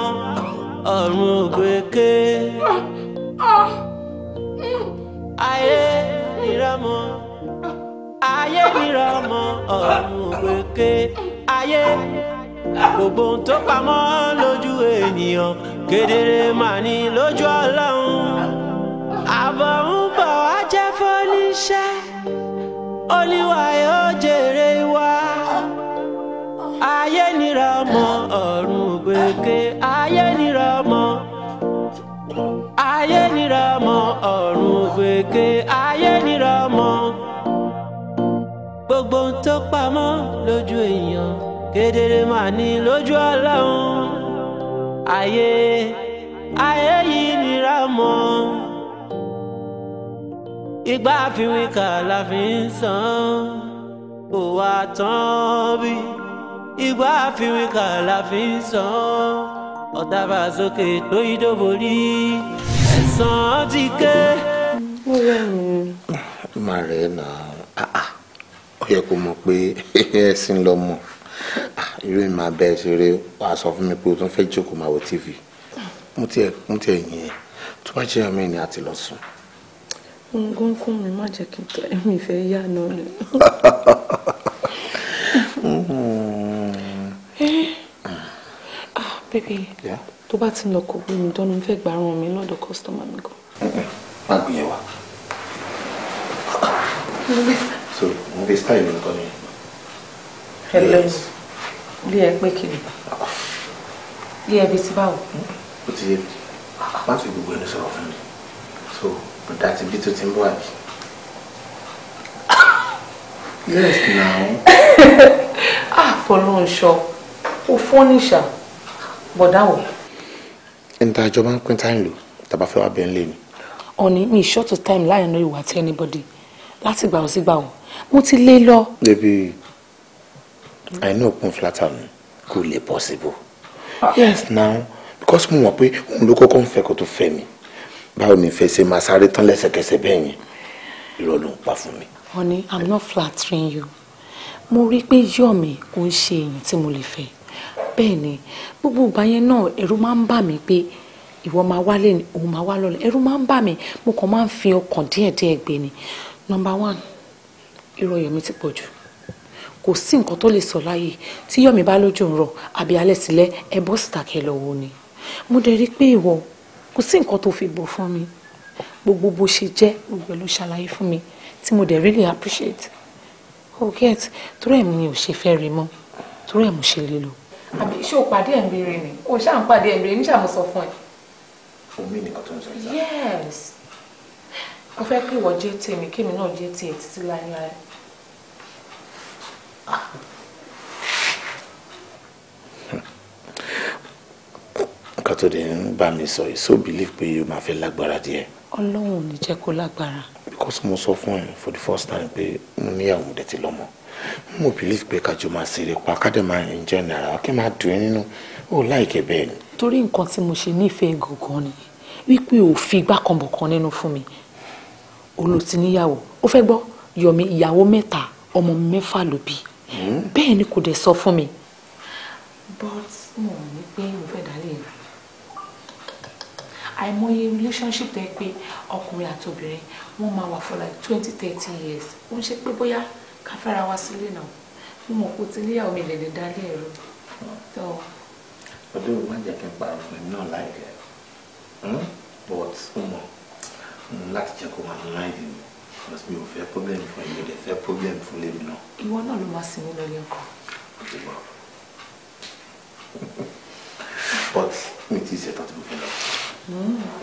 Ayeni ògbèké ayeni ní ìramọ̀ ayé ní gbogbo tó pamọ́ lójú ènìyàn kedere màní lójú ọlọ́run àbọ̀ ń bọ̀ wá jẹ́ fóníṣẹ́ olúwa yóò jèrè wa ayé nira ọmọ ọ̀run gbèké ayé nira ọmọ ayé nira ọmọ kedere màá ní lójú ọlọ́run ayé ayé yìí nira mọ́ igbá àfihàn kà la fi ń san ó wá tán bí igbá àfihàn kà la fi ń san ọ̀tá bá sókè tó ìdóbò rí ẹ̀sán ti ké.
ó rẹ̀ mí.
má rẹ̀ náà ah, ah. ó yẹ kó mọ̀ pé *laughs* ẹ̀sìn lọ́mọ ah, irú mi máa bẹ ṣeré wà sọ fún mi pé o tún fẹ́ jókòó máa wo tv mo tiẹ̀ mo tiẹ̀ yìn ẹ́ tó bá jẹ́ ọmọ ẹ̀ àti lọ sùn
nǹkan kún mi má jẹ́ kí n tọ́ ẹ̀mí ìfẹ́ yá náà ni.
Mm-hmm.
Eh. Ah, bébí tó bá ti ń lọ kò gbé mi dánú fẹ́ gbàrún mi lọ́dọ̀ kọ́sítọ́mà mi gan. Mm-hmm.
má gbìyànjú wa. so mo fi style nǹkan ni. hello
bí ẹ pé kí ni bí ẹ bí ti báwo.
ó ti yé mi má ti gbogbo ẹni sọ̀rọ̀ fún mi so ọ̀dà àti bí tó ti ń bọ̀ àbí.
yes now. àfọlọ́nṣọ *laughs* ah, ó fọ́nìṣà bọ̀dá wò.
ẹni tá a jọ máa ń pín táyìn lò tàbá fẹ́ wá bẹ́ẹ̀ lé ni.
ọ̀nì mi short of time láì ná ìwà tí anybody láti gbà ọ́ sí gbà ọ́ mo ti lé lọ.
I know. òpin flatter mi kò lè possible. Ah. yes now because mo mọ̀ pé òun ló kọ́kọ́ ń fẹ́ kó tó fẹ́ mi báwo ni ìfẹ́ máa sáré tán lẹ́sẹ̀kẹsẹ̀ bẹ́ẹ̀ yẹn irọ́ ló ń pa fún mi.
honey i'm not flattering you mo rí i pé yọ̀mí kò ń ṣe èèyàn tí mo lè fẹ́ bẹ́ẹ̀ ni gbogbo ìgbà yẹn náà ẹ̀rù máa ń bà mí pé ìwọ máa wálé ni òun máa wá lọ́lẹ̀ ẹ̀rù máa ń bà mí mo kàn máa ń fi ọkàn díẹ̀díẹ̀ gbé ni number one irọ́ yọ̀mí ti pọ̀ jù kò sí nǹkan tó lè sọ láyè tí yọ̀mí bá lójú ń rọ àbí alẹ́ sílẹ̀ ẹ bọ́ síta kẹ lọ́wọ́ ni mo dẹ̀ rí i pé ìwọ kò sí nǹkan tó fi bò fún mi gbogbo bó ṣe jẹ́ gbogbo ló ṣàlàyé fún mi tí mo dẹ̀ really appreciate o oh, get torí ẹ̀ mi ò ṣe fẹ́ rí mọ́ torí ẹ̀ mo ṣe lè lò. àbí ṣé o pàdé ẹ̀ ń bèrè ni o ṣáà ń pàdé ẹ̀ ń bèrè níṣà mo sọ fún ẹ. fún mi nìkan tó ń sọ ìta. yes mo fẹ́ kí ìwọ jẹ́ tèmi kémi náà jẹ́ tèmi títí láyé ayé. Ah,
nǹkan tó dé ń bá mi sọ yìí so believe pé o máa fẹ́ lágbára díẹ̀.
ọlọ́run ò ní jẹ́ kó lágbára.
because mo sọ fún ẹ for the first time pé mo níyàwó dẹ̀ ti lọ́mọ mo believe pé kájọ máa ṣeré pa ká in general enjoy nàrà kí n máa dùn ẹ́ nínú ó láìkẹ́ bẹ́ẹ̀ ni.
torí nǹkan tí mo ṣe nífẹ̀ẹ́ gangan ni wípé ò fi gbàkànbọ̀kan nínú fún mi olóòtú níyàwó ó fẹ́ gbọ́ yọmi ìyàwó mẹ́ta ọmọ mẹ́fà ló bí hmm? bẹ́ẹ̀ ni kò dẹ̀ sọ fún mi. but mo ní pé mo fẹ́ dá àìmọye relationship tẹ́ pé ọkùnrin àti obìnrin wọ́n máa wà for like twenty thirty years ó ń ṣe pé bóyá ká fẹ́ra wa sílé náà fún mọ̀ kó ti léyàwó mi lè lè dálé ẹ̀rọ. ọdún ìwà jẹ́ kí n parọ́ fún mi náà láì rẹ̀ hmm? but ó mọ̀ láti jẹ́ kó wà ní láìdí mi because mi ò fẹ́ problem fún ẹ̀mí rẹ̀ fẹ́ problem fún lèmi náà. ìwọ náà ló máa sinmi lọ lẹ́kọ̀ọ́. ó ti wà
*laughs* but mi ti ṣe tán tí mo fẹ́ lọ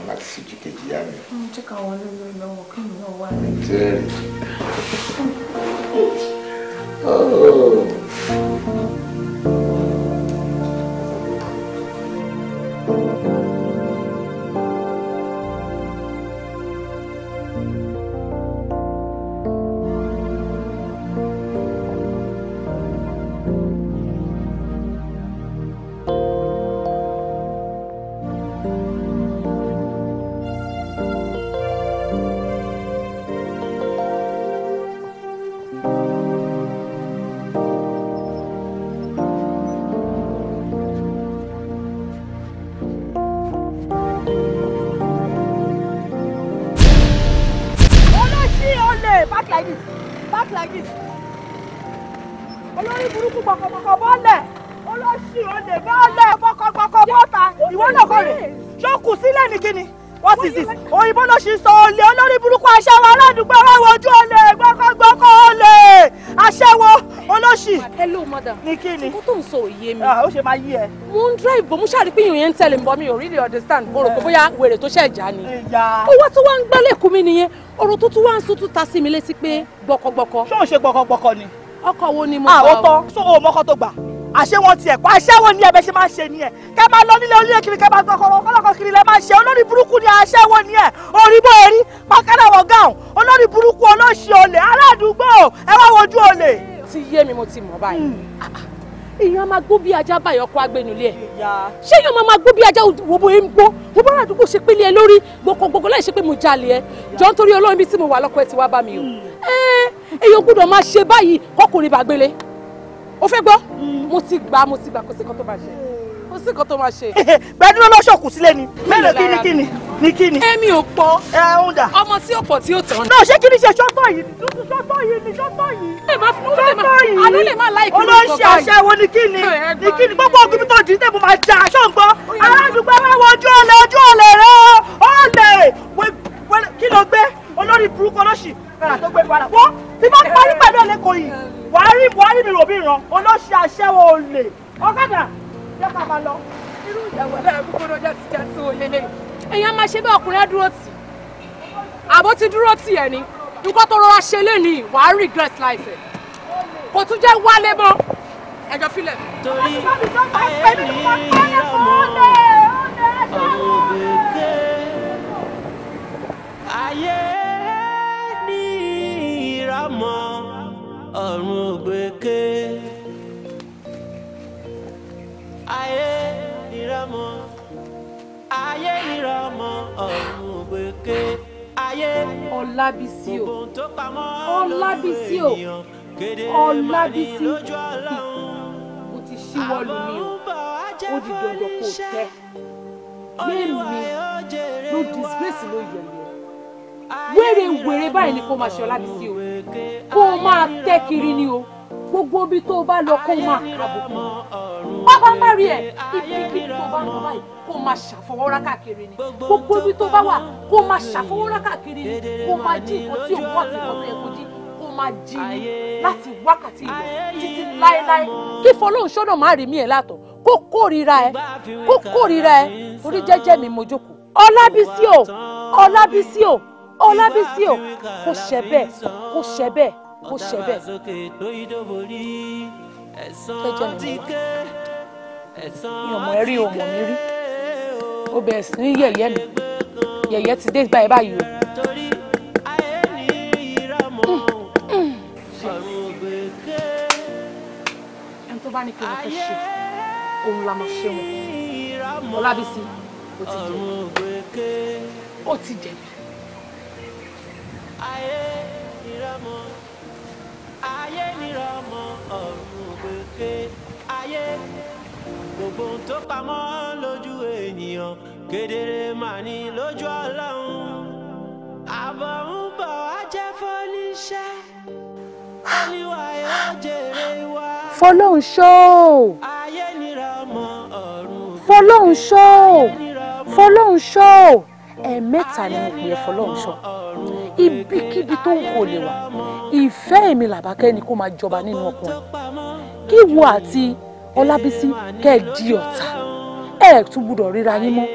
láti ṣèjú kejì yá mi. jẹ́ ká wọn lórí
lọ́wọ́ kí mi náà wá rẹ̀. jẹ́rìí. *laughs* Oh. Oh.
òyìnbó ṣì sọ olè olórí burúkú aṣẹ́wó aládùúgbò wa wojú olè gbọ́kọ́gbọ́kọ́ olè aṣẹ́wó olóṣì. hello mother ní kí ni kó tó ń sọ òye mi. Ah, ó ṣe máa yí ẹ. mo ń drive bò mo ṣàrí pé ìyẹn ń tẹ̀lé mi bọ́ mi ò really understand mo rò pé eh. bóyá wèrè tó ṣẹ̀ já ni. owó tó wá ń gbálẹ̀kùn mi nìyẹn ọ̀rọ̀ tó tún wá ń sún tún ta sí mi létí pé gbọ́kọ́gbọ́kọ́. ṣé òun ṣe gbọ́kọ́gbọ́kọ́ ni. ọkọ̀ wo ni mo ah, gbà o. so òun mọ́kọ́ tó gbà àṣé wọn tiẹ̀ pa aṣẹ́wó ni ẹ bẹ́ẹ̀ ṣe máa ṣe ni ẹ kẹ́ máa lọ nílé onílé kiri kẹ́ máa gbọ́ kọ́kọ́ kọ́lọ́kọ́ kiri lẹ́ máa ṣe olórí burúkú ni aṣẹ́wó ni ẹ òrìbó erí pàkẹ́lẹ̀ wọ̀ gáùn olórí burúkú olóṣì olè aládùúgbò ẹ wá wojú olè. ti yé mi mo ti mọ̀ báyìí èèyàn hmm. máa gbó bí ajá báyọ̀ kó agbẹnulẹ̀ ẹ̀ ṣé èèyàn máa gbó bí ajá wòbó ẹ̀ ń gbó wòbó àdúgbò ṣe pélé ẹ lórí gbogbogbò láì ṣe pé mo jalè ẹ jọ nítorí ọlọ́run bí tí mo wà lọ́kọ ẹ ti wá bá mi o hmm. eh, èèyàn gbọ́dọ̀ máa ṣe báyìí kọkùnrin bàgbélé o fẹ́ gbọ́ mm. mo ti gbà mo ti gbà kò sí nǹkan tó máa ṣe kò sí nǹkan tó máa ṣe. gbẹdúró lọ́sọ̀kù sílé ni mélòó kí ni kí ni ni kí ni. èmi ò pọ̀ ọmọ tí ò pọ̀ tí ò tán. náà ṣé yi. ni ṣe ṣọ́tọ̀ yìí ni dúdú ṣọ́tọ̀ yìí ni ṣọ́tọ̀ yìí. ṣọ́tọ̀ yìí àlọ́ lè má láìkí ló ń ṣe àṣẹwó ni kí ni ni kí gbogbo ogun tó dì í tẹ̀bù máa jà aṣọ ń gbọ́. aládùúgbò wá wọ ojú ọ̀lẹ̀ ojú ọ̀lẹ̀ rẹ̀ ọ̀lẹ̀ kí ló gbé olórí burúkú olóṣì tó gbé wàrà wọ́n tí bá parí pẹ̀lú ẹ̀ lẹ́kọ̀ọ́ yìí wàá rí mi rò bí ìran olóṣì aṣẹ́wó olè ọ̀kadà jẹ́ ká máa lọ. irú ìyàwó ẹlẹ́rìí gbogbo ọjà ti já sí òye èèyàn máa ṣe bí ọkùnrin dúró tì àbó ti dúró tì ẹ̀ ni nǹkan tó rọra ṣe lénìí wàá regret life ẹ̀ kò tún jẹ́ wálé mọ́ ẹjọ́ filẹ̀. torí ẹ̀mí ọmọ ọ̀rọ̀ òbí
ayé ní ìrámọ̀ ọ̀run ògbéké. ayé ìrámọ̀ ayé ìrámọ̀ ọ̀run ògbéké. ayé ọlábísí o ọlábísí o ọlábísí mo ti ṣíwọ́ lu mi o ó di
dandan kó tẹ́ yé mi ló disgrace ló yẹ mi wèrè wèrè báyìí ni kó máa ṣe Ọlábísí o kó máa tẹ́ kiri ni o gbogbo ibi tó o bá lọ kó máa kàbùkù bàbá má rí ẹ ibikíbi tó o bá lọ báyìí kó máa ṣàfọwọ́rá káàkiri ni gbogbo ibi tó bá wà kó máa ṣàfọwọ́rá káàkiri ni kó máa jí nǹkan tí òun wà tí nǹkan tó yẹ kó jí kó máa jí ni láti wákàtí ìwọ títí láéláé kí fọlọ́hún ṣọ́nà má rí mi ẹ̀ látọ̀ kó kórìíra ẹ kó kórìíra ẹ orí jẹ́jẹ́ mi mo Ọlábísí o Ọlábísí o. Ọlábísí o kò ṣẹ bẹ́ẹ̀ kò ṣẹ bẹ́ẹ̀ kò ṣẹ bẹ́ẹ̀.
mi ò mọ ẹ rí o mọ
mi rí o bẹ̀rẹ̀ sí ní yẹ̀yẹ́ mi yẹ̀yẹ́ ti dé báyìí báyìí o. tó bá ní kí wọn fẹ́ ṣe
ó ti jẹ̀bi ayé nírọmọ ayé
nírọmọ
ọ̀run òkèké ayé gbogbo ohun tó pamọ́ lójú ènìyàn kedere mà ní lójú ọlọ́run àbọ̀ ń bọ̀ á jẹ́ fọ́níṣẹ́ olúwa
yóò jèrè wa. fọlọ́hún ṣó. ayé nírọmọ ọ̀run òkèké fọlọ́hún ṣó fọlọ́hún ṣó ẹ̀ẹ̀mẹ́ta ni mo pè é fọlọ́hún ṣó ibikíbi tó ń kò lè wà ìfẹ́ èmi làbákẹ́ ni kó máa jọba nínú ọkùnrin kí wo àti Ọlábísí kẹ́ ẹ di ọ̀tá ẹ tún gbúdọ̀ ríra yín mọ́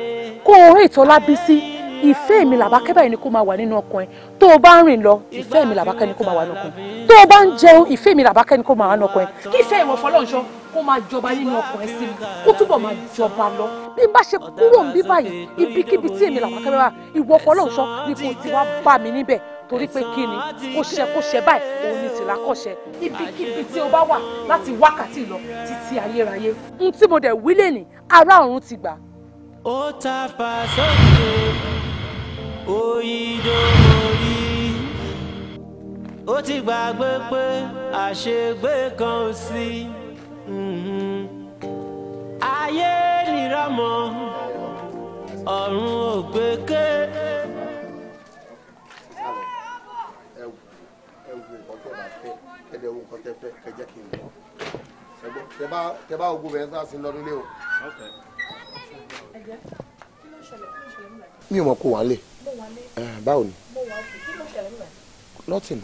kó o hate Ọlábísí ìfẹ́ mi làbákẹ́ báyìí ni kó máa wà nínú ọkàn ẹ tó o bá ń rìn lọ ìfẹ́ mi làbákẹ́ ni kó máa wà nínú ọkàn ẹ tó o bá ń jẹun ìfẹ́ mi làbákẹ́ ni kó máa wà nínú ọkàn kí ìfẹ́ ìwọ̀n fọlọ́ọ̀ṣọ́ kó máa jọba nínú ọkàn sí mi kó túbọ̀ máa jọba lọ bí bá ṣe kúrò ń bí báyìí ibikíbi tí èmi làbákẹ́ bá ìwọ fọlọ́ọ̀ṣọ́ ni kò ti wá bá mi níbẹ̀ torí pé kí ni kó ṣe kó ṣe báyìí òun ni tìlá kọ̀ ibikíbi tí o bá wà láti wákàtí lọ títí ayérayé n tí mo dẹ̀ wílé ní ará ọ̀run ti gbà. ó ta fà sókè
òyìnbó orí ó ti gbàgbé pé àṣegbé kan ò sí mm-hmm. ayé nìrọ̀mọ́ ọ̀run ògbéké.
kẹdẹ mi ò mọ̀ kó wà Eh, báwo ni nothing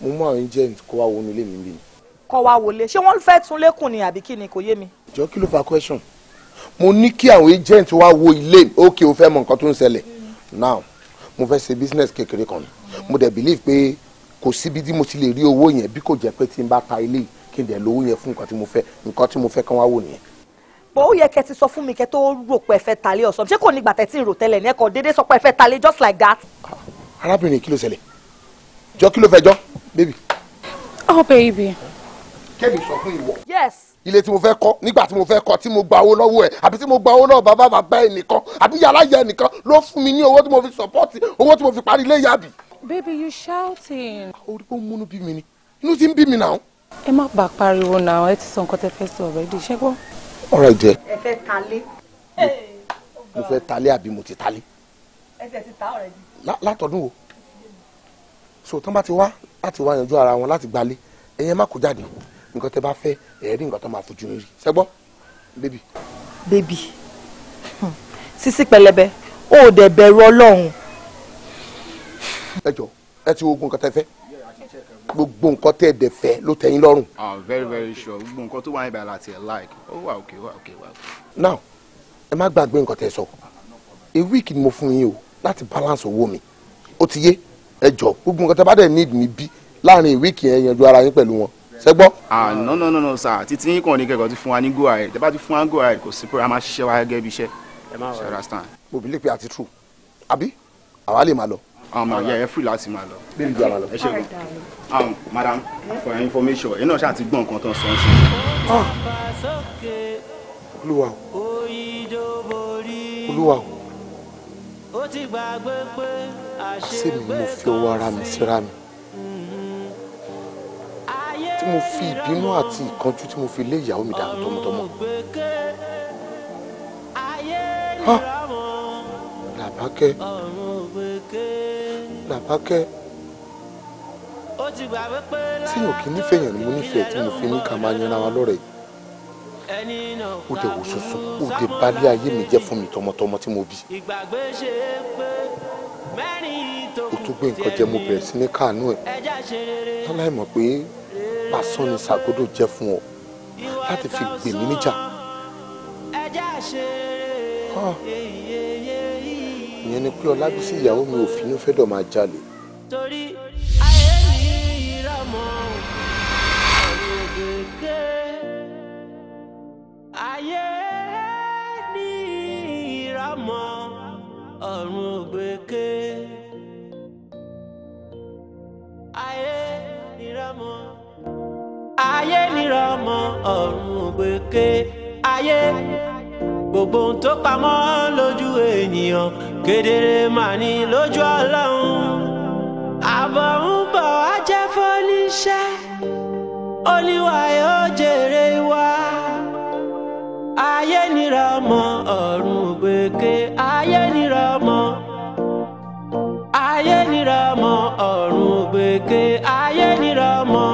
mo mú àwọn agent kó wá wọnú ilé mi
níbí ni. kọ́ wa wọlé ṣé wọ́n fẹ́ tún lẹ́kùn ni àbí kí ni kò yé mi. jọ kí ló fa question mo ní kí àwọn agent wá wo ilé mi ókè o fẹ́ mọ nǹkan tó ń ṣẹlẹ̀ mm. now mo fẹ́ ṣe business kékeré kan mo dẹ̀ believe pé kò síbi tí mo ti lè rí owó yẹn bí kò jẹ́ pé tí n bá ta ilé kí n dẹ̀ lówó yẹn fún nǹkan tí mo fẹ́ nǹkan tí mo fẹ́ kán wá wò nìyẹn ó yẹ kẹ́ ti sọ fún mi kẹ́ tó rò pé fẹ́ talé ọ̀sán ṣé kò ní gbà tẹ́tí rò tẹ́lẹ̀ ní ẹ̀kọ́ déédéé sọ pé fẹ́ talé just like that. arábìnrin kí ló ṣẹlẹ̀ jọ kí ló fẹ́ jọ baby. oh baby. kẹ́mi sọ fún ìwọ. yes. ilé tí mo fẹ́ kọ́ nígbà tí mo fẹ́ kọ́ tí mo gba owó lọ́wọ́ ẹ̀ àbí tí mo gba owó lọ́wọ́ bàbá bàbá ẹ̀ nìkan àbí yàrá yẹ nìkan ló fún mi ní owó tí mo fi support owó tí mo fi parí ilé yàbí. baby you shouting. orí múnú bí mi ni inú ti ń bí mi náà. ẹ má bàa pariwo náà ẹ ti sọ nǹkan tẹ fẹ́ sọ ọ̀rọ̀ ẹ dì í ọ̀rọ̀ ìjẹ́. ẹ fẹ́ talé. mo fẹ́ talé àbí mo ti talé. ẹsẹ̀ ti ta ọ̀rẹ́ di. látọdún wo so tán bá ti wá láti wá yanjú ara wọn láti gbalé ẹ̀yin má kó jáde nǹkan tẹ bá fẹ́ ẹ̀rí nǹkan tó máa fojú yín rí ṣẹ́gbọ́ bébì. bébì hmm. sisi pẹlẹbẹ o ò dẹ̀ bẹ̀rù Ọlọ́run. ẹ jọ ẹ ti wo ogun nǹkan tẹ fẹ́ gbogbo nǹkan tẹ́ dẹ̀ fẹ́ ló tẹ́ lọ́rùn. ah very very sure gbogbo nǹkan tó wà ní ìbàlá tiẹ̀ like Oh wà okay. wà òkè wà now ẹ má gbàgbé nǹkan tẹ́ ẹ sọ a week ni mo fún yín o láti balance owó mi ó ti yé ẹ jọ gbogbo nǹkan tẹ́ bá dẹ̀ need mi bí láàrin week yẹn yanjú ara yín pẹ̀lú wọn ṣe gbọ́. ah no no no no sir títí yín kàn ní kẹ́kọ̀ọ́ ti fún wa ní go ahead tẹ́ bá ti fún wa go ahead kò sí pé a máa ṣiṣẹ́ wa gẹ́gẹ́ bí iṣẹ́. ẹ má mo bìlẹ̀ pé àti true àbí àwa lè máa lọ ọmọ ìyá ẹ fúri láti máa lọ. bíbí ìgbà um, madam for your information you know, ṣáà ti gbọ́ nǹkan tó ń sọ sí. Ah! olúwa o
olúwa o
ṣé
mi mo fi ọwọ́ mo fi ìbínú àti ìkanjú tí mo fi lé ìyàwó mi dànù tọmọtọmọ làbákẹ́ làbákẹ́ tí yóò kí nífẹ̀ẹ́ yẹn ni mo nífẹ̀ẹ́ tí mo fi ní ká máa yanra wa lọ́rẹ̀ yìí ó dẹ̀ wò sọ́sọ́ ó dẹ̀ balẹ̀ ayé mi jẹ́ fún mi tọmọtọmọ tí mo bí ó tún gbé nǹkan jẹ mo bẹ̀rẹ̀ sí ní káàánú ẹ̀ láláì mọ̀ pé pàṣán ni ṣàgódò jẹ́ fún ọ láti fi gbè mí níjà.
Ah!
ìyẹn ni pé ọlábísí ìyàwó mi ò finú fẹ́ dọ̀ máa jalè. torí ayé ní ìrọ̀mọ́
òkèké ayé ní ìrọ̀mọ́ ọ̀rọ̀ òkèké ayé nírọ̀mọ́ ayé nírọ̀mọ́ ọ̀rọ̀ òkèké ayé gbogbo ohun tó pamọ́ lójú ènìyàn kedere màá ní lójú ọlọ́run àbọ̀ ń bọ̀ á jẹ́ fọ́níṣẹ́ olúwa yóò jèrè wa ayé nira ọmọ ọ̀run ògbèké ayé nira ọmọ ayé nira ọmọ ọ̀run ògbèké ayé nira ọmọ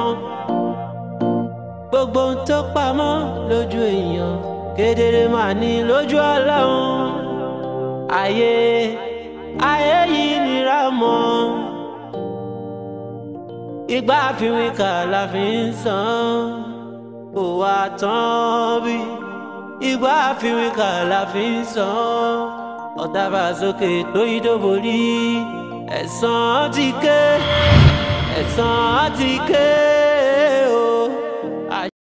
gbogbo ohun tó pamọ́ lójú èèyàn kedere mà ní lójú ọlọ́run ayé ayé yìí nira mọ́ igbá àfiwíkà la fi ń san kò wá tán bí igbá àfiwíkà la fi ń san ọ̀tá bá sókè tó yí dóbo rí
ẹ̀san ti ké ẹ̀san ti ké.